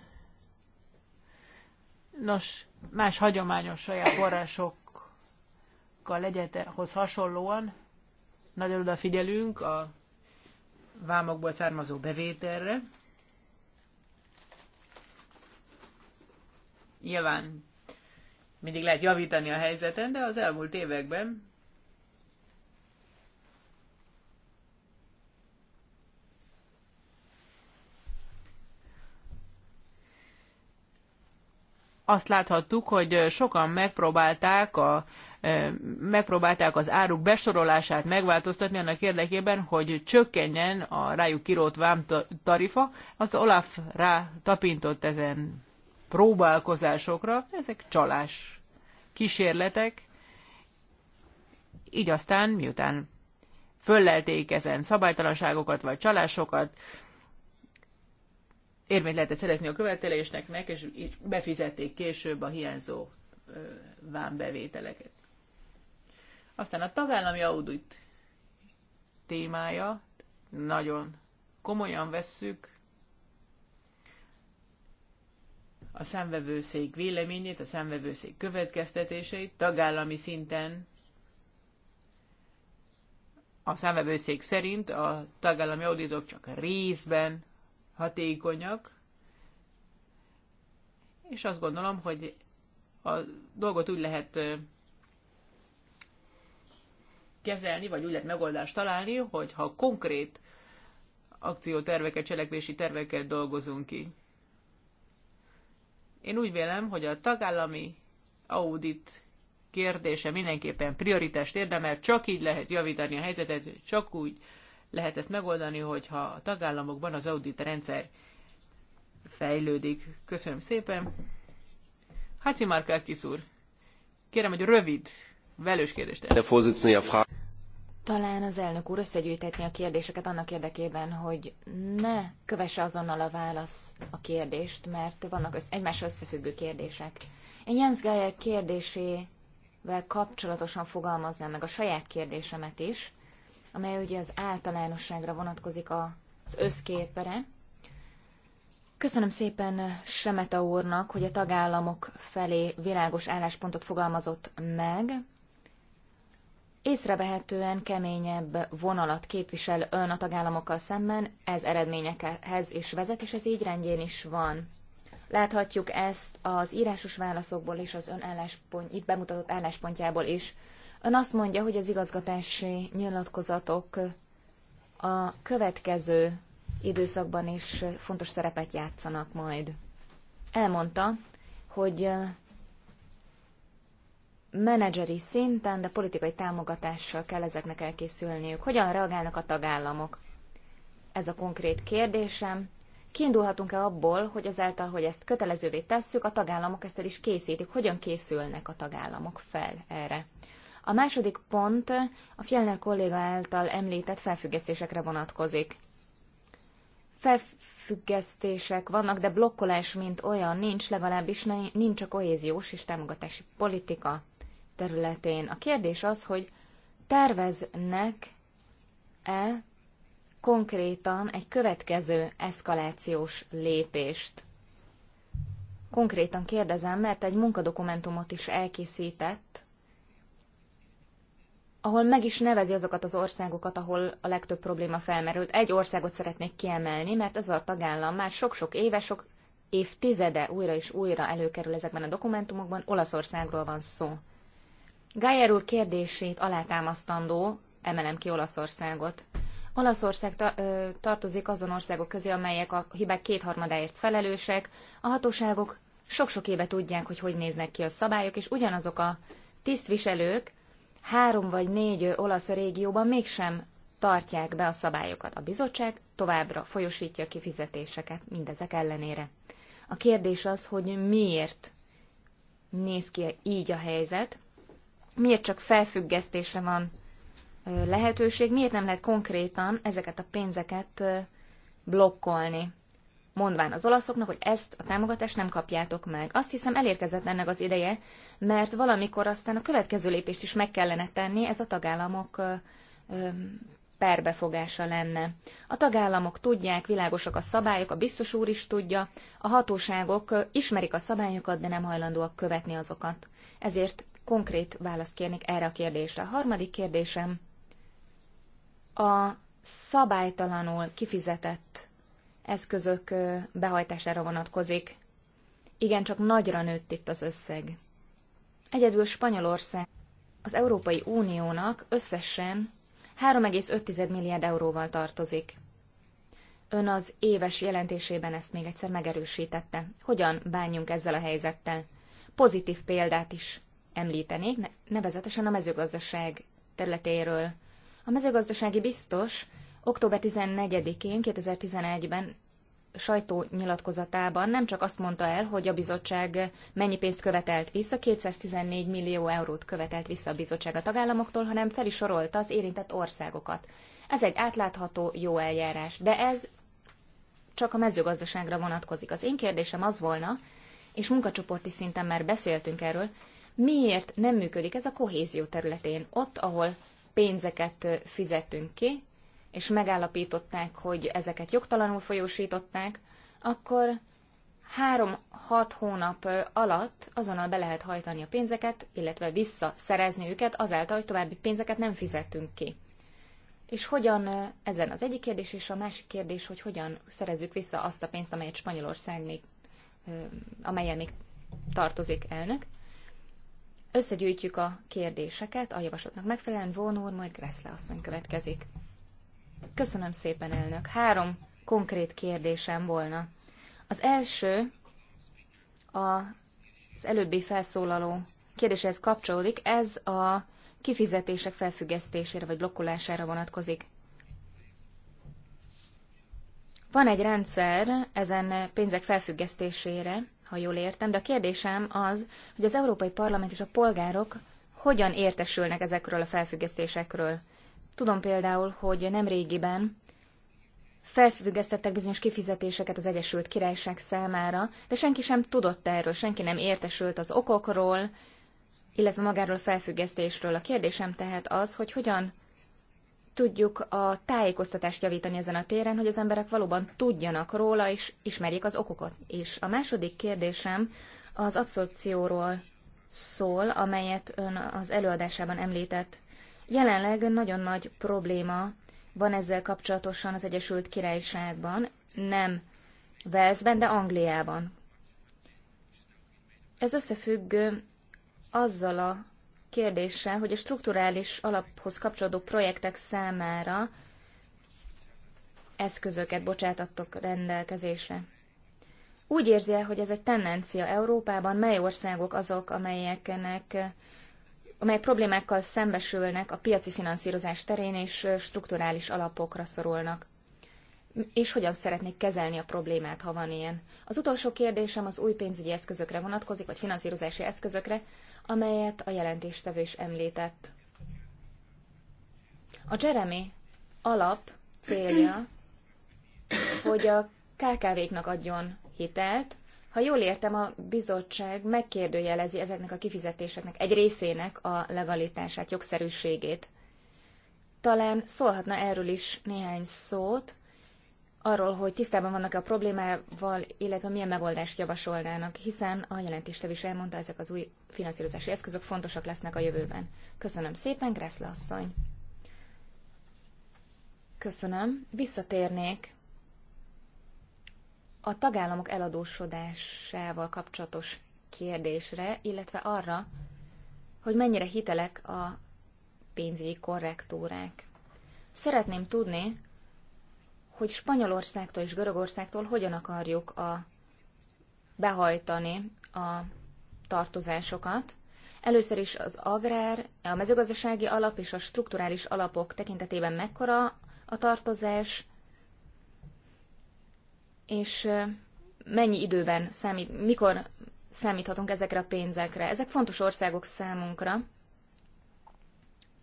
Nos, más hagyományos saját forrásokkal egyetehoz hasonlóan nagyon odafigyelünk a vámokból származó bevételre. Nyilván mindig lehet javítani a helyzeten, de az elmúlt években azt láthattuk, hogy sokan megpróbálták, a, megpróbálták az áruk besorolását megváltoztatni annak érdekében, hogy csökkenjen a rájuk kirót vám tarifa. Az Olaf rá tapintott ezen próbálkozásokra, ezek csalás kísérletek. Így aztán, miután föllelték ezen szabálytalanságokat vagy csalásokat, érvényt lehetett szerezni a követelésnek, és befizették később a hiányzó vámbevételeket. Aztán a tagállami audit témája nagyon komolyan vesszük. A szemvevőszék véleményét, a szemvevőszék következtetéseit tagállami szinten a szemvevőszék szerint a tagállami auditok csak részben hatékonyak, és azt gondolom, hogy a dolgot úgy lehet kezelni, vagy úgy lehet megoldást találni, hogy ha konkrét akcióterveket, cselekvési terveket dolgozunk ki. Én úgy vélem, hogy a tagállami audit kérdése mindenképpen prioritást érdemel, csak így lehet javítani a helyzetet, csak úgy, lehet ezt megoldani, hogyha a tagállamokban az audit rendszer fejlődik. Köszönöm szépen. Háci Márkákis úr, kérem, hogy rövid, velős kérdést. Talán az elnök úr összegyűjtetni a kérdéseket annak érdekében, hogy ne kövesse azonnal a válasz a kérdést, mert vannak össze, egymás összefüggő kérdések. Én Jens Geyer kérdésével kapcsolatosan fogalmaznám meg a saját kérdésemet is, amely ugye az általánosságra vonatkozik az összképere. Köszönöm szépen Semeta úrnak, hogy a tagállamok felé világos álláspontot fogalmazott meg. Észrevehetően keményebb vonalat képvisel ön a tagállamokkal szemben, ez eredményekhez is vezet, és ez így rendjén is van. Láthatjuk ezt az írásos válaszokból és az ön álláspont, itt bemutatott álláspontjából is. Ön azt mondja, hogy az igazgatási nyilatkozatok a következő időszakban is fontos szerepet játszanak majd. Elmondta, hogy menedzseri szinten, de politikai támogatással kell ezeknek elkészülniük. Hogyan reagálnak a tagállamok? Ez a konkrét kérdésem. Kiindulhatunk-e abból, hogy azáltal, hogy ezt kötelezővé tesszük, a tagállamok ezt el is készítik? Hogyan készülnek a tagállamok fel erre? A második pont a Fjellner kolléga által említett felfüggesztésekre vonatkozik. Felfüggesztések vannak, de blokkolás mint olyan nincs, legalábbis nincs a kohéziós és támogatási politika területén. A kérdés az, hogy terveznek-e konkrétan egy következő eszkalációs lépést. Konkrétan kérdezem, mert egy munkadokumentumot is elkészített ahol meg is nevezi azokat az országokat, ahol a legtöbb probléma felmerült. Egy országot szeretnék kiemelni, mert ez a tagállam már sok-sok éve, sok évtizede újra és újra előkerül ezekben a dokumentumokban, Olaszországról van szó. Gájer úr kérdését alátámasztandó, emelem ki Olaszországot. Olaszország ta, ö, tartozik azon országok közé, amelyek a hibák kétharmadáért felelősek. A hatóságok sok-sok éve tudják, hogy hogy néznek ki a szabályok, és ugyanazok a tisztviselők, három vagy négy olasz régióban mégsem tartják be a szabályokat. A bizottság továbbra folyosítja a kifizetéseket mindezek ellenére. A kérdés az, hogy miért néz ki így a helyzet, miért csak felfüggesztésre van lehetőség, miért nem lehet konkrétan ezeket a pénzeket blokkolni mondván az olaszoknak, hogy ezt a támogatást nem kapjátok meg. Azt hiszem elérkezett ennek az ideje, mert valamikor aztán a következő lépést is meg kellene tenni, ez a tagállamok perbefogása lenne. A tagállamok tudják, világosak a szabályok, a biztos úr is tudja, a hatóságok ismerik a szabályokat, de nem hajlandóak követni azokat. Ezért konkrét választ kérnék erre a kérdésre. A harmadik kérdésem a szabálytalanul kifizetett eszközök behajtására vonatkozik. Igen, csak nagyra nőtt itt az összeg. Egyedül Spanyolország az Európai Uniónak összesen 3,5 milliárd euróval tartozik. Ön az éves jelentésében ezt még egyszer megerősítette. Hogyan bánjunk ezzel a helyzettel? Pozitív példát is említenék, nevezetesen a mezőgazdaság területéről. A mezőgazdasági biztos Október 14-én, 2011-ben sajtónyilatkozatában nem csak azt mondta el, hogy a bizottság mennyi pénzt követelt vissza, 214 millió eurót követelt vissza a bizottság a tagállamoktól, hanem fel is sorolta az érintett országokat. Ez egy átlátható, jó eljárás, de ez csak a mezőgazdaságra vonatkozik. Az én kérdésem az volna, és munkacsoporti szinten már beszéltünk erről, miért nem működik ez a kohézió területén, ott, ahol pénzeket fizetünk ki, és megállapították, hogy ezeket jogtalanul folyósították, akkor három-hat hónap alatt azonnal be lehet hajtani a pénzeket, illetve visszaszerezni őket azáltal, hogy további pénzeket nem fizetünk ki. És hogyan, ezen az egyik kérdés, és a másik kérdés, hogy hogyan szerezzük vissza azt a pénzt, amelyet Spanyolország még, amelyel még tartozik elnök. Összegyűjtjük a kérdéseket, a javaslatnak megfelelően Vón úr, majd Greszle asszony következik. Köszönöm szépen, elnök. Három konkrét kérdésem volna. Az első a, az előbbi felszólaló kérdéshez kapcsolódik, ez a kifizetések felfüggesztésére vagy blokkolására vonatkozik. Van egy rendszer ezen pénzek felfüggesztésére, ha jól értem, de a kérdésem az, hogy az Európai Parlament és a polgárok hogyan értesülnek ezekről a felfüggesztésekről. Tudom például, hogy nem régiben felfüggesztettek bizonyos kifizetéseket az Egyesült Királyság számára, de senki sem tudott erről, senki nem értesült az okokról, illetve magáról a felfüggesztésről. A kérdésem tehát az, hogy hogyan tudjuk a tájékoztatást javítani ezen a téren, hogy az emberek valóban tudjanak róla, és ismerjék az okokat is. A második kérdésem az abszorpcióról szól, amelyet ön az előadásában említett. Jelenleg nagyon nagy probléma van ezzel kapcsolatosan az Egyesült Királyságban, nem Velszben, de Angliában. Ez összefügg azzal a kérdéssel, hogy a strukturális alaphoz kapcsolódó projektek számára eszközöket bocsátattok rendelkezésre. Úgy érzi hogy ez egy tendencia Európában, mely országok azok, amelyeknek amelyek problémákkal szembesülnek a piaci finanszírozás terén és strukturális alapokra szorulnak. És hogyan szeretnék kezelni a problémát, ha van ilyen? Az utolsó kérdésem az új pénzügyi eszközökre vonatkozik, vagy finanszírozási eszközökre, amelyet a jelentéstevő is említett. A Jeremy alap célja, hogy a KKV-knak adjon hitelt, ha jól értem, a bizottság megkérdőjelezi ezeknek a kifizetéseknek egy részének a legalitását, jogszerűségét. Talán szólhatna erről is néhány szót, arról, hogy tisztában vannak -e a problémával, illetve milyen megoldást javasolnának, hiszen a jelentéstevő is elmondta, ezek az új finanszírozási eszközök fontosak lesznek a jövőben. Köszönöm szépen, Greszle asszony! Köszönöm. Visszatérnék a tagállamok eladósodásával kapcsolatos kérdésre, illetve arra, hogy mennyire hitelek a pénzügyi korrektúrák. Szeretném tudni, hogy Spanyolországtól és Görögországtól hogyan akarjuk a behajtani a tartozásokat. Először is az agrár, a mezőgazdasági alap és a strukturális alapok tekintetében mekkora a tartozás, és mennyi időben számít, mikor számíthatunk ezekre a pénzekre. Ezek fontos országok számunkra.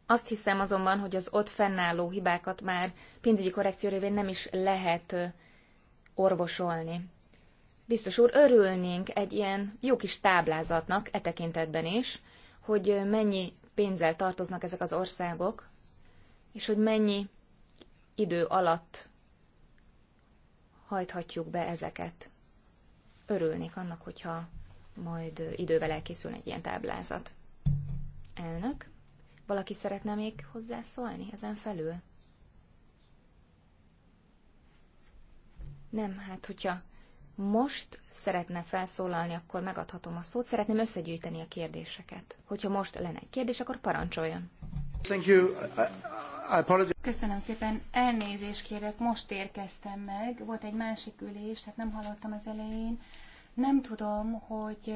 Azt hiszem azonban, hogy az ott fennálló hibákat már pénzügyi korrekció révén nem is lehet orvosolni. Biztos úr, örülnénk egy ilyen jó kis táblázatnak e tekintetben is, hogy mennyi pénzzel tartoznak ezek az országok, és hogy mennyi idő alatt hajthatjuk be ezeket. Örülnék annak, hogyha majd idővel elkészül egy ilyen táblázat. Elnök, valaki szeretne még hozzászólni ezen felül? Nem, hát hogyha most szeretne felszólalni, akkor megadhatom a szót. Szeretném összegyűjteni a kérdéseket. Hogyha most lenne egy kérdés, akkor parancsoljon. Thank you. I, Köszönöm szépen, elnézést kérek, most érkeztem meg, volt egy másik ülés, tehát nem hallottam az elején. Nem tudom, hogy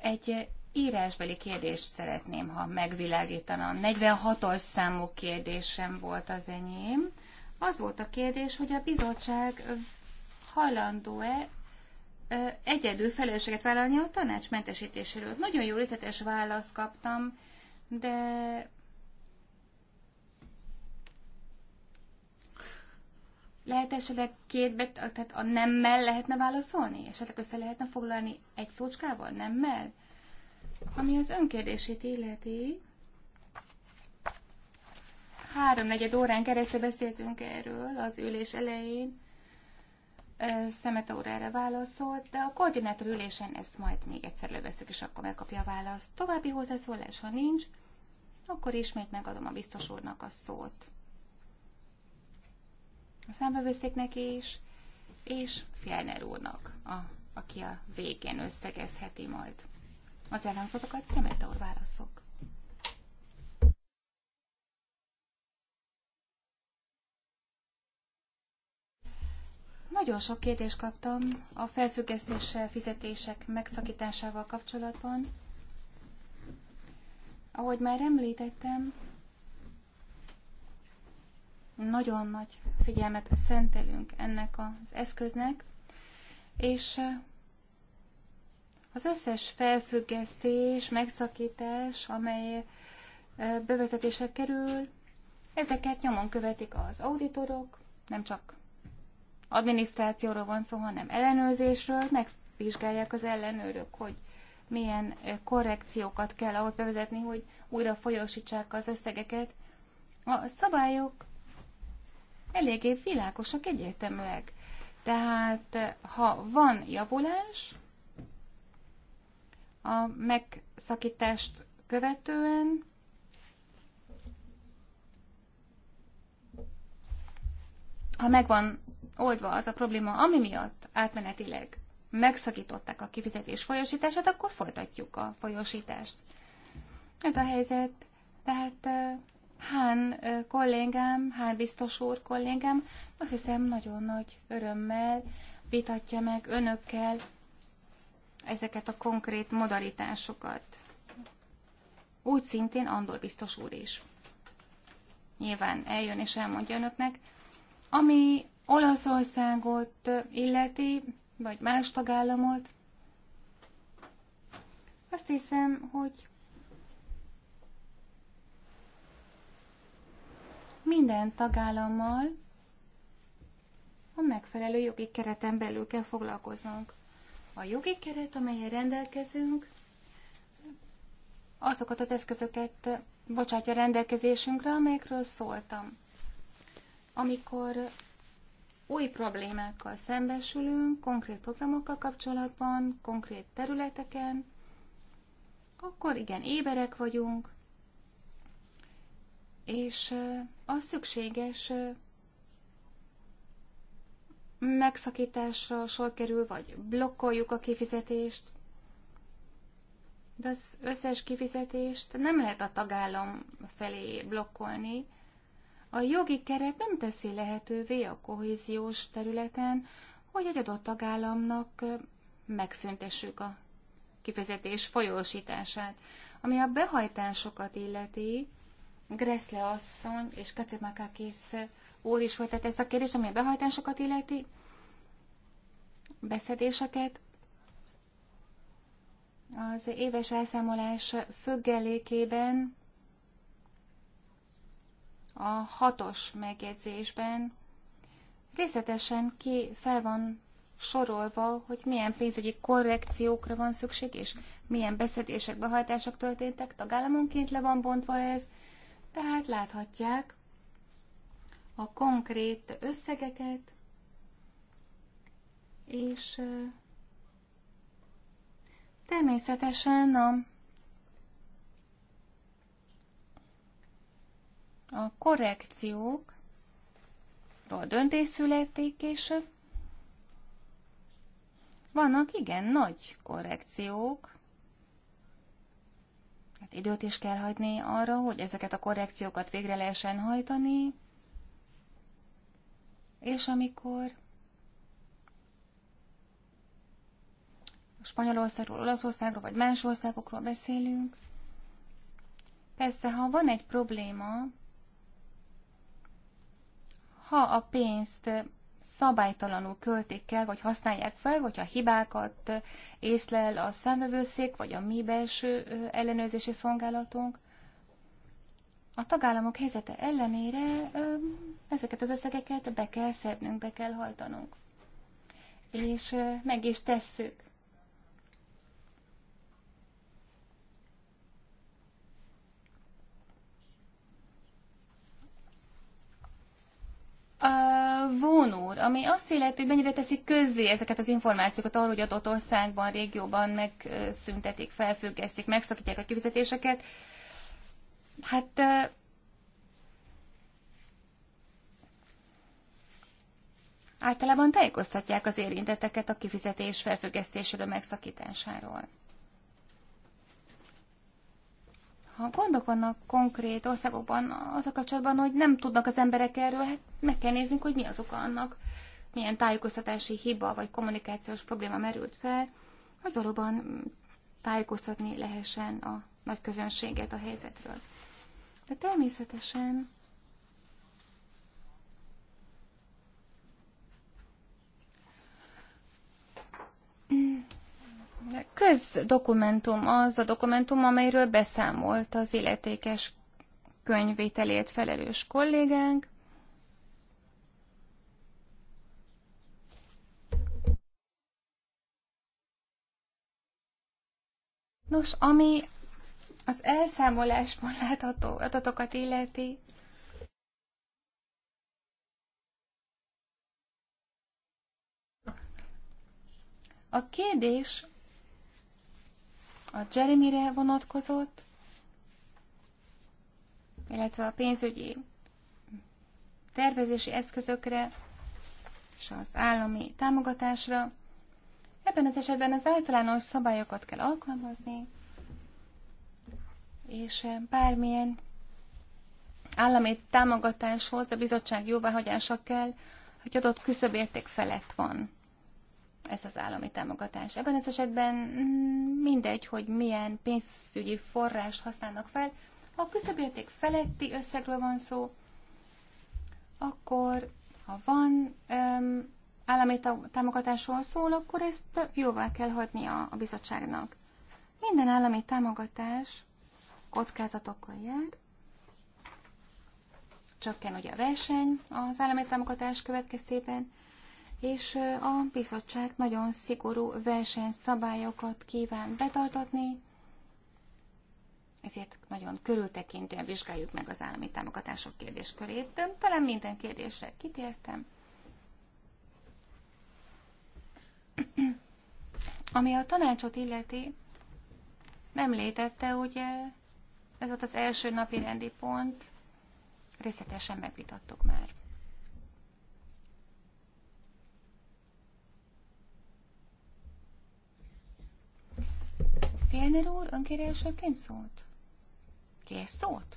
egy írásbeli kérdést szeretném, ha megvilágítana. 46-os számú kérdésem volt az enyém. Az volt a kérdés, hogy a bizottság hajlandó-e egyedül felelősséget vállalni a tanács mentesítéséről. Nagyon jó részletes választ kaptam, de Lehet esetleg kétbe, tehát a nemmel lehetne válaszolni? Esetleg össze lehetne foglalni egy szócskával, nemmel? Ami az önkérdését illeti, háromnegyed órán keresztül beszéltünk erről az ülés elején, Szemete órára válaszolt, de a koordinátor ülésen ezt majd még egyszer leveszük, és akkor megkapja a választ. További hozzászólás, ha nincs, akkor ismét megadom a biztos úrnak a szót a számbevőszéknek is, és Fjellner úrnak, a, aki a végén összegezheti majd. Az elhangzatokat Szemete úr válaszok. Nagyon sok kérdést kaptam a felfüggesztéssel, fizetések megszakításával kapcsolatban. Ahogy már említettem, nagyon nagy figyelmet szentelünk ennek az eszköznek, és az összes felfüggesztés, megszakítás, amely bevezetésre kerül, ezeket nyomon követik az auditorok, nem csak adminisztrációról van szó, hanem ellenőrzésről, megvizsgálják az ellenőrök, hogy milyen korrekciókat kell ahhoz bevezetni, hogy újra folyósítsák az összegeket. A szabályok eléggé világosak, egyértelműek. Tehát, ha van javulás, a megszakítást követően, ha megvan oldva az a probléma, ami miatt átmenetileg megszakították a kifizetés folyosítását, akkor folytatjuk a folyosítást. Ez a helyzet, tehát Hán kollégám, Hán biztos úr kollégám, azt hiszem nagyon nagy örömmel vitatja meg önökkel ezeket a konkrét modalitásokat. Úgy szintén Andor biztos úr is. Nyilván eljön és elmondja önöknek, ami Olaszországot illeti, vagy más tagállamot, azt hiszem, hogy minden tagállammal a megfelelő jogi kereten belül kell foglalkoznunk. A jogi keret, amelyen rendelkezünk, azokat az eszközöket bocsátja rendelkezésünkre, amelyekről szóltam. Amikor új problémákkal szembesülünk, konkrét programokkal kapcsolatban, konkrét területeken, akkor igen, éberek vagyunk, és a szükséges megszakításra sor kerül, vagy blokkoljuk a kifizetést, de az összes kifizetést nem lehet a tagállam felé blokkolni. A jogi keret nem teszi lehetővé a kohéziós területen, hogy egy adott tagállamnak megszüntessük a kifizetés folyósítását. Ami a behajtásokat illeti, Greszle asszony és kész úr is tehát ezt a kérdést, ami a behajtásokat illeti, beszedéseket. Az éves elszámolás függelékében a hatos megjegyzésben részletesen ki fel van sorolva, hogy milyen pénzügyi korrekciókra van szükség, és milyen beszedések, behajtások történtek, tagállamonként le van bontva ez, tehát láthatják a konkrét összegeket, és természetesen a, a korrekciók, döntés születik, és vannak igen nagy korrekciók, tehát időt is kell hagyni arra, hogy ezeket a korrekciókat végre lehessen hajtani, és amikor Spanyolországról, Olaszországról vagy más országokról beszélünk, persze, ha van egy probléma, ha a pénzt szabálytalanul költik el, vagy használják fel, vagy ha hibákat észlel a számövőszék, vagy a mi belső ellenőrzési szolgálatunk. A tagállamok helyzete ellenére ezeket az összegeket be kell szednünk, be kell hajtanunk. És meg is tesszük. Uh, Vón ami azt illeti, hogy mennyire teszik közzé ezeket az információkat arról, hogy adott országban, régióban megszüntetik, felfüggesztik, megszakítják a kifizetéseket. Hát általában tájékoztatják az érintetteket a kifizetés felfüggesztéséről, megszakításáról. Ha gondok vannak konkrét országokban az a kapcsolatban, hogy nem tudnak az emberek erről, hát meg kell néznünk, hogy mi az oka annak, milyen tájékoztatási hiba vagy kommunikációs probléma merült fel, hogy valóban tájékoztatni lehessen a nagy közönséget a helyzetről. De természetesen közdokumentum az a dokumentum, amelyről beszámolt az illetékes könyvételét felelős kollégánk. Nos, ami az elszámolásban látható adatokat illeti, A kérdés a Jeremyre vonatkozott, illetve a pénzügyi tervezési eszközökre és az állami támogatásra. Ebben az esetben az általános szabályokat kell alkalmazni, és bármilyen állami támogatáshoz a bizottság jóváhagyása kell, hogy adott küszöbérték felett van ez az állami támogatás. Ebben az esetben mm, mindegy, hogy milyen pénzügyi forrást használnak fel, ha a küszöbérték feletti összegről van szó, akkor ha van öm, állami támogatásról szól, akkor ezt jóvá kell a, a bizottságnak. Minden állami támogatás kockázatokkal jár, csökken ugye a verseny az állami támogatás következtében, és a bizottság nagyon szigorú versenyszabályokat kíván betartatni, ezért nagyon körültekintően vizsgáljuk meg az állami támogatások kérdéskörét. Talán minden kérdésre kitértem. Ami a tanácsot illeti, nem létette, ugye ez volt az első napi rendi pont, részletesen megvitattuk már. Fjellner úr, önkéri elsőként szólt? Kér szót?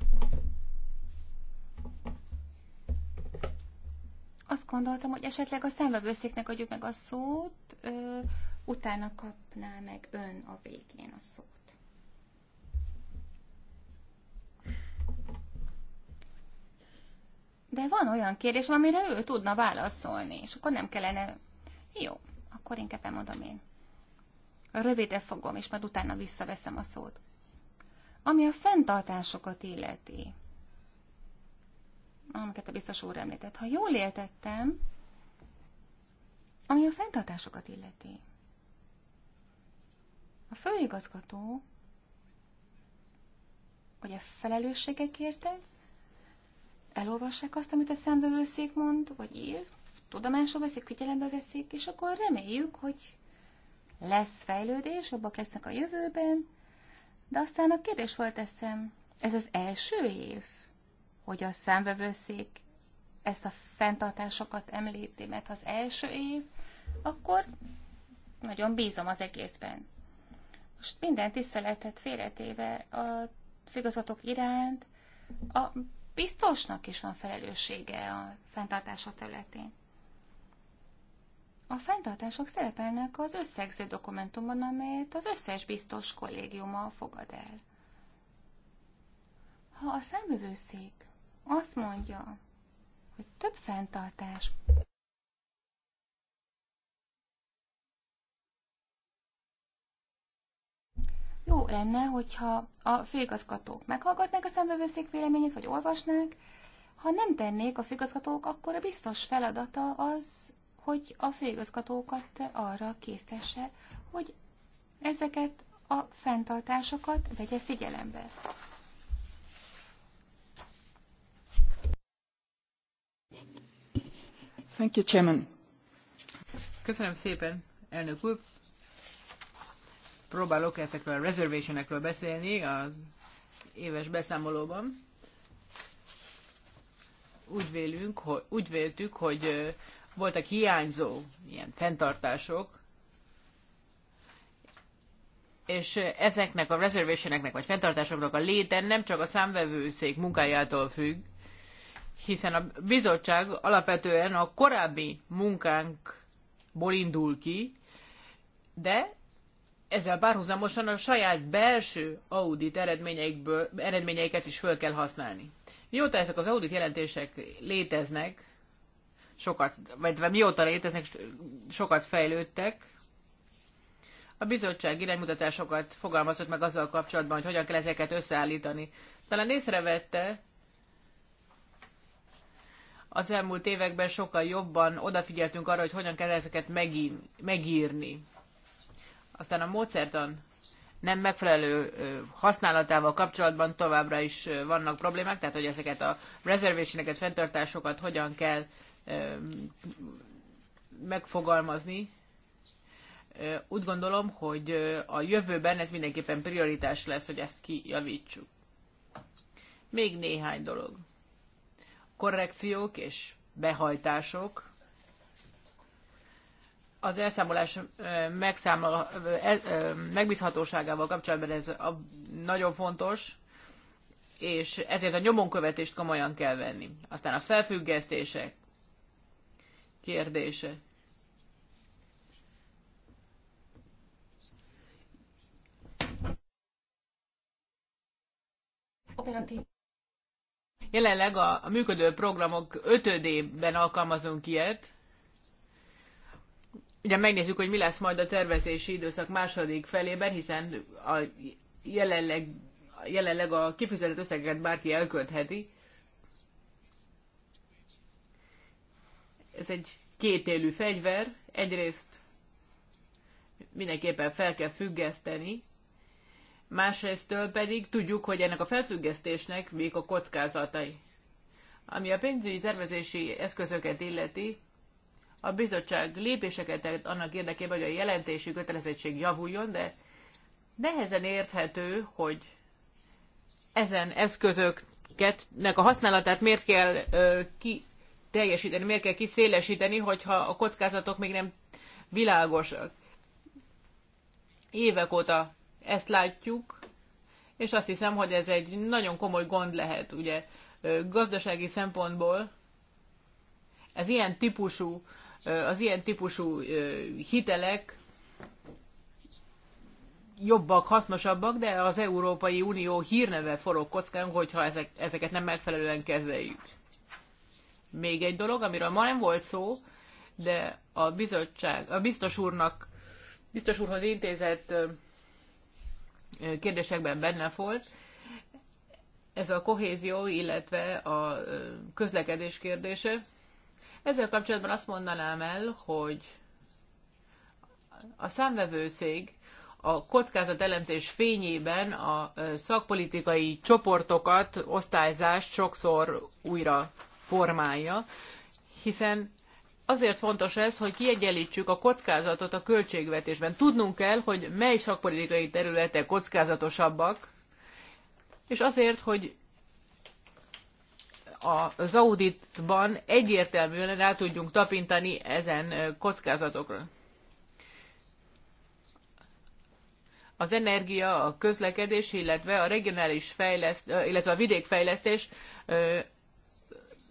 Azt gondoltam, hogy esetleg a szemvevőszéknek adjuk meg a szót, ö, utána kapná meg ön a végén a szót. De van olyan kérdés, amire ő tudna válaszolni, és akkor nem kellene... Jó, akkor inkább elmondom én rövidre fogom, és majd utána visszaveszem a szót. Ami a fenntartásokat illeti, amiket a biztos úr említett, ha jól értettem, ami a fenntartásokat illeti. A főigazgató ugye érte, elolvassák azt, amit a szembevőszék mond, vagy ír, tudomásul veszik, figyelembe veszik, és akkor reméljük, hogy lesz fejlődés, jobbak lesznek a jövőben, de aztán a kérdés volt eszem, ez az első év, hogy a számvevőszék ezt a fenntartásokat említi, mert az első év, akkor nagyon bízom az egészben. Most minden tiszteletet félretéve a figazatok iránt, a biztosnak is van felelőssége a fenntartása területén a fenntartások szerepelnek az összegző dokumentumban, amelyet az összes biztos kollégiuma fogad el. Ha a számövőszék azt mondja, hogy több fenntartás Jó lenne, hogyha a főigazgatók meghallgatnák a számbevőszék véleményét, vagy olvasnák. Ha nem tennék a főigazgatók, akkor a biztos feladata az hogy a főigazgatókat arra késztesse, hogy ezeket a fenntartásokat vegye figyelembe. Thank you, Chairman. Köszönöm szépen, elnök úr. Próbálok ezekről a reservationekről beszélni az éves beszámolóban. Úgy, vélünk, hogy, úgy véltük, hogy voltak hiányzó ilyen fenntartások, és ezeknek a reservationeknek vagy fenntartásoknak a léte nem csak a számvevőszék munkájától függ, hiszen a bizottság alapvetően a korábbi munkánkból indul ki, de ezzel párhuzamosan a saját belső audit eredményeiket is föl kell használni. Mióta ezek az audit jelentések léteznek, sokat, vagy mióta léteznek, sokat fejlődtek. A bizottság iránymutatásokat fogalmazott meg azzal kapcsolatban, hogy hogyan kell ezeket összeállítani. Talán észrevette, az elmúlt években sokkal jobban odafigyeltünk arra, hogy hogyan kell ezeket megírni. Aztán a módszertan nem megfelelő használatával kapcsolatban továbbra is vannak problémák, tehát hogy ezeket a reservation fenntartásokat hogyan kell megfogalmazni. Úgy gondolom, hogy a jövőben ez mindenképpen prioritás lesz, hogy ezt kijavítsuk. Még néhány dolog. Korrekciók és behajtások. Az elszámolás megszámol, e, megbízhatóságával kapcsolatban ez a, nagyon fontos, és ezért a nyomonkövetést komolyan kell venni. Aztán a felfüggesztések, kérdése. Jelenleg a, a működő programok ötödében alkalmazunk ilyet. Ugye megnézzük, hogy mi lesz majd a tervezési időszak második felében, hiszen a jelenleg, jelenleg a kifizetett összeget bárki elköltheti. ez egy kétélű fegyver. Egyrészt mindenképpen fel kell függeszteni, másrésztől pedig tudjuk, hogy ennek a felfüggesztésnek még a kockázatai. Ami a pénzügyi tervezési eszközöket illeti, a bizottság lépéseket annak érdekében, hogy a jelentési kötelezettség javuljon, de nehezen érthető, hogy ezen eszközöknek a használatát miért kell ö, ki, teljesíteni, miért kell kiszélesíteni, hogyha a kockázatok még nem világosak. Évek óta ezt látjuk, és azt hiszem, hogy ez egy nagyon komoly gond lehet, ugye gazdasági szempontból ez ilyen típusú, az ilyen típusú hitelek jobbak, hasznosabbak, de az Európai Unió hírneve forog kockán, hogyha ezek, ezeket nem megfelelően kezeljük még egy dolog, amiről ma nem volt szó, de a bizottság, a biztos úrnak, biztos úrhoz intézett kérdésekben benne volt, ez a kohézió, illetve a közlekedés kérdése. Ezzel kapcsolatban azt mondanám el, hogy a számvevőszék a kockázat elemzés fényében a szakpolitikai csoportokat, osztályzást sokszor újra formája, hiszen azért fontos ez, hogy kiegyenlítsük a kockázatot a költségvetésben. Tudnunk kell, hogy mely szakpolitikai területek kockázatosabbak, és azért, hogy az auditban egyértelműen rá tudjunk tapintani ezen kockázatokra. Az energia, a közlekedés, illetve a regionális fejlesztés illetve a vidékfejlesztés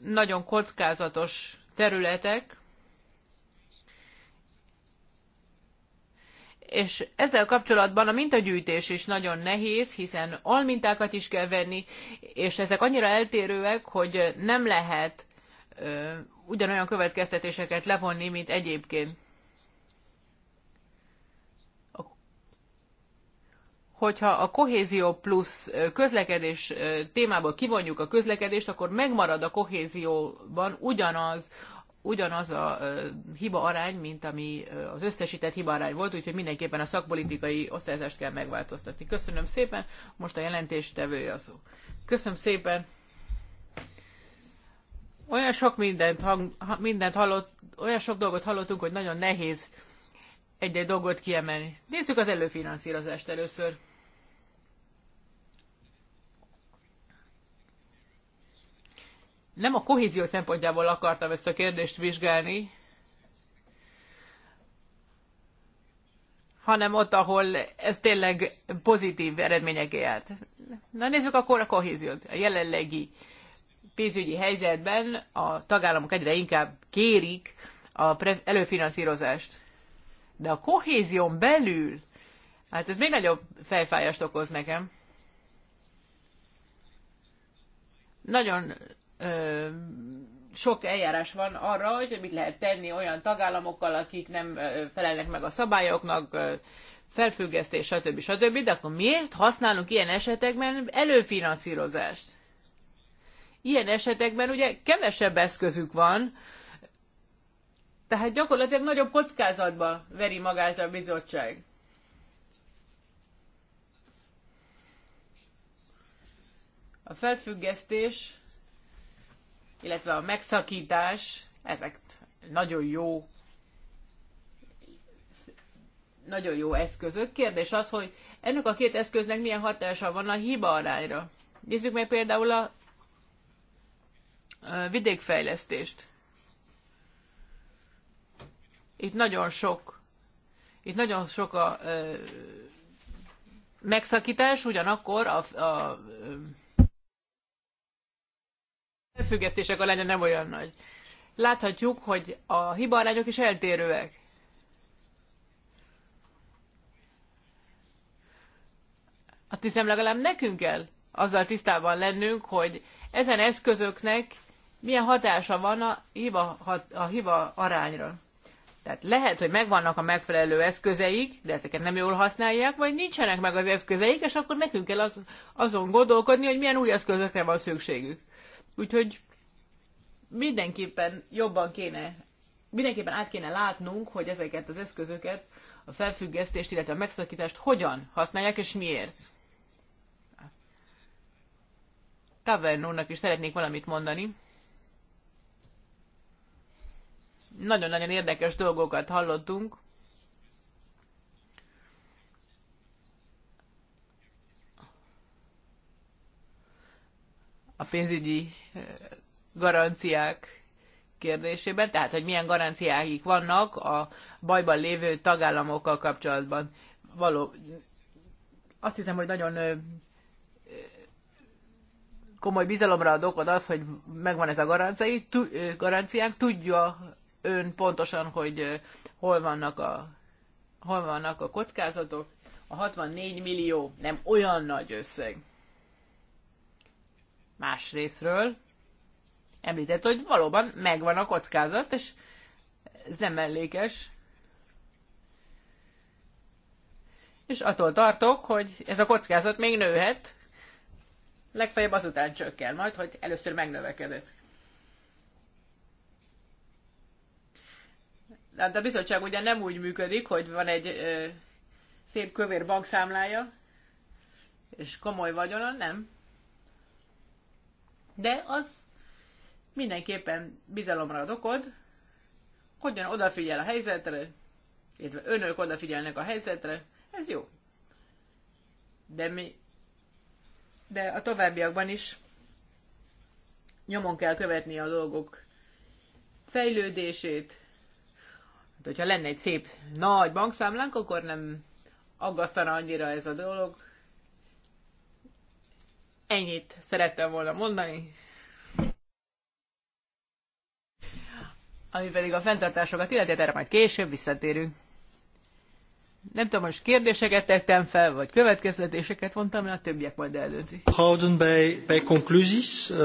nagyon kockázatos területek, és ezzel kapcsolatban a mintagyűjtés is nagyon nehéz, hiszen almintákat is kell venni, és ezek annyira eltérőek, hogy nem lehet ö, ugyanolyan következtetéseket levonni, mint egyébként. hogyha a kohézió plusz közlekedés témából kivonjuk a közlekedést, akkor megmarad a kohézióban ugyanaz, ugyanaz a hiba arány, mint ami az összesített hiba arány volt, úgyhogy mindenképpen a szakpolitikai osztályzást kell megváltoztatni. Köszönöm szépen, most a jelentéstevője az. Köszönöm szépen! olyan sok mindent, hang, mindent hallott, olyan sok dolgot hallottunk, hogy nagyon nehéz egy-egy dolgot kiemelni. Nézzük az előfinanszírozást először. nem a kohézió szempontjából akartam ezt a kérdést vizsgálni, hanem ott, ahol ez tényleg pozitív eredmények élt. Na nézzük akkor a kohéziót. A jelenlegi pénzügyi helyzetben a tagállamok egyre inkább kérik a előfinanszírozást. De a kohézión belül, hát ez még nagyobb fejfájást okoz nekem. Nagyon sok eljárás van arra, hogy mit lehet tenni olyan tagállamokkal, akik nem felelnek meg a szabályoknak, felfüggesztés, stb. stb. De akkor miért használunk ilyen esetekben előfinanszírozást? Ilyen esetekben ugye kevesebb eszközük van, tehát gyakorlatilag nagyobb kockázatba veri magát a bizottság. A felfüggesztés illetve a megszakítás, ezek nagyon jó nagyon jó eszközök. Kérdés az, hogy ennek a két eszköznek milyen hatása van a hiba arányra. Nézzük meg például a vidékfejlesztést. Itt nagyon sok, itt nagyon sok a ö, megszakítás, ugyanakkor a, a a lenne nem olyan nagy. Láthatjuk, hogy a hibarányok is eltérőek. Azt hiszem legalább nekünk kell azzal tisztában lennünk, hogy ezen eszközöknek milyen hatása van a hiba, a hiba arányra. Tehát lehet, hogy megvannak a megfelelő eszközeik, de ezeket nem jól használják, vagy nincsenek meg az eszközeik, és akkor nekünk kell az, azon gondolkodni, hogy milyen új eszközökre van szükségük. Úgyhogy mindenképpen jobban kéne, mindenképpen át kéne látnunk, hogy ezeket az eszközöket, a felfüggesztést, illetve a megszakítást hogyan használják és miért. Kavernónak is szeretnék valamit mondani. Nagyon-nagyon érdekes dolgokat hallottunk. a pénzügyi garanciák kérdésében, tehát hogy milyen garanciáik vannak a bajban lévő tagállamokkal kapcsolatban. Való, azt hiszem, hogy nagyon komoly bizalomra ad okod az, hogy megvan ez a garanciai, garanciánk, tudja ön pontosan, hogy hol vannak a, hol vannak a kockázatok. A 64 millió nem olyan nagy összeg más részről említett, hogy valóban megvan a kockázat, és ez nem mellékes. És attól tartok, hogy ez a kockázat még nőhet, legfeljebb azután csökken majd, hogy először megnövekedett. de a bizottság ugye nem úgy működik, hogy van egy ö, szép kövér bankszámlája, és komoly vagyona, nem de az mindenképpen bizalomra ad okod, hogyan odafigyel a helyzetre, illetve önök odafigyelnek a helyzetre, ez jó. De mi, de a továbbiakban is nyomon kell követni a dolgok fejlődését. Hát, hogyha lenne egy szép nagy bankszámlánk, akkor nem aggasztana annyira ez a dolog. Ennyit szerettem volna mondani. Ami pedig a fenntartásokat illeti, erre majd később visszatérünk. Nem tudom, most kérdéseket tettem fel, vagy következtetéseket vontam mert a többiek majd eldöntik. Houden bij, bij conclusies. Uh,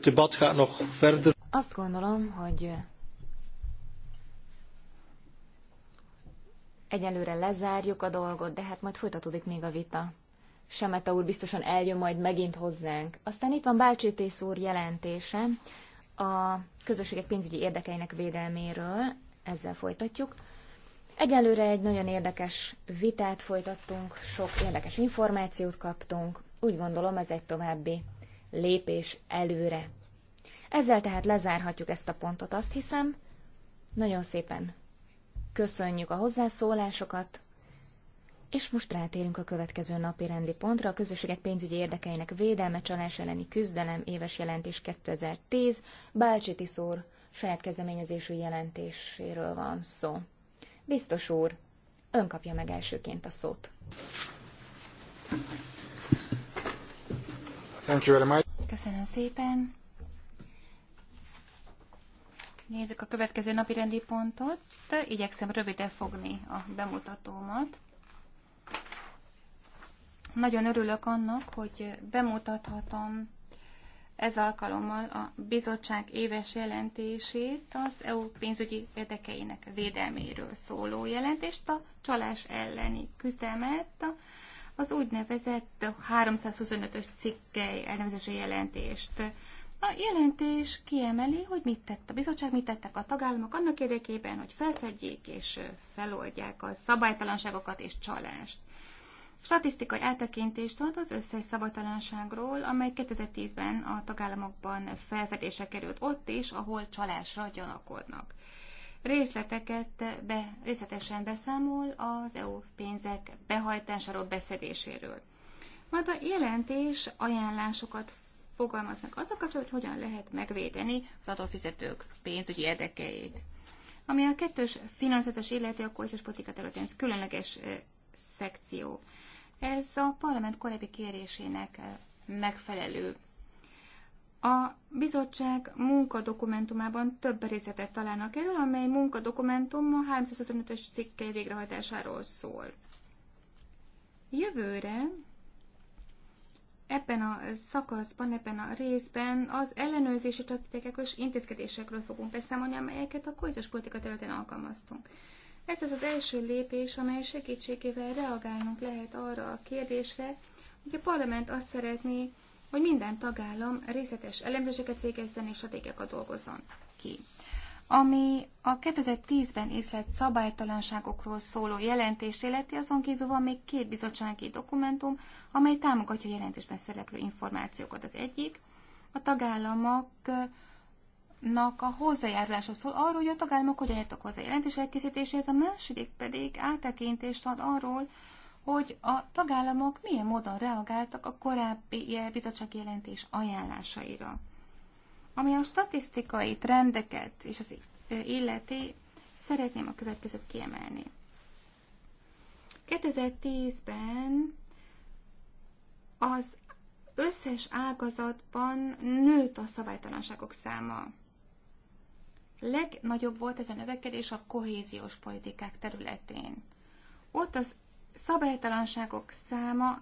debat gaat nog verder. Azt gondolom, hogy egyelőre lezárjuk a dolgot, de hát majd folytatódik még a vita. Semeta úr biztosan eljön majd megint hozzánk. Aztán itt van Bálcsétész úr jelentése a közösségek pénzügyi érdekeinek védelméről, ezzel folytatjuk. Egyelőre egy nagyon érdekes vitát folytattunk, sok érdekes információt kaptunk, úgy gondolom ez egy további lépés előre. Ezzel tehát lezárhatjuk ezt a pontot, azt hiszem. Nagyon szépen köszönjük a hozzászólásokat, és most rátérünk a következő napi rendi pontra, a közösségek pénzügyi érdekeinek védelme, csalás elleni küzdelem, éves jelentés 2010, Bálcsi szór, saját kezdeményezésű jelentéséről van szó. Biztos úr, ön kapja meg elsőként a szót. Thank you very much. Köszönöm szépen. Nézzük a következő napi rendi pontot. Igyekszem röviden fogni a bemutatómat. Nagyon örülök annak, hogy bemutathatom ez alkalommal a bizottság éves jelentését, az EU pénzügyi érdekeinek védelméről szóló jelentést, a csalás elleni küzdelmet, az úgynevezett 325-ös cikkely elnevezési jelentést. A jelentés kiemeli, hogy mit tett a bizottság, mit tettek a tagállamok annak érdekében, hogy felfedjék és feloldják a szabálytalanságokat és csalást statisztikai eltekintést ad az összes szabálytalanságról, amely 2010-ben a tagállamokban felfedése került ott is, ahol csalásra gyanakodnak. Részleteket be, részletesen beszámol az EU pénzek behajtásáról, beszedéséről. Majd a jelentés ajánlásokat fogalmaz meg azzal kapcsolatban, hogy hogyan lehet megvédeni az adófizetők pénzügyi érdekeit. Ami a kettős finanszírozás illeti a kohéziós politika területén különleges szekció. Ez a parlament korábbi kérésének megfelelő. A bizottság munkadokumentumában több részletet találnak erről, amely munkadokumentum a 325-ös cikkely végrehajtásáról szól. Jövőre ebben a szakaszban, ebben a részben az ellenőrzési taktikákos intézkedésekről fogunk beszámolni, amelyeket a kohéziós politika területén alkalmaztunk. Ez az az első lépés, amely segítségével reagálnunk lehet arra a kérdésre, hogy a parlament azt szeretné, hogy minden tagállam részletes elemzéseket végezzen és stratégiákat dolgozzon ki. Ami a 2010-ben észlelt szabálytalanságokról szóló jelentést életi, azon kívül van még két bizottsági dokumentum, amely támogatja a jelentésben szereplő információkat. Az egyik a tagállamok tagállamoknak a hozzájáruláshoz szól arról, hogy a tagállamok hogyan jöttek hozzá jelentés elkészítéséhez, a második pedig áttekintést ad arról, hogy a tagállamok milyen módon reagáltak a korábbi bizottsági jelentés ajánlásaira. Ami a statisztikai trendeket és az illeti, szeretném a következőt kiemelni. 2010-ben az összes ágazatban nőtt a szabálytalanságok száma. Legnagyobb volt ez a növekedés a kohéziós politikák területén. Ott az szabálytalanságok száma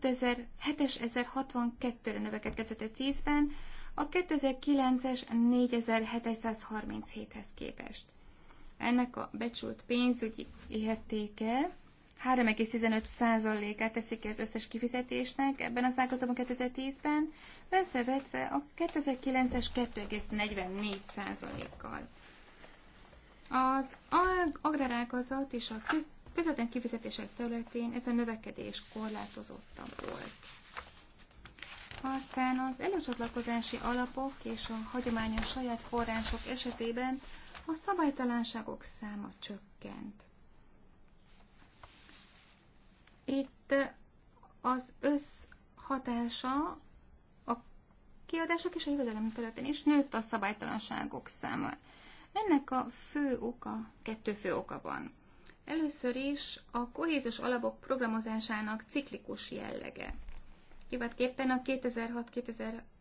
7062-re növekedett 2010-ben, a 2009-es 4737-hez képest. Ennek a becsült pénzügyi értéke 3,15%-át teszik ki az összes kifizetésnek ebben az ágazatban 2010-ben, összevetve a 2009-es 2,44%-kal. Az agrárágazat és a közvetlen kifizetések területén ez a növekedés korlátozottabb volt. Aztán az előcsatlakozási alapok és a hagyományos saját források esetében a szabálytalanságok száma csökkent. Itt az összhatása a kiadások és a jövedelem területén is nőtt a szabálytalanságok száma. Ennek a fő oka, kettő fő oka van. Először is a kohézus alapok programozásának ciklikus jellege. Kivatképpen a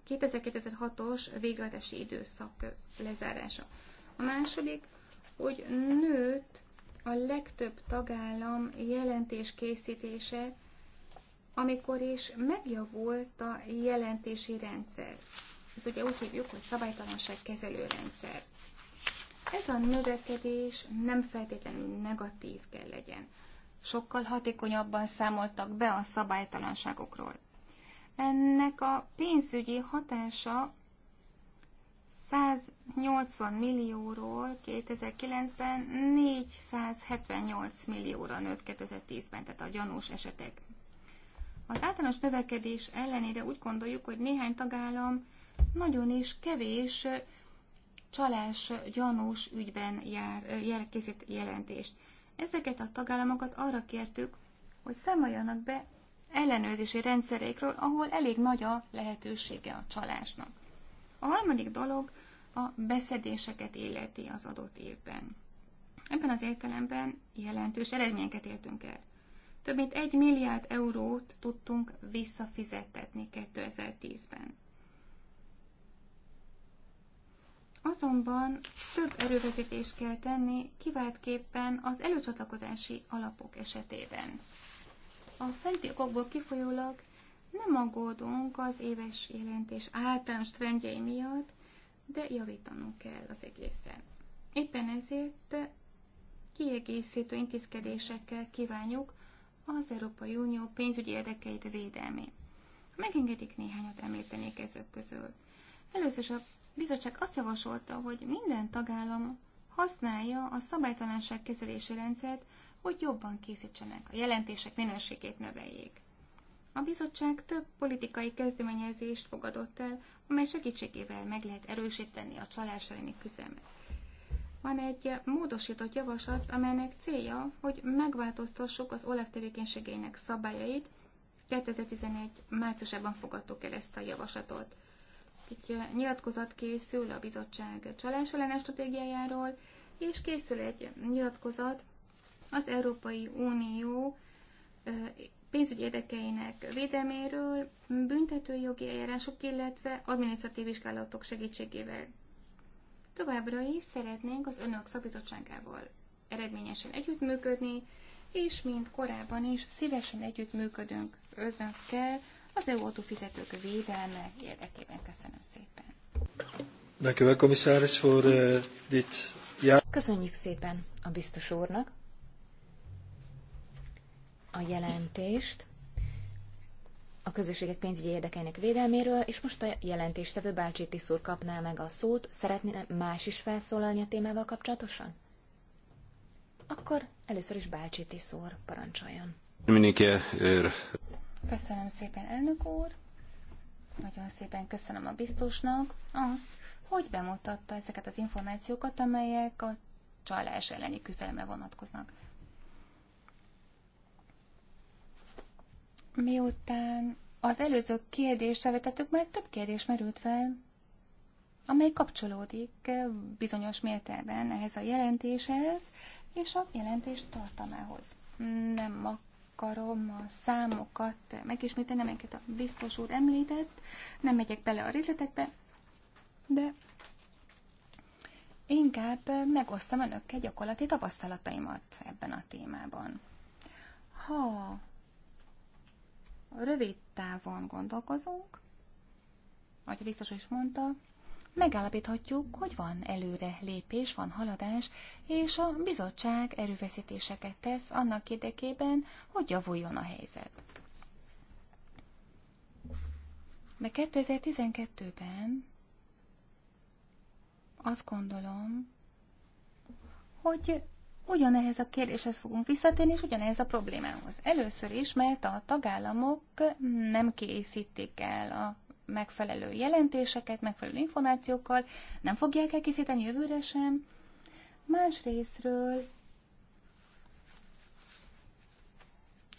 2006-os végrehajtási időszak lezárása. A második, hogy nőtt a legtöbb tagállam jelentés készítése, amikor is megjavult a jelentési rendszer. Ez ugye úgy hívjuk, hogy szabálytalanság kezelő rendszer. Ez a növekedés nem feltétlenül negatív kell legyen. Sokkal hatékonyabban számoltak be a szabálytalanságokról. Ennek a pénzügyi hatása 180 millióról 2009-ben 478 millióra nőtt 2010-ben, tehát a gyanús esetek. Az általános növekedés ellenére úgy gondoljuk, hogy néhány tagállam nagyon is kevés csalás gyanús ügyben jár, jel, készít jelentést. Ezeket a tagállamokat arra kértük, hogy számoljanak be ellenőrzési rendszerekről, ahol elég nagy a lehetősége a csalásnak. A harmadik dolog a beszedéseket illeti az adott évben. Ebben az értelemben jelentős eredményeket éltünk el. Több mint egy milliárd eurót tudtunk visszafizettetni 2010-ben. Azonban több erővezetést kell tenni, kiváltképpen az előcsatlakozási alapok esetében. A fenti okokból kifolyólag nem aggódunk az éves jelentés általános trendjei miatt, de javítanunk kell az egészen. Éppen ezért kiegészítő intézkedésekkel kívánjuk az Európai Unió pénzügyi érdekeit védelmi. Megengedik néhányat említenék ezek közül. Először is a bizottság azt javasolta, hogy minden tagállam használja a szabálytalanság kezelési rendszert, hogy jobban készítsenek, a jelentések minőségét növeljék. A bizottság több politikai kezdeményezést fogadott el, amely segítségével meg lehet erősíteni a csalás elleni küzdelmet. Van egy módosított javaslat, amelynek célja, hogy megváltoztassuk az OLAF tevékenységének szabályait. 2011. márciusában fogadtuk el ezt a javaslatot. Egy nyilatkozat készül a bizottság csalás ellenes stratégiájáról, és készül egy nyilatkozat az Európai Unió pénzügyi érdekeinek védelméről, büntetőjogi eljárások, illetve adminisztratív vizsgálatok segítségével. Továbbra is szeretnénk az önök szakbizottságával eredményesen együttműködni, és mint korábban is szívesen együttműködünk önökkel az EU autófizetők védelme érdekében. Köszönöm szépen. Uh, Köszönjük szépen a biztos úrnak a jelentést a közösségek pénzügyi érdekeinek védelméről, és most a jelentéstevő Bácsi Tiszúr kapná meg a szót. Szeretné más is felszólalni a témával kapcsolatosan? Akkor először is Bácsi Tiszúr parancsoljon. Er- köszönöm szépen, elnök úr! Nagyon szépen köszönöm a biztosnak azt, hogy bemutatta ezeket az információkat, amelyek a csalás elleni küzdelemre vonatkoznak. Miután az előző kérdésre vetettük, már több kérdés merült fel, amely kapcsolódik bizonyos mértékben ehhez a jelentéshez és a jelentés tartalmához. Nem akarom a számokat megismételni, amelyeket a biztos úr említett, nem megyek bele a részletekbe, de inkább megosztom önökkel gyakorlati tapasztalataimat ebben a témában. Ha rövid távon gondolkozunk, ahogy biztos is mondta, megállapíthatjuk, hogy van előre lépés, van haladás, és a bizottság erőfeszítéseket tesz annak érdekében, hogy javuljon a helyzet. De 2012-ben azt gondolom, hogy ugyanehhez a kérdéshez fogunk visszatérni, és ugyanehhez a problémához. Először is, mert a tagállamok nem készítik el a megfelelő jelentéseket, megfelelő információkkal, nem fogják elkészíteni jövőre sem. Más részről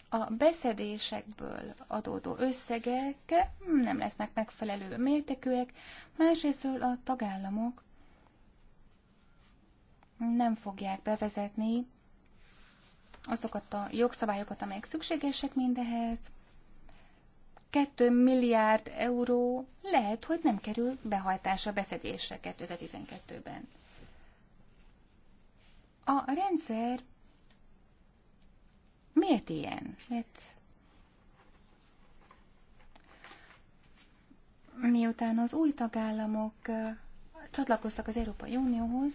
a beszedésekből adódó összegek nem lesznek megfelelő mértékűek, másrésztről a tagállamok nem fogják bevezetni azokat a jogszabályokat, amelyek szükségesek mindehez. 2 milliárd euró lehet, hogy nem kerül behajtásra, beszedésre 2012-ben. A rendszer miért ilyen? Miért miután az új tagállamok csatlakoztak az Európai Unióhoz,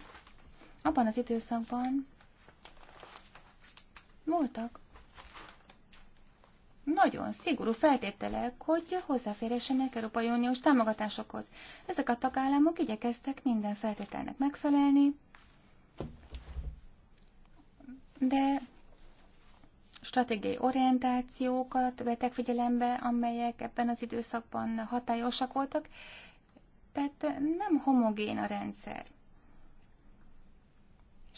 abban az időszakban voltak nagyon szigorú feltételek, hogy hozzáférhessenek Európai Uniós támogatásokhoz. Ezek a tagállamok igyekeztek minden feltételnek megfelelni, de stratégiai orientációkat vettek figyelembe, amelyek ebben az időszakban hatályosak voltak, tehát nem homogén a rendszer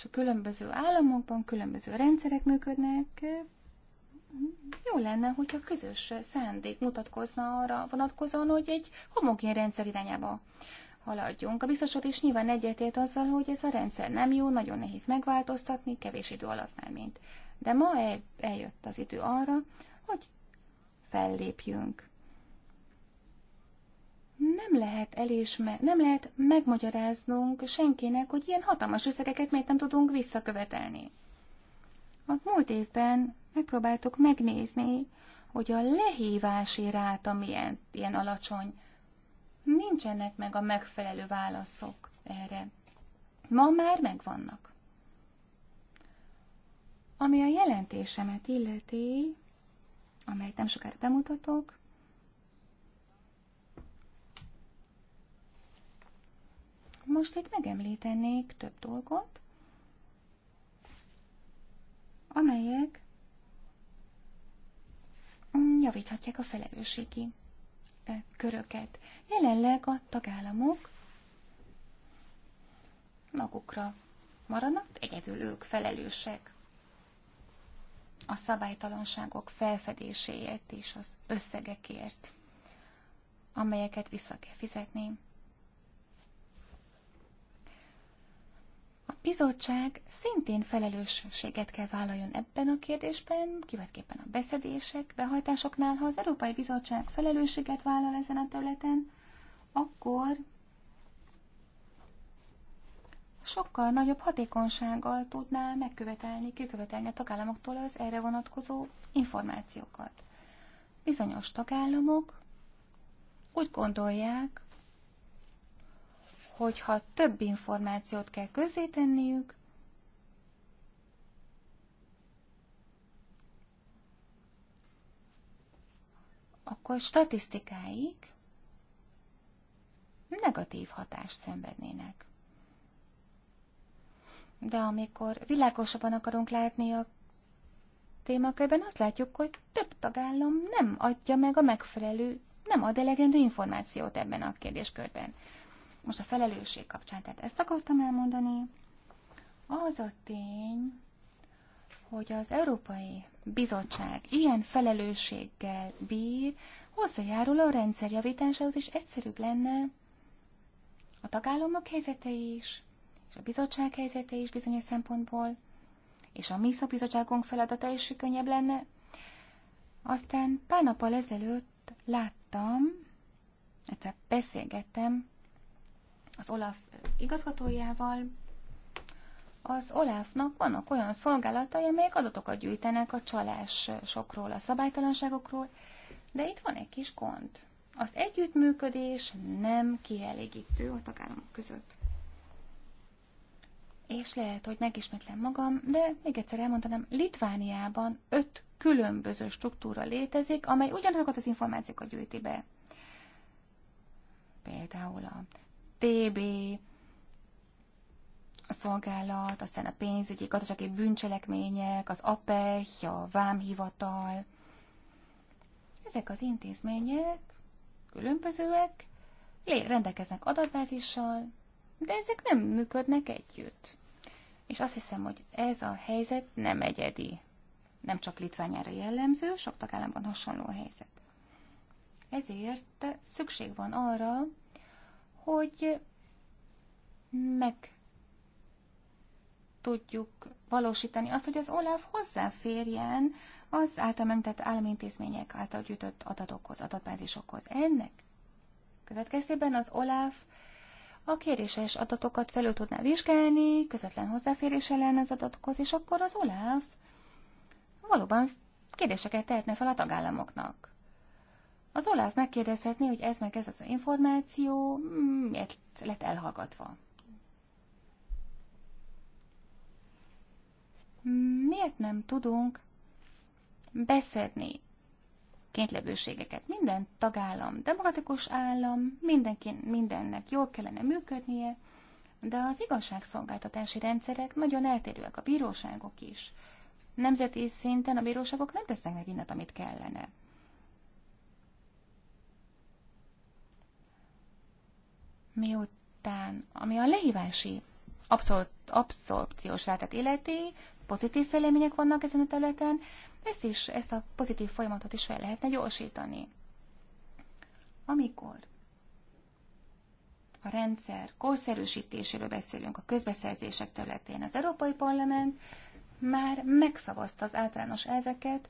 és a különböző államokban különböző rendszerek működnek, jó lenne, hogyha közös szándék mutatkozna arra vonatkozóan, hogy egy homogén rendszer irányába haladjunk. A biztosod is nyilván egyetért azzal, hogy ez a rendszer nem jó, nagyon nehéz megváltoztatni, kevés idő alatt már mint. De ma eljött az idő arra, hogy fellépjünk nem lehet elismer, nem lehet megmagyaráznunk senkinek, hogy ilyen hatalmas összegeket miért nem tudunk visszakövetelni. A múlt évben megpróbáltuk megnézni, hogy a lehívási ráta milyen ilyen alacsony. Nincsenek meg a megfelelő válaszok erre. Ma már megvannak. Ami a jelentésemet illeti, amelyet nem sokára bemutatok, Most itt megemlítenék több dolgot, amelyek javíthatják a felelősségi eh, köröket. Jelenleg a tagállamok magukra maradnak, egyedül ők felelősek a szabálytalanságok felfedéséért és az összegekért, amelyeket vissza kell fizetni. A bizottság szintén felelősséget kell vállaljon ebben a kérdésben, kivetképpen a beszedések, behajtásoknál. Ha az Európai Bizottság felelősséget vállal ezen a területen, akkor sokkal nagyobb hatékonysággal tudná megkövetelni, kikövetelni a tagállamoktól az erre vonatkozó információkat. Bizonyos tagállamok úgy gondolják, hogyha több információt kell közzétenniük, akkor statisztikáik negatív hatást szenvednének. De amikor világosabban akarunk látni a témakörben, azt látjuk, hogy több tagállam nem adja meg a megfelelő, nem ad elegendő információt ebben a kérdéskörben. Most a felelősség kapcsán, tehát ezt akartam elmondani. Az a tény, hogy az Európai Bizottság ilyen felelősséggel bír, hozzájárul a rendszerjavításához, és egyszerűbb lenne a tagállamok helyzete is, és a bizottság helyzete is bizonyos szempontból, és a mi szabizottságunk feladata is könnyebb lenne. Aztán pár nappal ezelőtt láttam, tehát beszélgettem az Olaf igazgatójával. Az Olafnak vannak olyan szolgálatai, amelyek adatokat gyűjtenek a csalásokról, a szabálytalanságokról, de itt van egy kis gond. Az együttműködés nem kielégítő a tagállamok között. És lehet, hogy megismétlem magam, de még egyszer elmondanám, Litvániában öt különböző struktúra létezik, amely ugyanazokat az információkat gyűjti be. Például a TB, a szolgálat, aztán a pénzügyi, gazdasági bűncselekmények, az APEH, a vámhivatal. Ezek az intézmények különbözőek, rendelkeznek adatbázissal, de ezek nem működnek együtt. És azt hiszem, hogy ez a helyzet nem egyedi. Nem csak Litványára jellemző, sok tagállamban hasonló a helyzet. Ezért szükség van arra, hogy meg tudjuk valósítani azt, hogy az OLAF hozzáférjen az által mentett állami intézmények által gyűjtött adatokhoz, adatbázisokhoz. Ennek következtében az OLAF a kéréses adatokat felül tudná vizsgálni, közvetlen hozzáférése lenne az adatokhoz, és akkor az OLAF valóban kérdéseket tehetne fel a tagállamoknak. Az Olaf megkérdezhetné, hogy ez meg ez az információ mm, miért lett elhallgatva. Miért nem tudunk beszedni kénytlevőségeket? Minden tagállam demokratikus állam, mindenki, mindennek jól kellene működnie, de az igazságszolgáltatási rendszerek nagyon eltérőek, a bíróságok is. Nemzeti szinten a bíróságok nem tesznek meg mindent, amit kellene. Miután, ami a lehívási abszor- abszorpciós rátát életi, pozitív felemények vannak ezen a területen, ezt is, ezt a pozitív folyamatot is fel lehetne gyorsítani. Amikor a rendszer korszerűsítéséről beszélünk a közbeszerzések területén, az Európai Parlament már megszavazta az általános elveket,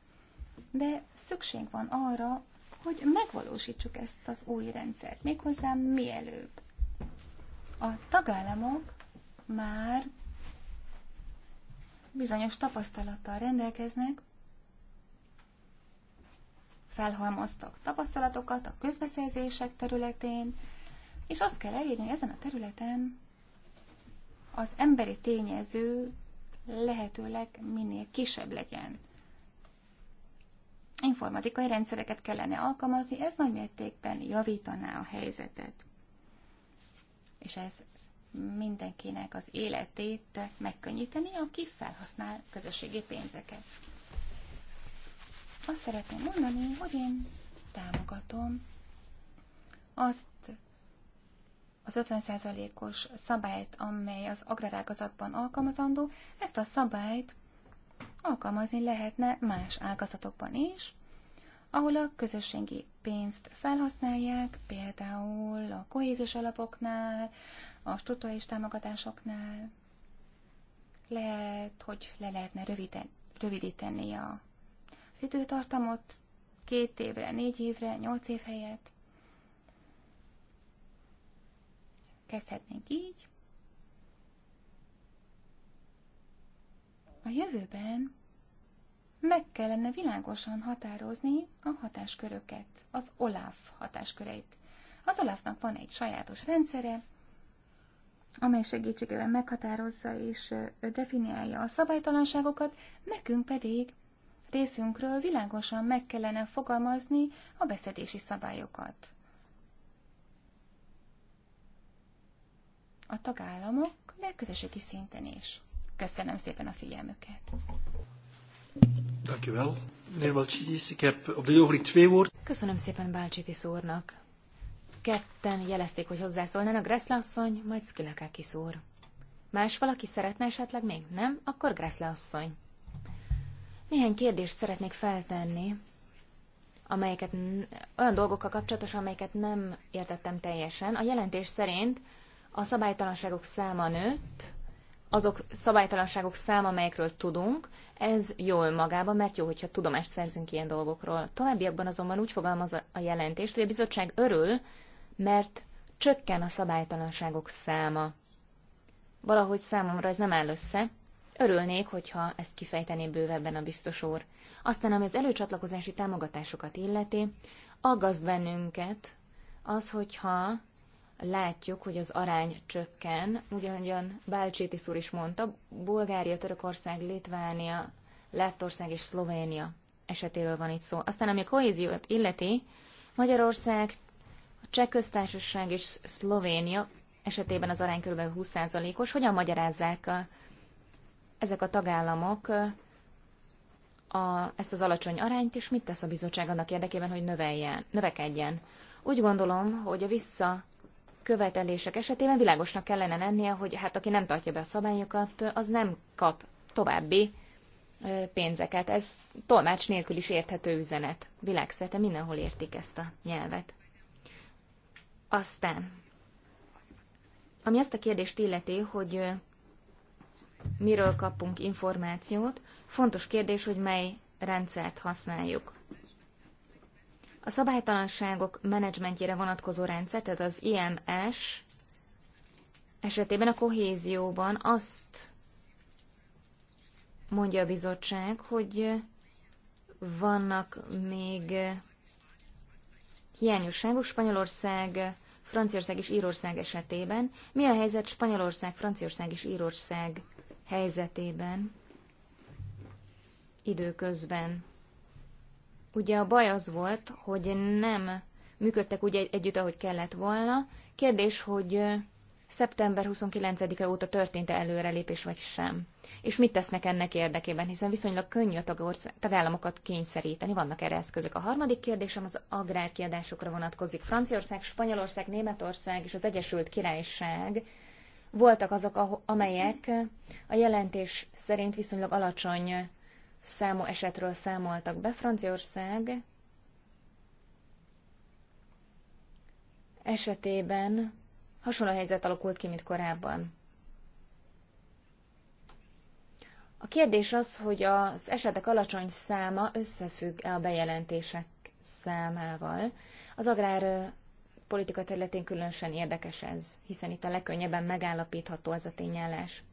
de szükség van arra, hogy megvalósítsuk ezt az új rendszert, méghozzá mielőbb. A tagállamok már bizonyos tapasztalattal rendelkeznek, felhalmoztak tapasztalatokat a közbeszerzések területén, és azt kell elérni, hogy ezen a területen az emberi tényező lehetőleg minél kisebb legyen. Informatikai rendszereket kellene alkalmazni, ez nagy mértékben javítaná a helyzetet és ez mindenkinek az életét megkönnyíteni, aki felhasznál közösségi pénzeket. Azt szeretném mondani, hogy én támogatom azt az 50%-os szabályt, amely az agrárágazatban alkalmazandó, ezt a szabályt alkalmazni lehetne más ágazatokban is, ahol a közösségi pénzt felhasználják, például a kohézis alapoknál, a struktúrális támogatásoknál. Lehet, hogy le lehetne röviden, rövidíteni a, az időtartamot két évre, négy évre, nyolc év helyett. Kezdhetnénk így. A jövőben meg kellene világosan határozni a hatásköröket, az OLAF hatásköreit. Az OLAF-nak van egy sajátos rendszere, amely segítségével meghatározza és definiálja a szabálytalanságokat, nekünk pedig részünkről világosan meg kellene fogalmazni a beszedési szabályokat. A tagállamok, de közösségi szinten is. Köszönöm szépen a figyelmüket! Dank u wel. Meneer Balcsitis, ik heb op dit ogenblik twee Köszönöm szépen Balcsitis úrnak. Ketten jelezték, hogy hozzászólnának Gressle asszony, majd Skilakakis úr. Más valaki szeretne esetleg még? Nem? Akkor Gressle asszony. Néhány kérdést szeretnék feltenni, amelyeket, olyan dolgokkal kapcsolatos, amelyeket nem értettem teljesen. A jelentés szerint a szabálytalanságok száma nőtt, azok szabálytalanságok száma, amelyekről tudunk, ez jól magában, mert jó, hogyha tudomást szerzünk ilyen dolgokról. Továbbiakban azonban úgy fogalmaz a jelentést, hogy a bizottság örül, mert csökken a szabálytalanságok száma. Valahogy számomra ez nem áll össze. Örülnék, hogyha ezt kifejtené bővebben a biztos úr. Aztán, ami az előcsatlakozási támogatásokat illeti, aggaszt bennünket az, hogyha látjuk, hogy az arány csökken, ugyanolyan Bálcséti úr is mondta, Bulgária, Törökország, Litvánia, Lettország és Szlovénia esetéről van itt szó. Aztán ami a kohéziót illeti, Magyarország, a Cseh köztársaság és Szlovénia esetében az arány kb. 20%-os. Hogyan magyarázzák a, ezek a tagállamok a, ezt az alacsony arányt, és mit tesz a bizottság annak érdekében, hogy növeljen, növekedjen? Úgy gondolom, hogy a vissza követelések esetében világosnak kellene lennie, hogy hát aki nem tartja be a szabályokat, az nem kap további pénzeket. Ez tolmács nélkül is érthető üzenet. Világszerte mindenhol értik ezt a nyelvet. Aztán, ami azt a kérdést illeti, hogy miről kapunk információt, fontos kérdés, hogy mely rendszert használjuk. A szabálytalanságok menedzsmentjére vonatkozó rendszer, tehát az IMS esetében a kohézióban azt mondja a bizottság, hogy vannak még hiányosságok Spanyolország, Franciaország és Írország esetében. Mi a helyzet Spanyolország, Franciaország és Írország helyzetében időközben? Ugye a baj az volt, hogy nem működtek úgy együtt, ahogy kellett volna. Kérdés, hogy szeptember 29-e óta történt-e előrelépés, vagy sem. És mit tesznek ennek érdekében, hiszen viszonylag könnyű a tagállamokat kényszeríteni, vannak erre eszközök. A harmadik kérdésem az agrárkiadásokra vonatkozik. Franciaország, Spanyolország, Németország és az Egyesült Királyság voltak azok, amelyek a jelentés szerint viszonylag alacsony számú esetről számoltak be. Franciaország esetében hasonló helyzet alakult ki, mint korábban. A kérdés az, hogy az esetek alacsony száma összefügg-e a bejelentések számával. Az agrár politika területén különösen érdekes ez, hiszen itt a legkönnyebben megállapítható ez a tényállás.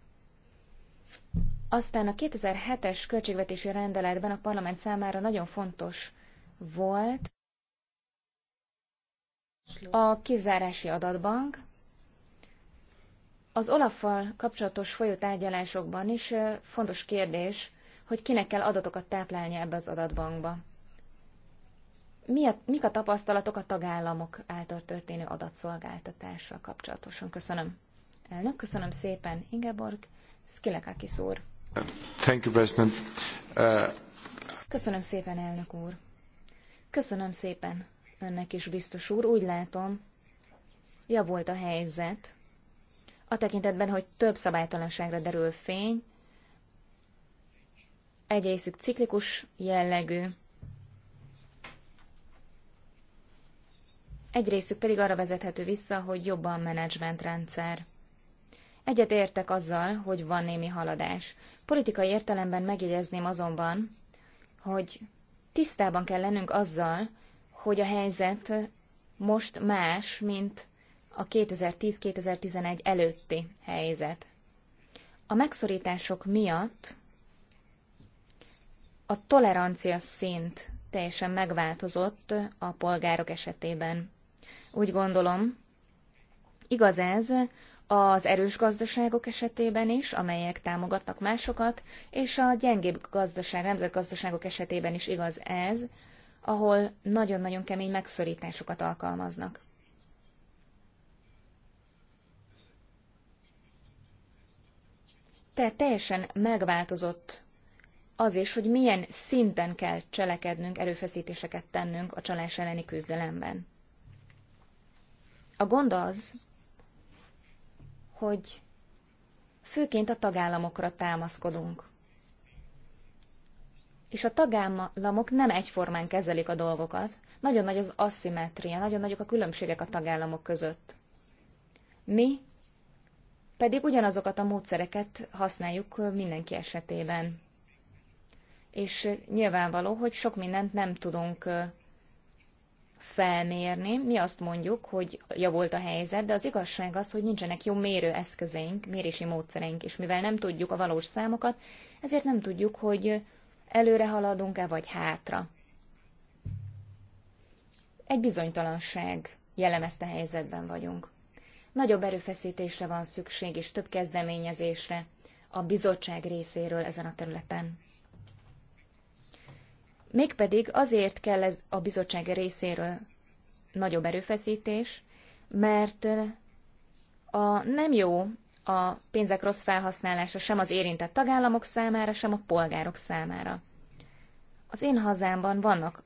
Aztán a 2007-es költségvetési rendeletben a parlament számára nagyon fontos volt a kizárási adatbank. Az Olaffal kapcsolatos folyó tárgyalásokban is fontos kérdés, hogy kinek kell adatokat táplálni ebbe az adatbankba. Mi a, mik a tapasztalatok a tagállamok által történő adatszolgáltatással kapcsolatosan? Köszönöm. Elnök, köszönöm szépen, Ingeborg, Skilekakis úr. Thank you, President. Uh... Köszönöm szépen, elnök úr. Köszönöm szépen önnek is, biztos úr. Úgy látom, javult a helyzet. A tekintetben, hogy több szabálytalanságra derül fény, egy részük ciklikus jellegű, egy részük pedig arra vezethető vissza, hogy jobban a menedzsment rendszer. Egyet értek azzal, hogy van némi haladás. Politikai értelemben megjegyezném azonban, hogy tisztában kell lennünk azzal, hogy a helyzet most más, mint a 2010-2011 előtti helyzet. A megszorítások miatt a tolerancia szint teljesen megváltozott a polgárok esetében. Úgy gondolom, igaz ez az erős gazdaságok esetében is, amelyek támogatnak másokat, és a gyengébb gazdaság, nemzetgazdaságok esetében is igaz ez, ahol nagyon-nagyon kemény megszorításokat alkalmaznak. Tehát teljesen megváltozott az is, hogy milyen szinten kell cselekednünk, erőfeszítéseket tennünk a csalás elleni küzdelemben. A gond az, hogy főként a tagállamokra támaszkodunk. És a tagállamok nem egyformán kezelik a dolgokat. Nagyon nagy az asszimetria, nagyon nagyok a különbségek a tagállamok között. Mi pedig ugyanazokat a módszereket használjuk mindenki esetében. És nyilvánvaló, hogy sok mindent nem tudunk felmérni. Mi azt mondjuk, hogy javult a helyzet, de az igazság az, hogy nincsenek jó mérőeszközeink, mérési módszereink, és mivel nem tudjuk a valós számokat, ezért nem tudjuk, hogy előre haladunk-e vagy hátra. Egy bizonytalanság jellemezte helyzetben vagyunk. Nagyobb erőfeszítésre van szükség, és több kezdeményezésre a bizottság részéről ezen a területen. Mégpedig azért kell ez a bizottság részéről nagyobb erőfeszítés, mert a nem jó a pénzek rossz felhasználása sem az érintett tagállamok számára, sem a polgárok számára. Az én hazámban vannak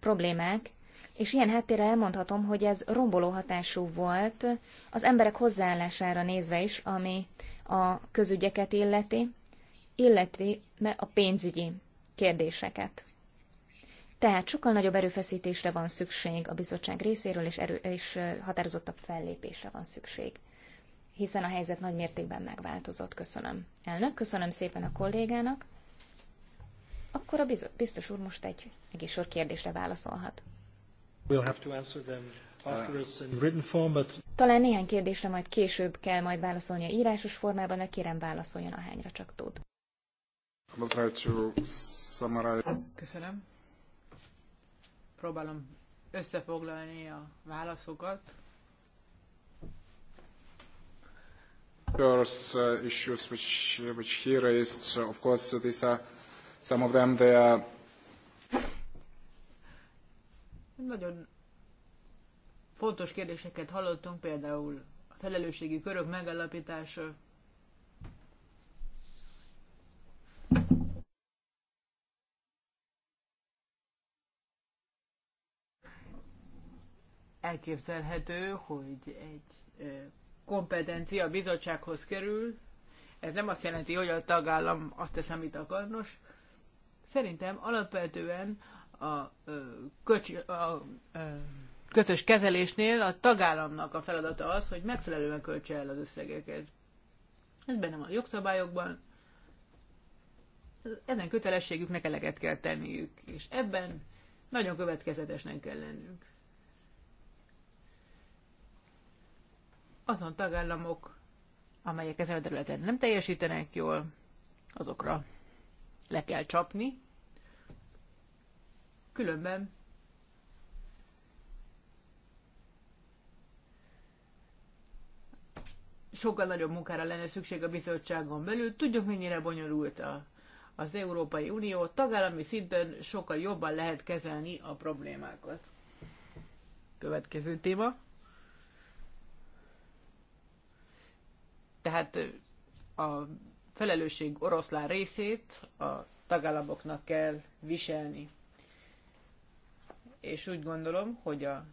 problémák, és ilyen háttérre elmondhatom, hogy ez romboló hatású volt az emberek hozzáállására nézve is, ami a közügyeket illeti, illetve a pénzügyi kérdéseket. Tehát sokkal nagyobb erőfeszítésre van szükség a bizottság részéről, és, erő, és határozottabb fellépésre van szükség. Hiszen a helyzet nagy mértékben megváltozott. Köszönöm. Elnök, köszönöm szépen a kollégának. Akkor a biztos úr most egy egész sor kérdésre válaszolhat. We'll have to answer them in form, but... Talán néhány kérdésre majd később kell majd válaszolnia írásos formában, de kérem válaszoljon ahányra csak tud. Köszönöm. Próbálom összefoglalni a válaszokat. First uh, issues which which he raised, uh, of course, these are some of them they are. Nagyon fontos kérdéseket hallottunk, például a felelősségi körök megalapítása, elképzelhető, hogy egy kompetencia bizottsághoz kerül. Ez nem azt jelenti, hogy a tagállam azt tesz, amit akar. Nos, szerintem alapvetően a, köcs, a, közös kezelésnél a tagállamnak a feladata az, hogy megfelelően költse el az összegeket. Ez benne van a jogszabályokban. Ezen kötelességüknek eleget kell tenniük, és ebben nagyon következetesnek kell lennünk. azon tagállamok, amelyek ezen a területen nem teljesítenek jól, azokra le kell csapni, különben sokkal nagyobb munkára lenne szükség a bizottságon belül. Tudjuk, mennyire bonyolult a, az Európai Unió. Tagállami szinten sokkal jobban lehet kezelni a problémákat. Következő téma. Tehát a felelősség oroszlán részét a tagállamoknak kell viselni. És úgy gondolom, hogy a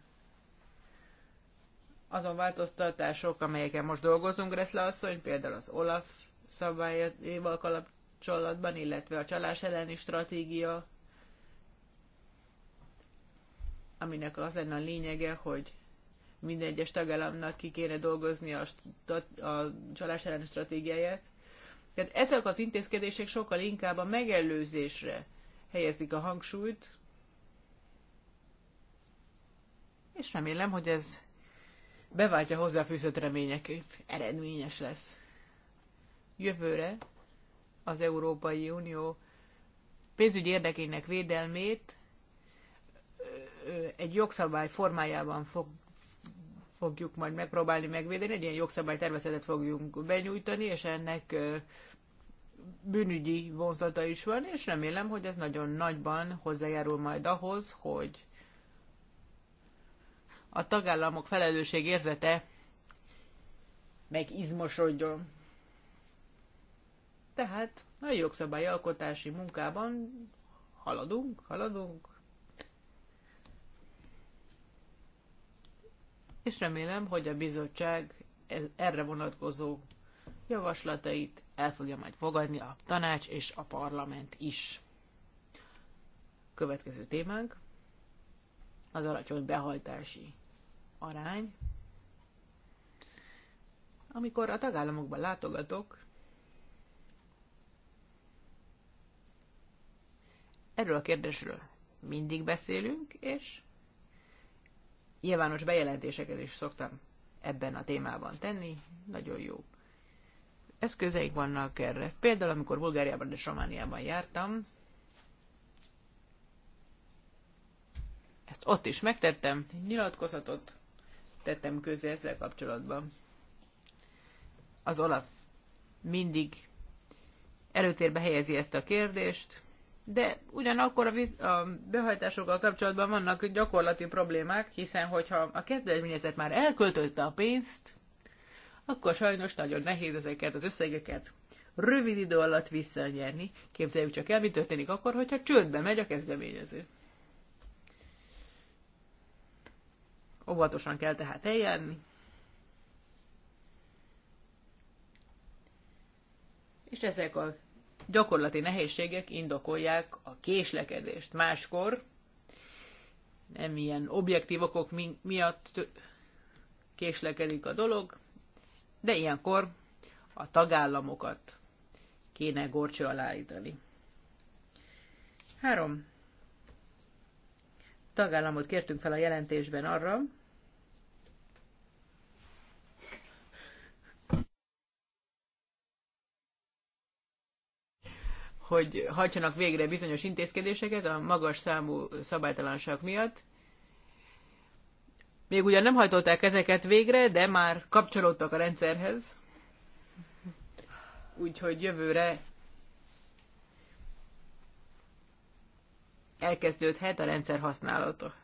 azon változtatások, amelyeken most dolgozunk, Greszle asszony, például az OLAF szabályaival kapcsolatban, illetve a csalás elleni stratégia, aminek az lenne a lényege, hogy minden egyes tagállamnak ki kéne dolgozni a, a csalás ellen stratégiáját. Tehát ezek az intézkedések sokkal inkább a megelőzésre helyezik a hangsúlyt, és remélem, hogy ez beváltja hozzáfűzött reményeket, eredményes lesz. Jövőre az Európai Unió pénzügyi érdekének védelmét egy jogszabály formájában fog, fogjuk majd megpróbálni megvédeni, egy ilyen jogszabálytervezetet fogjunk benyújtani, és ennek bűnügyi vonzata is van, és remélem, hogy ez nagyon nagyban hozzájárul majd ahhoz, hogy a tagállamok felelősség érzete megizmosodjon. Tehát a jogszabályalkotási munkában haladunk, haladunk, és remélem, hogy a bizottság erre vonatkozó javaslatait el fogja majd fogadni a tanács és a parlament is. Következő témánk az alacsony behajtási arány. Amikor a tagállamokban látogatok, erről a kérdésről mindig beszélünk, és nyilvános bejelentéseket is szoktam ebben a témában tenni, nagyon jó eszközeik vannak erre. Például, amikor Bulgáriában és Romániában jártam, ezt ott is megtettem, nyilatkozatot tettem közé ezzel kapcsolatban. Az Olaf mindig előtérbe helyezi ezt a kérdést, de ugyanakkor a, víz, a behajtásokkal kapcsolatban vannak gyakorlati problémák, hiszen hogyha a kezdeményezet már elköltötte a pénzt, akkor sajnos nagyon nehéz ezeket az összegeket rövid idő alatt visszanyerni. Képzeljük csak el, mi történik akkor, hogyha csődbe megy a kezdeményező. Óvatosan kell tehát eljárni. És ezek a gyakorlati nehézségek indokolják a késlekedést. Máskor nem ilyen objektív okok miatt késlekedik a dolog, de ilyenkor a tagállamokat kéne gorcső aláítani. Három tagállamot kértünk fel a jelentésben arra, hogy hajtsanak végre bizonyos intézkedéseket a magas számú szabálytalanság miatt. Még ugyan nem hajtották ezeket végre, de már kapcsolódtak a rendszerhez. Úgyhogy jövőre elkezdődhet a rendszer használata.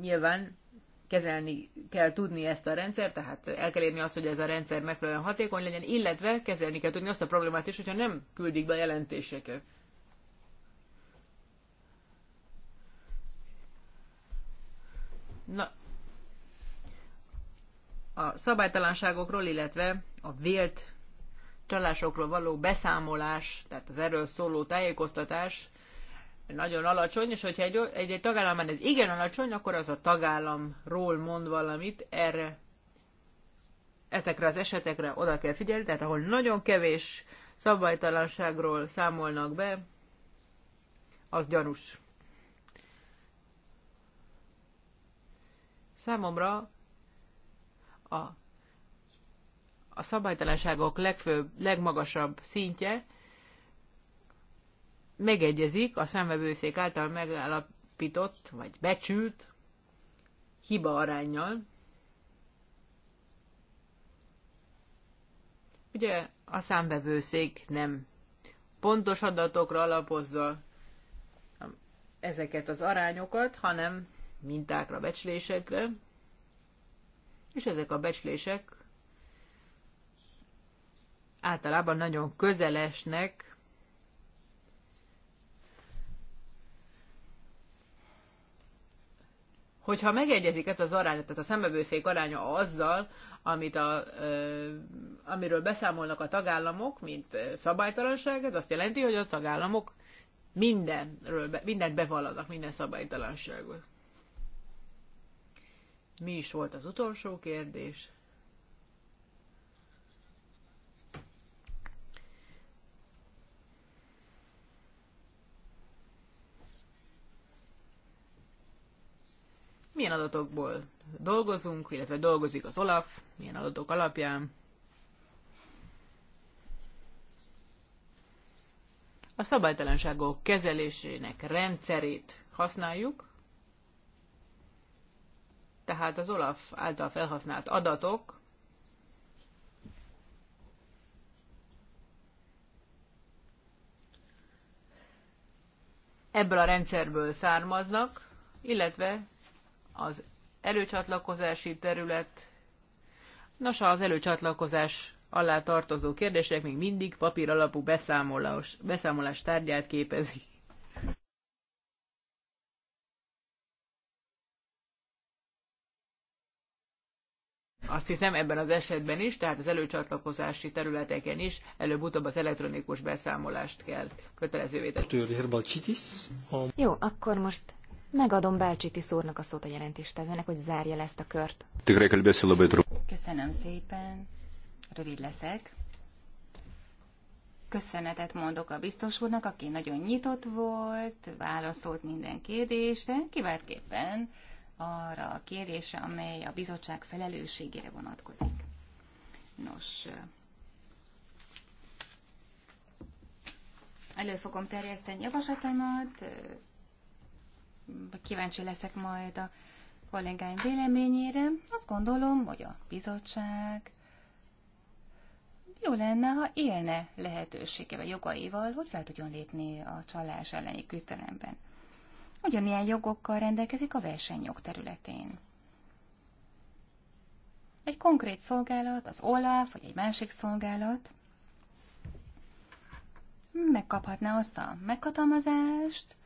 Nyilván kezelni kell tudni ezt a rendszert, tehát el kell érni azt, hogy ez a rendszer megfelelően hatékony legyen, illetve kezelni kell tudni azt a problémát is, hogyha nem küldik be jelentéseket. Na, a szabálytalanságokról, illetve a vélt csalásokról való beszámolás, tehát az erről szóló tájékoztatás nagyon alacsony, és hogyha egy, egy, egy tagállamban ez igen alacsony, akkor az a tagállamról mond valamit, erre ezekre az esetekre oda kell figyelni, tehát ahol nagyon kevés szabálytalanságról számolnak be, az gyanús. Számomra a, a szabálytalanságok legfőbb, legmagasabb szintje megegyezik a számvevőszék által megállapított, vagy becsült hiba arányjal. Ugye a számvevőszék nem pontos adatokra alapozza ezeket az arányokat, hanem mintákra, becslésekre, és ezek a becslések általában nagyon közelesnek hogyha megegyezik ez az arány, tehát a szembevőszék aránya azzal, amit a, amiről beszámolnak a tagállamok, mint szabálytalanság, ez azt jelenti, hogy a tagállamok mindenről, be, mindent bevallanak, minden szabálytalanságot. Mi is volt az utolsó kérdés? milyen adatokból dolgozunk, illetve dolgozik az OLAF, milyen adatok alapján. A szabálytalanságok kezelésének rendszerét használjuk, tehát az OLAF által felhasznált adatok ebből a rendszerből származnak, illetve az előcsatlakozási terület. Nos, az előcsatlakozás alá tartozó kérdések még mindig papír alapú beszámolás, beszámolás tárgyát képezik. Azt hiszem ebben az esetben is, tehát az előcsatlakozási területeken is előbb-utóbb az elektronikus beszámolást kell kötelezővé tenni. Jó, akkor most Megadom Bálcsiti szórnak a szót a jelentéstevőnek, hogy zárja le ezt a kört. Köszönöm szépen. Rövid leszek. Köszönetet mondok a biztos úrnak, aki nagyon nyitott volt, válaszolt minden kérdésre, kiváltképpen arra a kérdésre, amely a bizottság felelősségére vonatkozik. Nos, elő fogom terjeszteni javaslataimat, kíváncsi leszek majd a kollégáim véleményére. Azt gondolom, hogy a bizottság jó lenne, ha élne lehetőségevel, jogaival, hogy fel tudjon lépni a csalás elleni küzdelemben. Ugyanilyen jogokkal rendelkezik a versenyjog területén. Egy konkrét szolgálat, az OLAF, vagy egy másik szolgálat megkaphatná azt a meghatalmazást,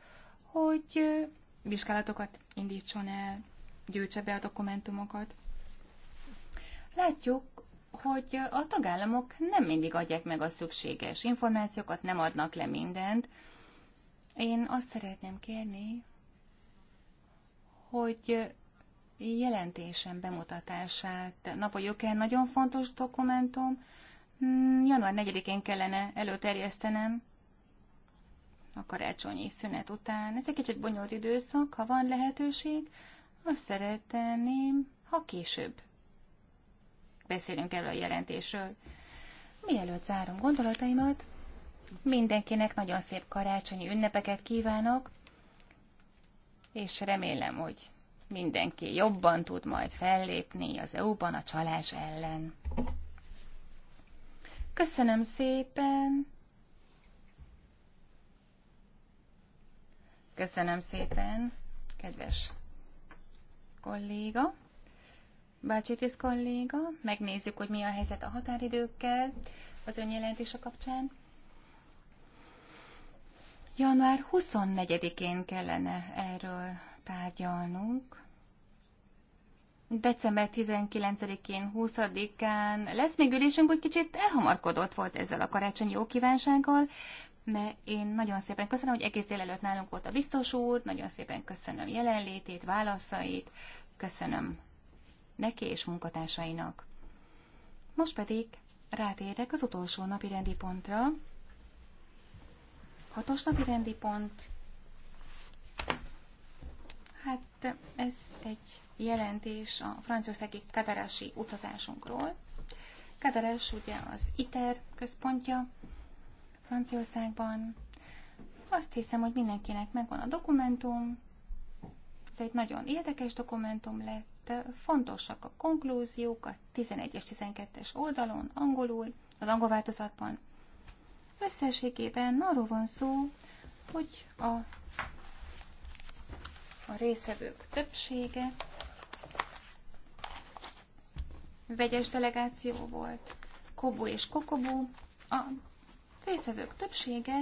hogy vizsgálatokat indítson el, gyűjtse be a dokumentumokat. Látjuk, hogy a tagállamok nem mindig adják meg a szükséges információkat, nem adnak le mindent. Én azt szeretném kérni, hogy jelentésem bemutatását. Napolyöken nagyon fontos dokumentum. Január 4-én kellene előterjesztenem a karácsonyi szünet után. Ez egy kicsit bonyolult időszak, ha van lehetőség, azt szeretném, ha később beszélünk erről a jelentésről. Mielőtt zárom gondolataimat, mindenkinek nagyon szép karácsonyi ünnepeket kívánok, és remélem, hogy mindenki jobban tud majd fellépni az EU-ban a csalás ellen. Köszönöm szépen! Köszönöm szépen, kedves kolléga, bácsitis kolléga. Megnézzük, hogy mi a helyzet a határidőkkel az önjelentése kapcsán. Január 24-én kellene erről tárgyalnunk. December 19-én, 20-án lesz még ülésünk, hogy kicsit elhamarkodott volt ezzel a karácsonyi kívánsággal, mert én nagyon szépen köszönöm, hogy egész délelőtt nálunk volt a biztos úr, nagyon szépen köszönöm jelenlétét, válaszait, köszönöm neki és munkatársainak. Most pedig rátérek az utolsó napi rendi pontra. Hatos napi rendi pont. Hát ez egy jelentés a franciaországi Kaderási utazásunkról. Kaderes ugye az ITER központja, Franciaországban. Azt hiszem, hogy mindenkinek megvan a dokumentum. Ez egy nagyon érdekes dokumentum lett. Fontosak a konklúziók a 11-es, 12-es oldalon, angolul, az angol változatban. Összességében arról van szó, hogy a, a részvevők többsége vegyes delegáció volt, Kobu és Kokobu, a részvevők többsége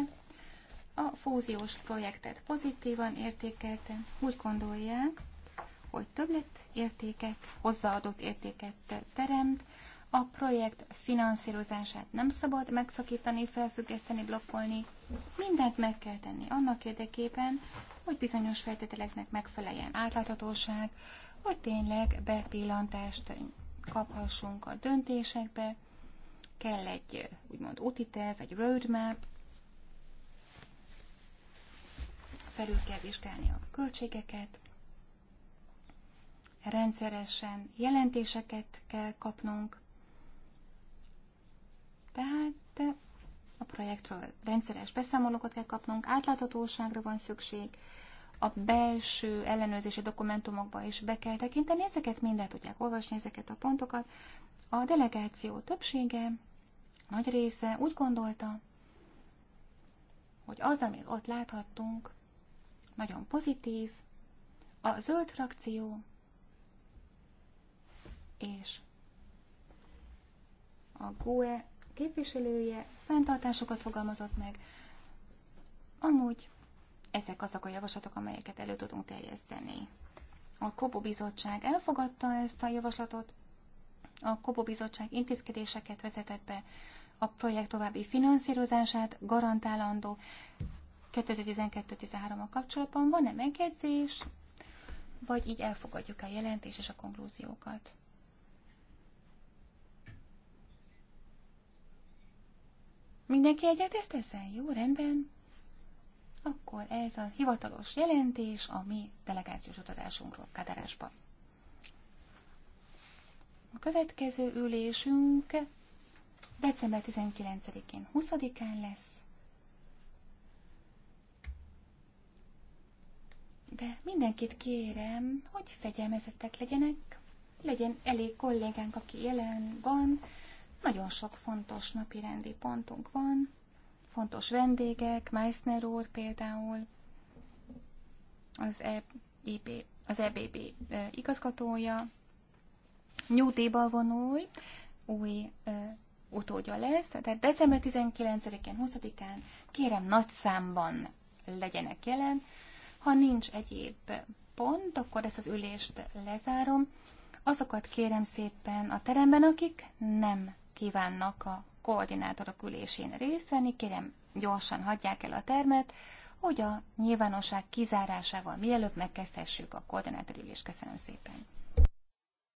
a fúziós projektet pozitívan értékelte, úgy gondolják, hogy többlet értéket, hozzáadott értéket teremt, a projekt finanszírozását nem szabad megszakítani, felfüggeszteni, blokkolni, mindent meg kell tenni annak érdekében, hogy bizonyos feltételeknek megfeleljen átláthatóság, hogy tényleg bepillantást kaphassunk a döntésekbe, kell egy úgymond úti terv, egy roadmap, felül kell vizsgálni a költségeket, rendszeresen jelentéseket kell kapnunk, tehát a projektről rendszeres beszámolókat kell kapnunk, átláthatóságra van szükség, a belső ellenőrzési dokumentumokba is be kell tekinteni, ezeket mindent tudják olvasni, ezeket a pontokat. A delegáció többsége nagy része úgy gondolta, hogy az, amit ott láthattunk, nagyon pozitív, a zöld frakció és a GUE képviselője fenntartásokat fogalmazott meg. Amúgy ezek azok a javaslatok, amelyeket elő tudunk terjeszteni. A Kobo Bizottság elfogadta ezt a javaslatot, a Kobo Bizottság intézkedéseket vezetett be a projekt további finanszírozását garantálandó 2012-13-a kapcsolatban. Van-e megjegyzés, vagy így elfogadjuk a jelentés és a konklúziókat? Mindenki egyetért ezzel? Jó, rendben. Akkor ez a hivatalos jelentés a mi delegációs utazásunkról Kadarásba. A következő ülésünk December 19-én 20-án lesz. De mindenkit kérem, hogy fegyelmezettek legyenek, legyen elég kollégánk, aki jelen van, nagyon sok fontos napi rendi pontunk van, fontos vendégek, Meissner úr például, az, EIB, az EBB igazgatója, nyugdíjba vonul, új utódja lesz, tehát december 19-én, 20-án kérem nagy számban legyenek jelen. Ha nincs egyéb pont, akkor ezt az ülést lezárom. Azokat kérem szépen a teremben, akik nem kívánnak a koordinátorok ülésén részt venni, kérem gyorsan hagyják el a termet, hogy a nyilvánosság kizárásával mielőbb megkezdhessük a ülést. Köszönöm szépen!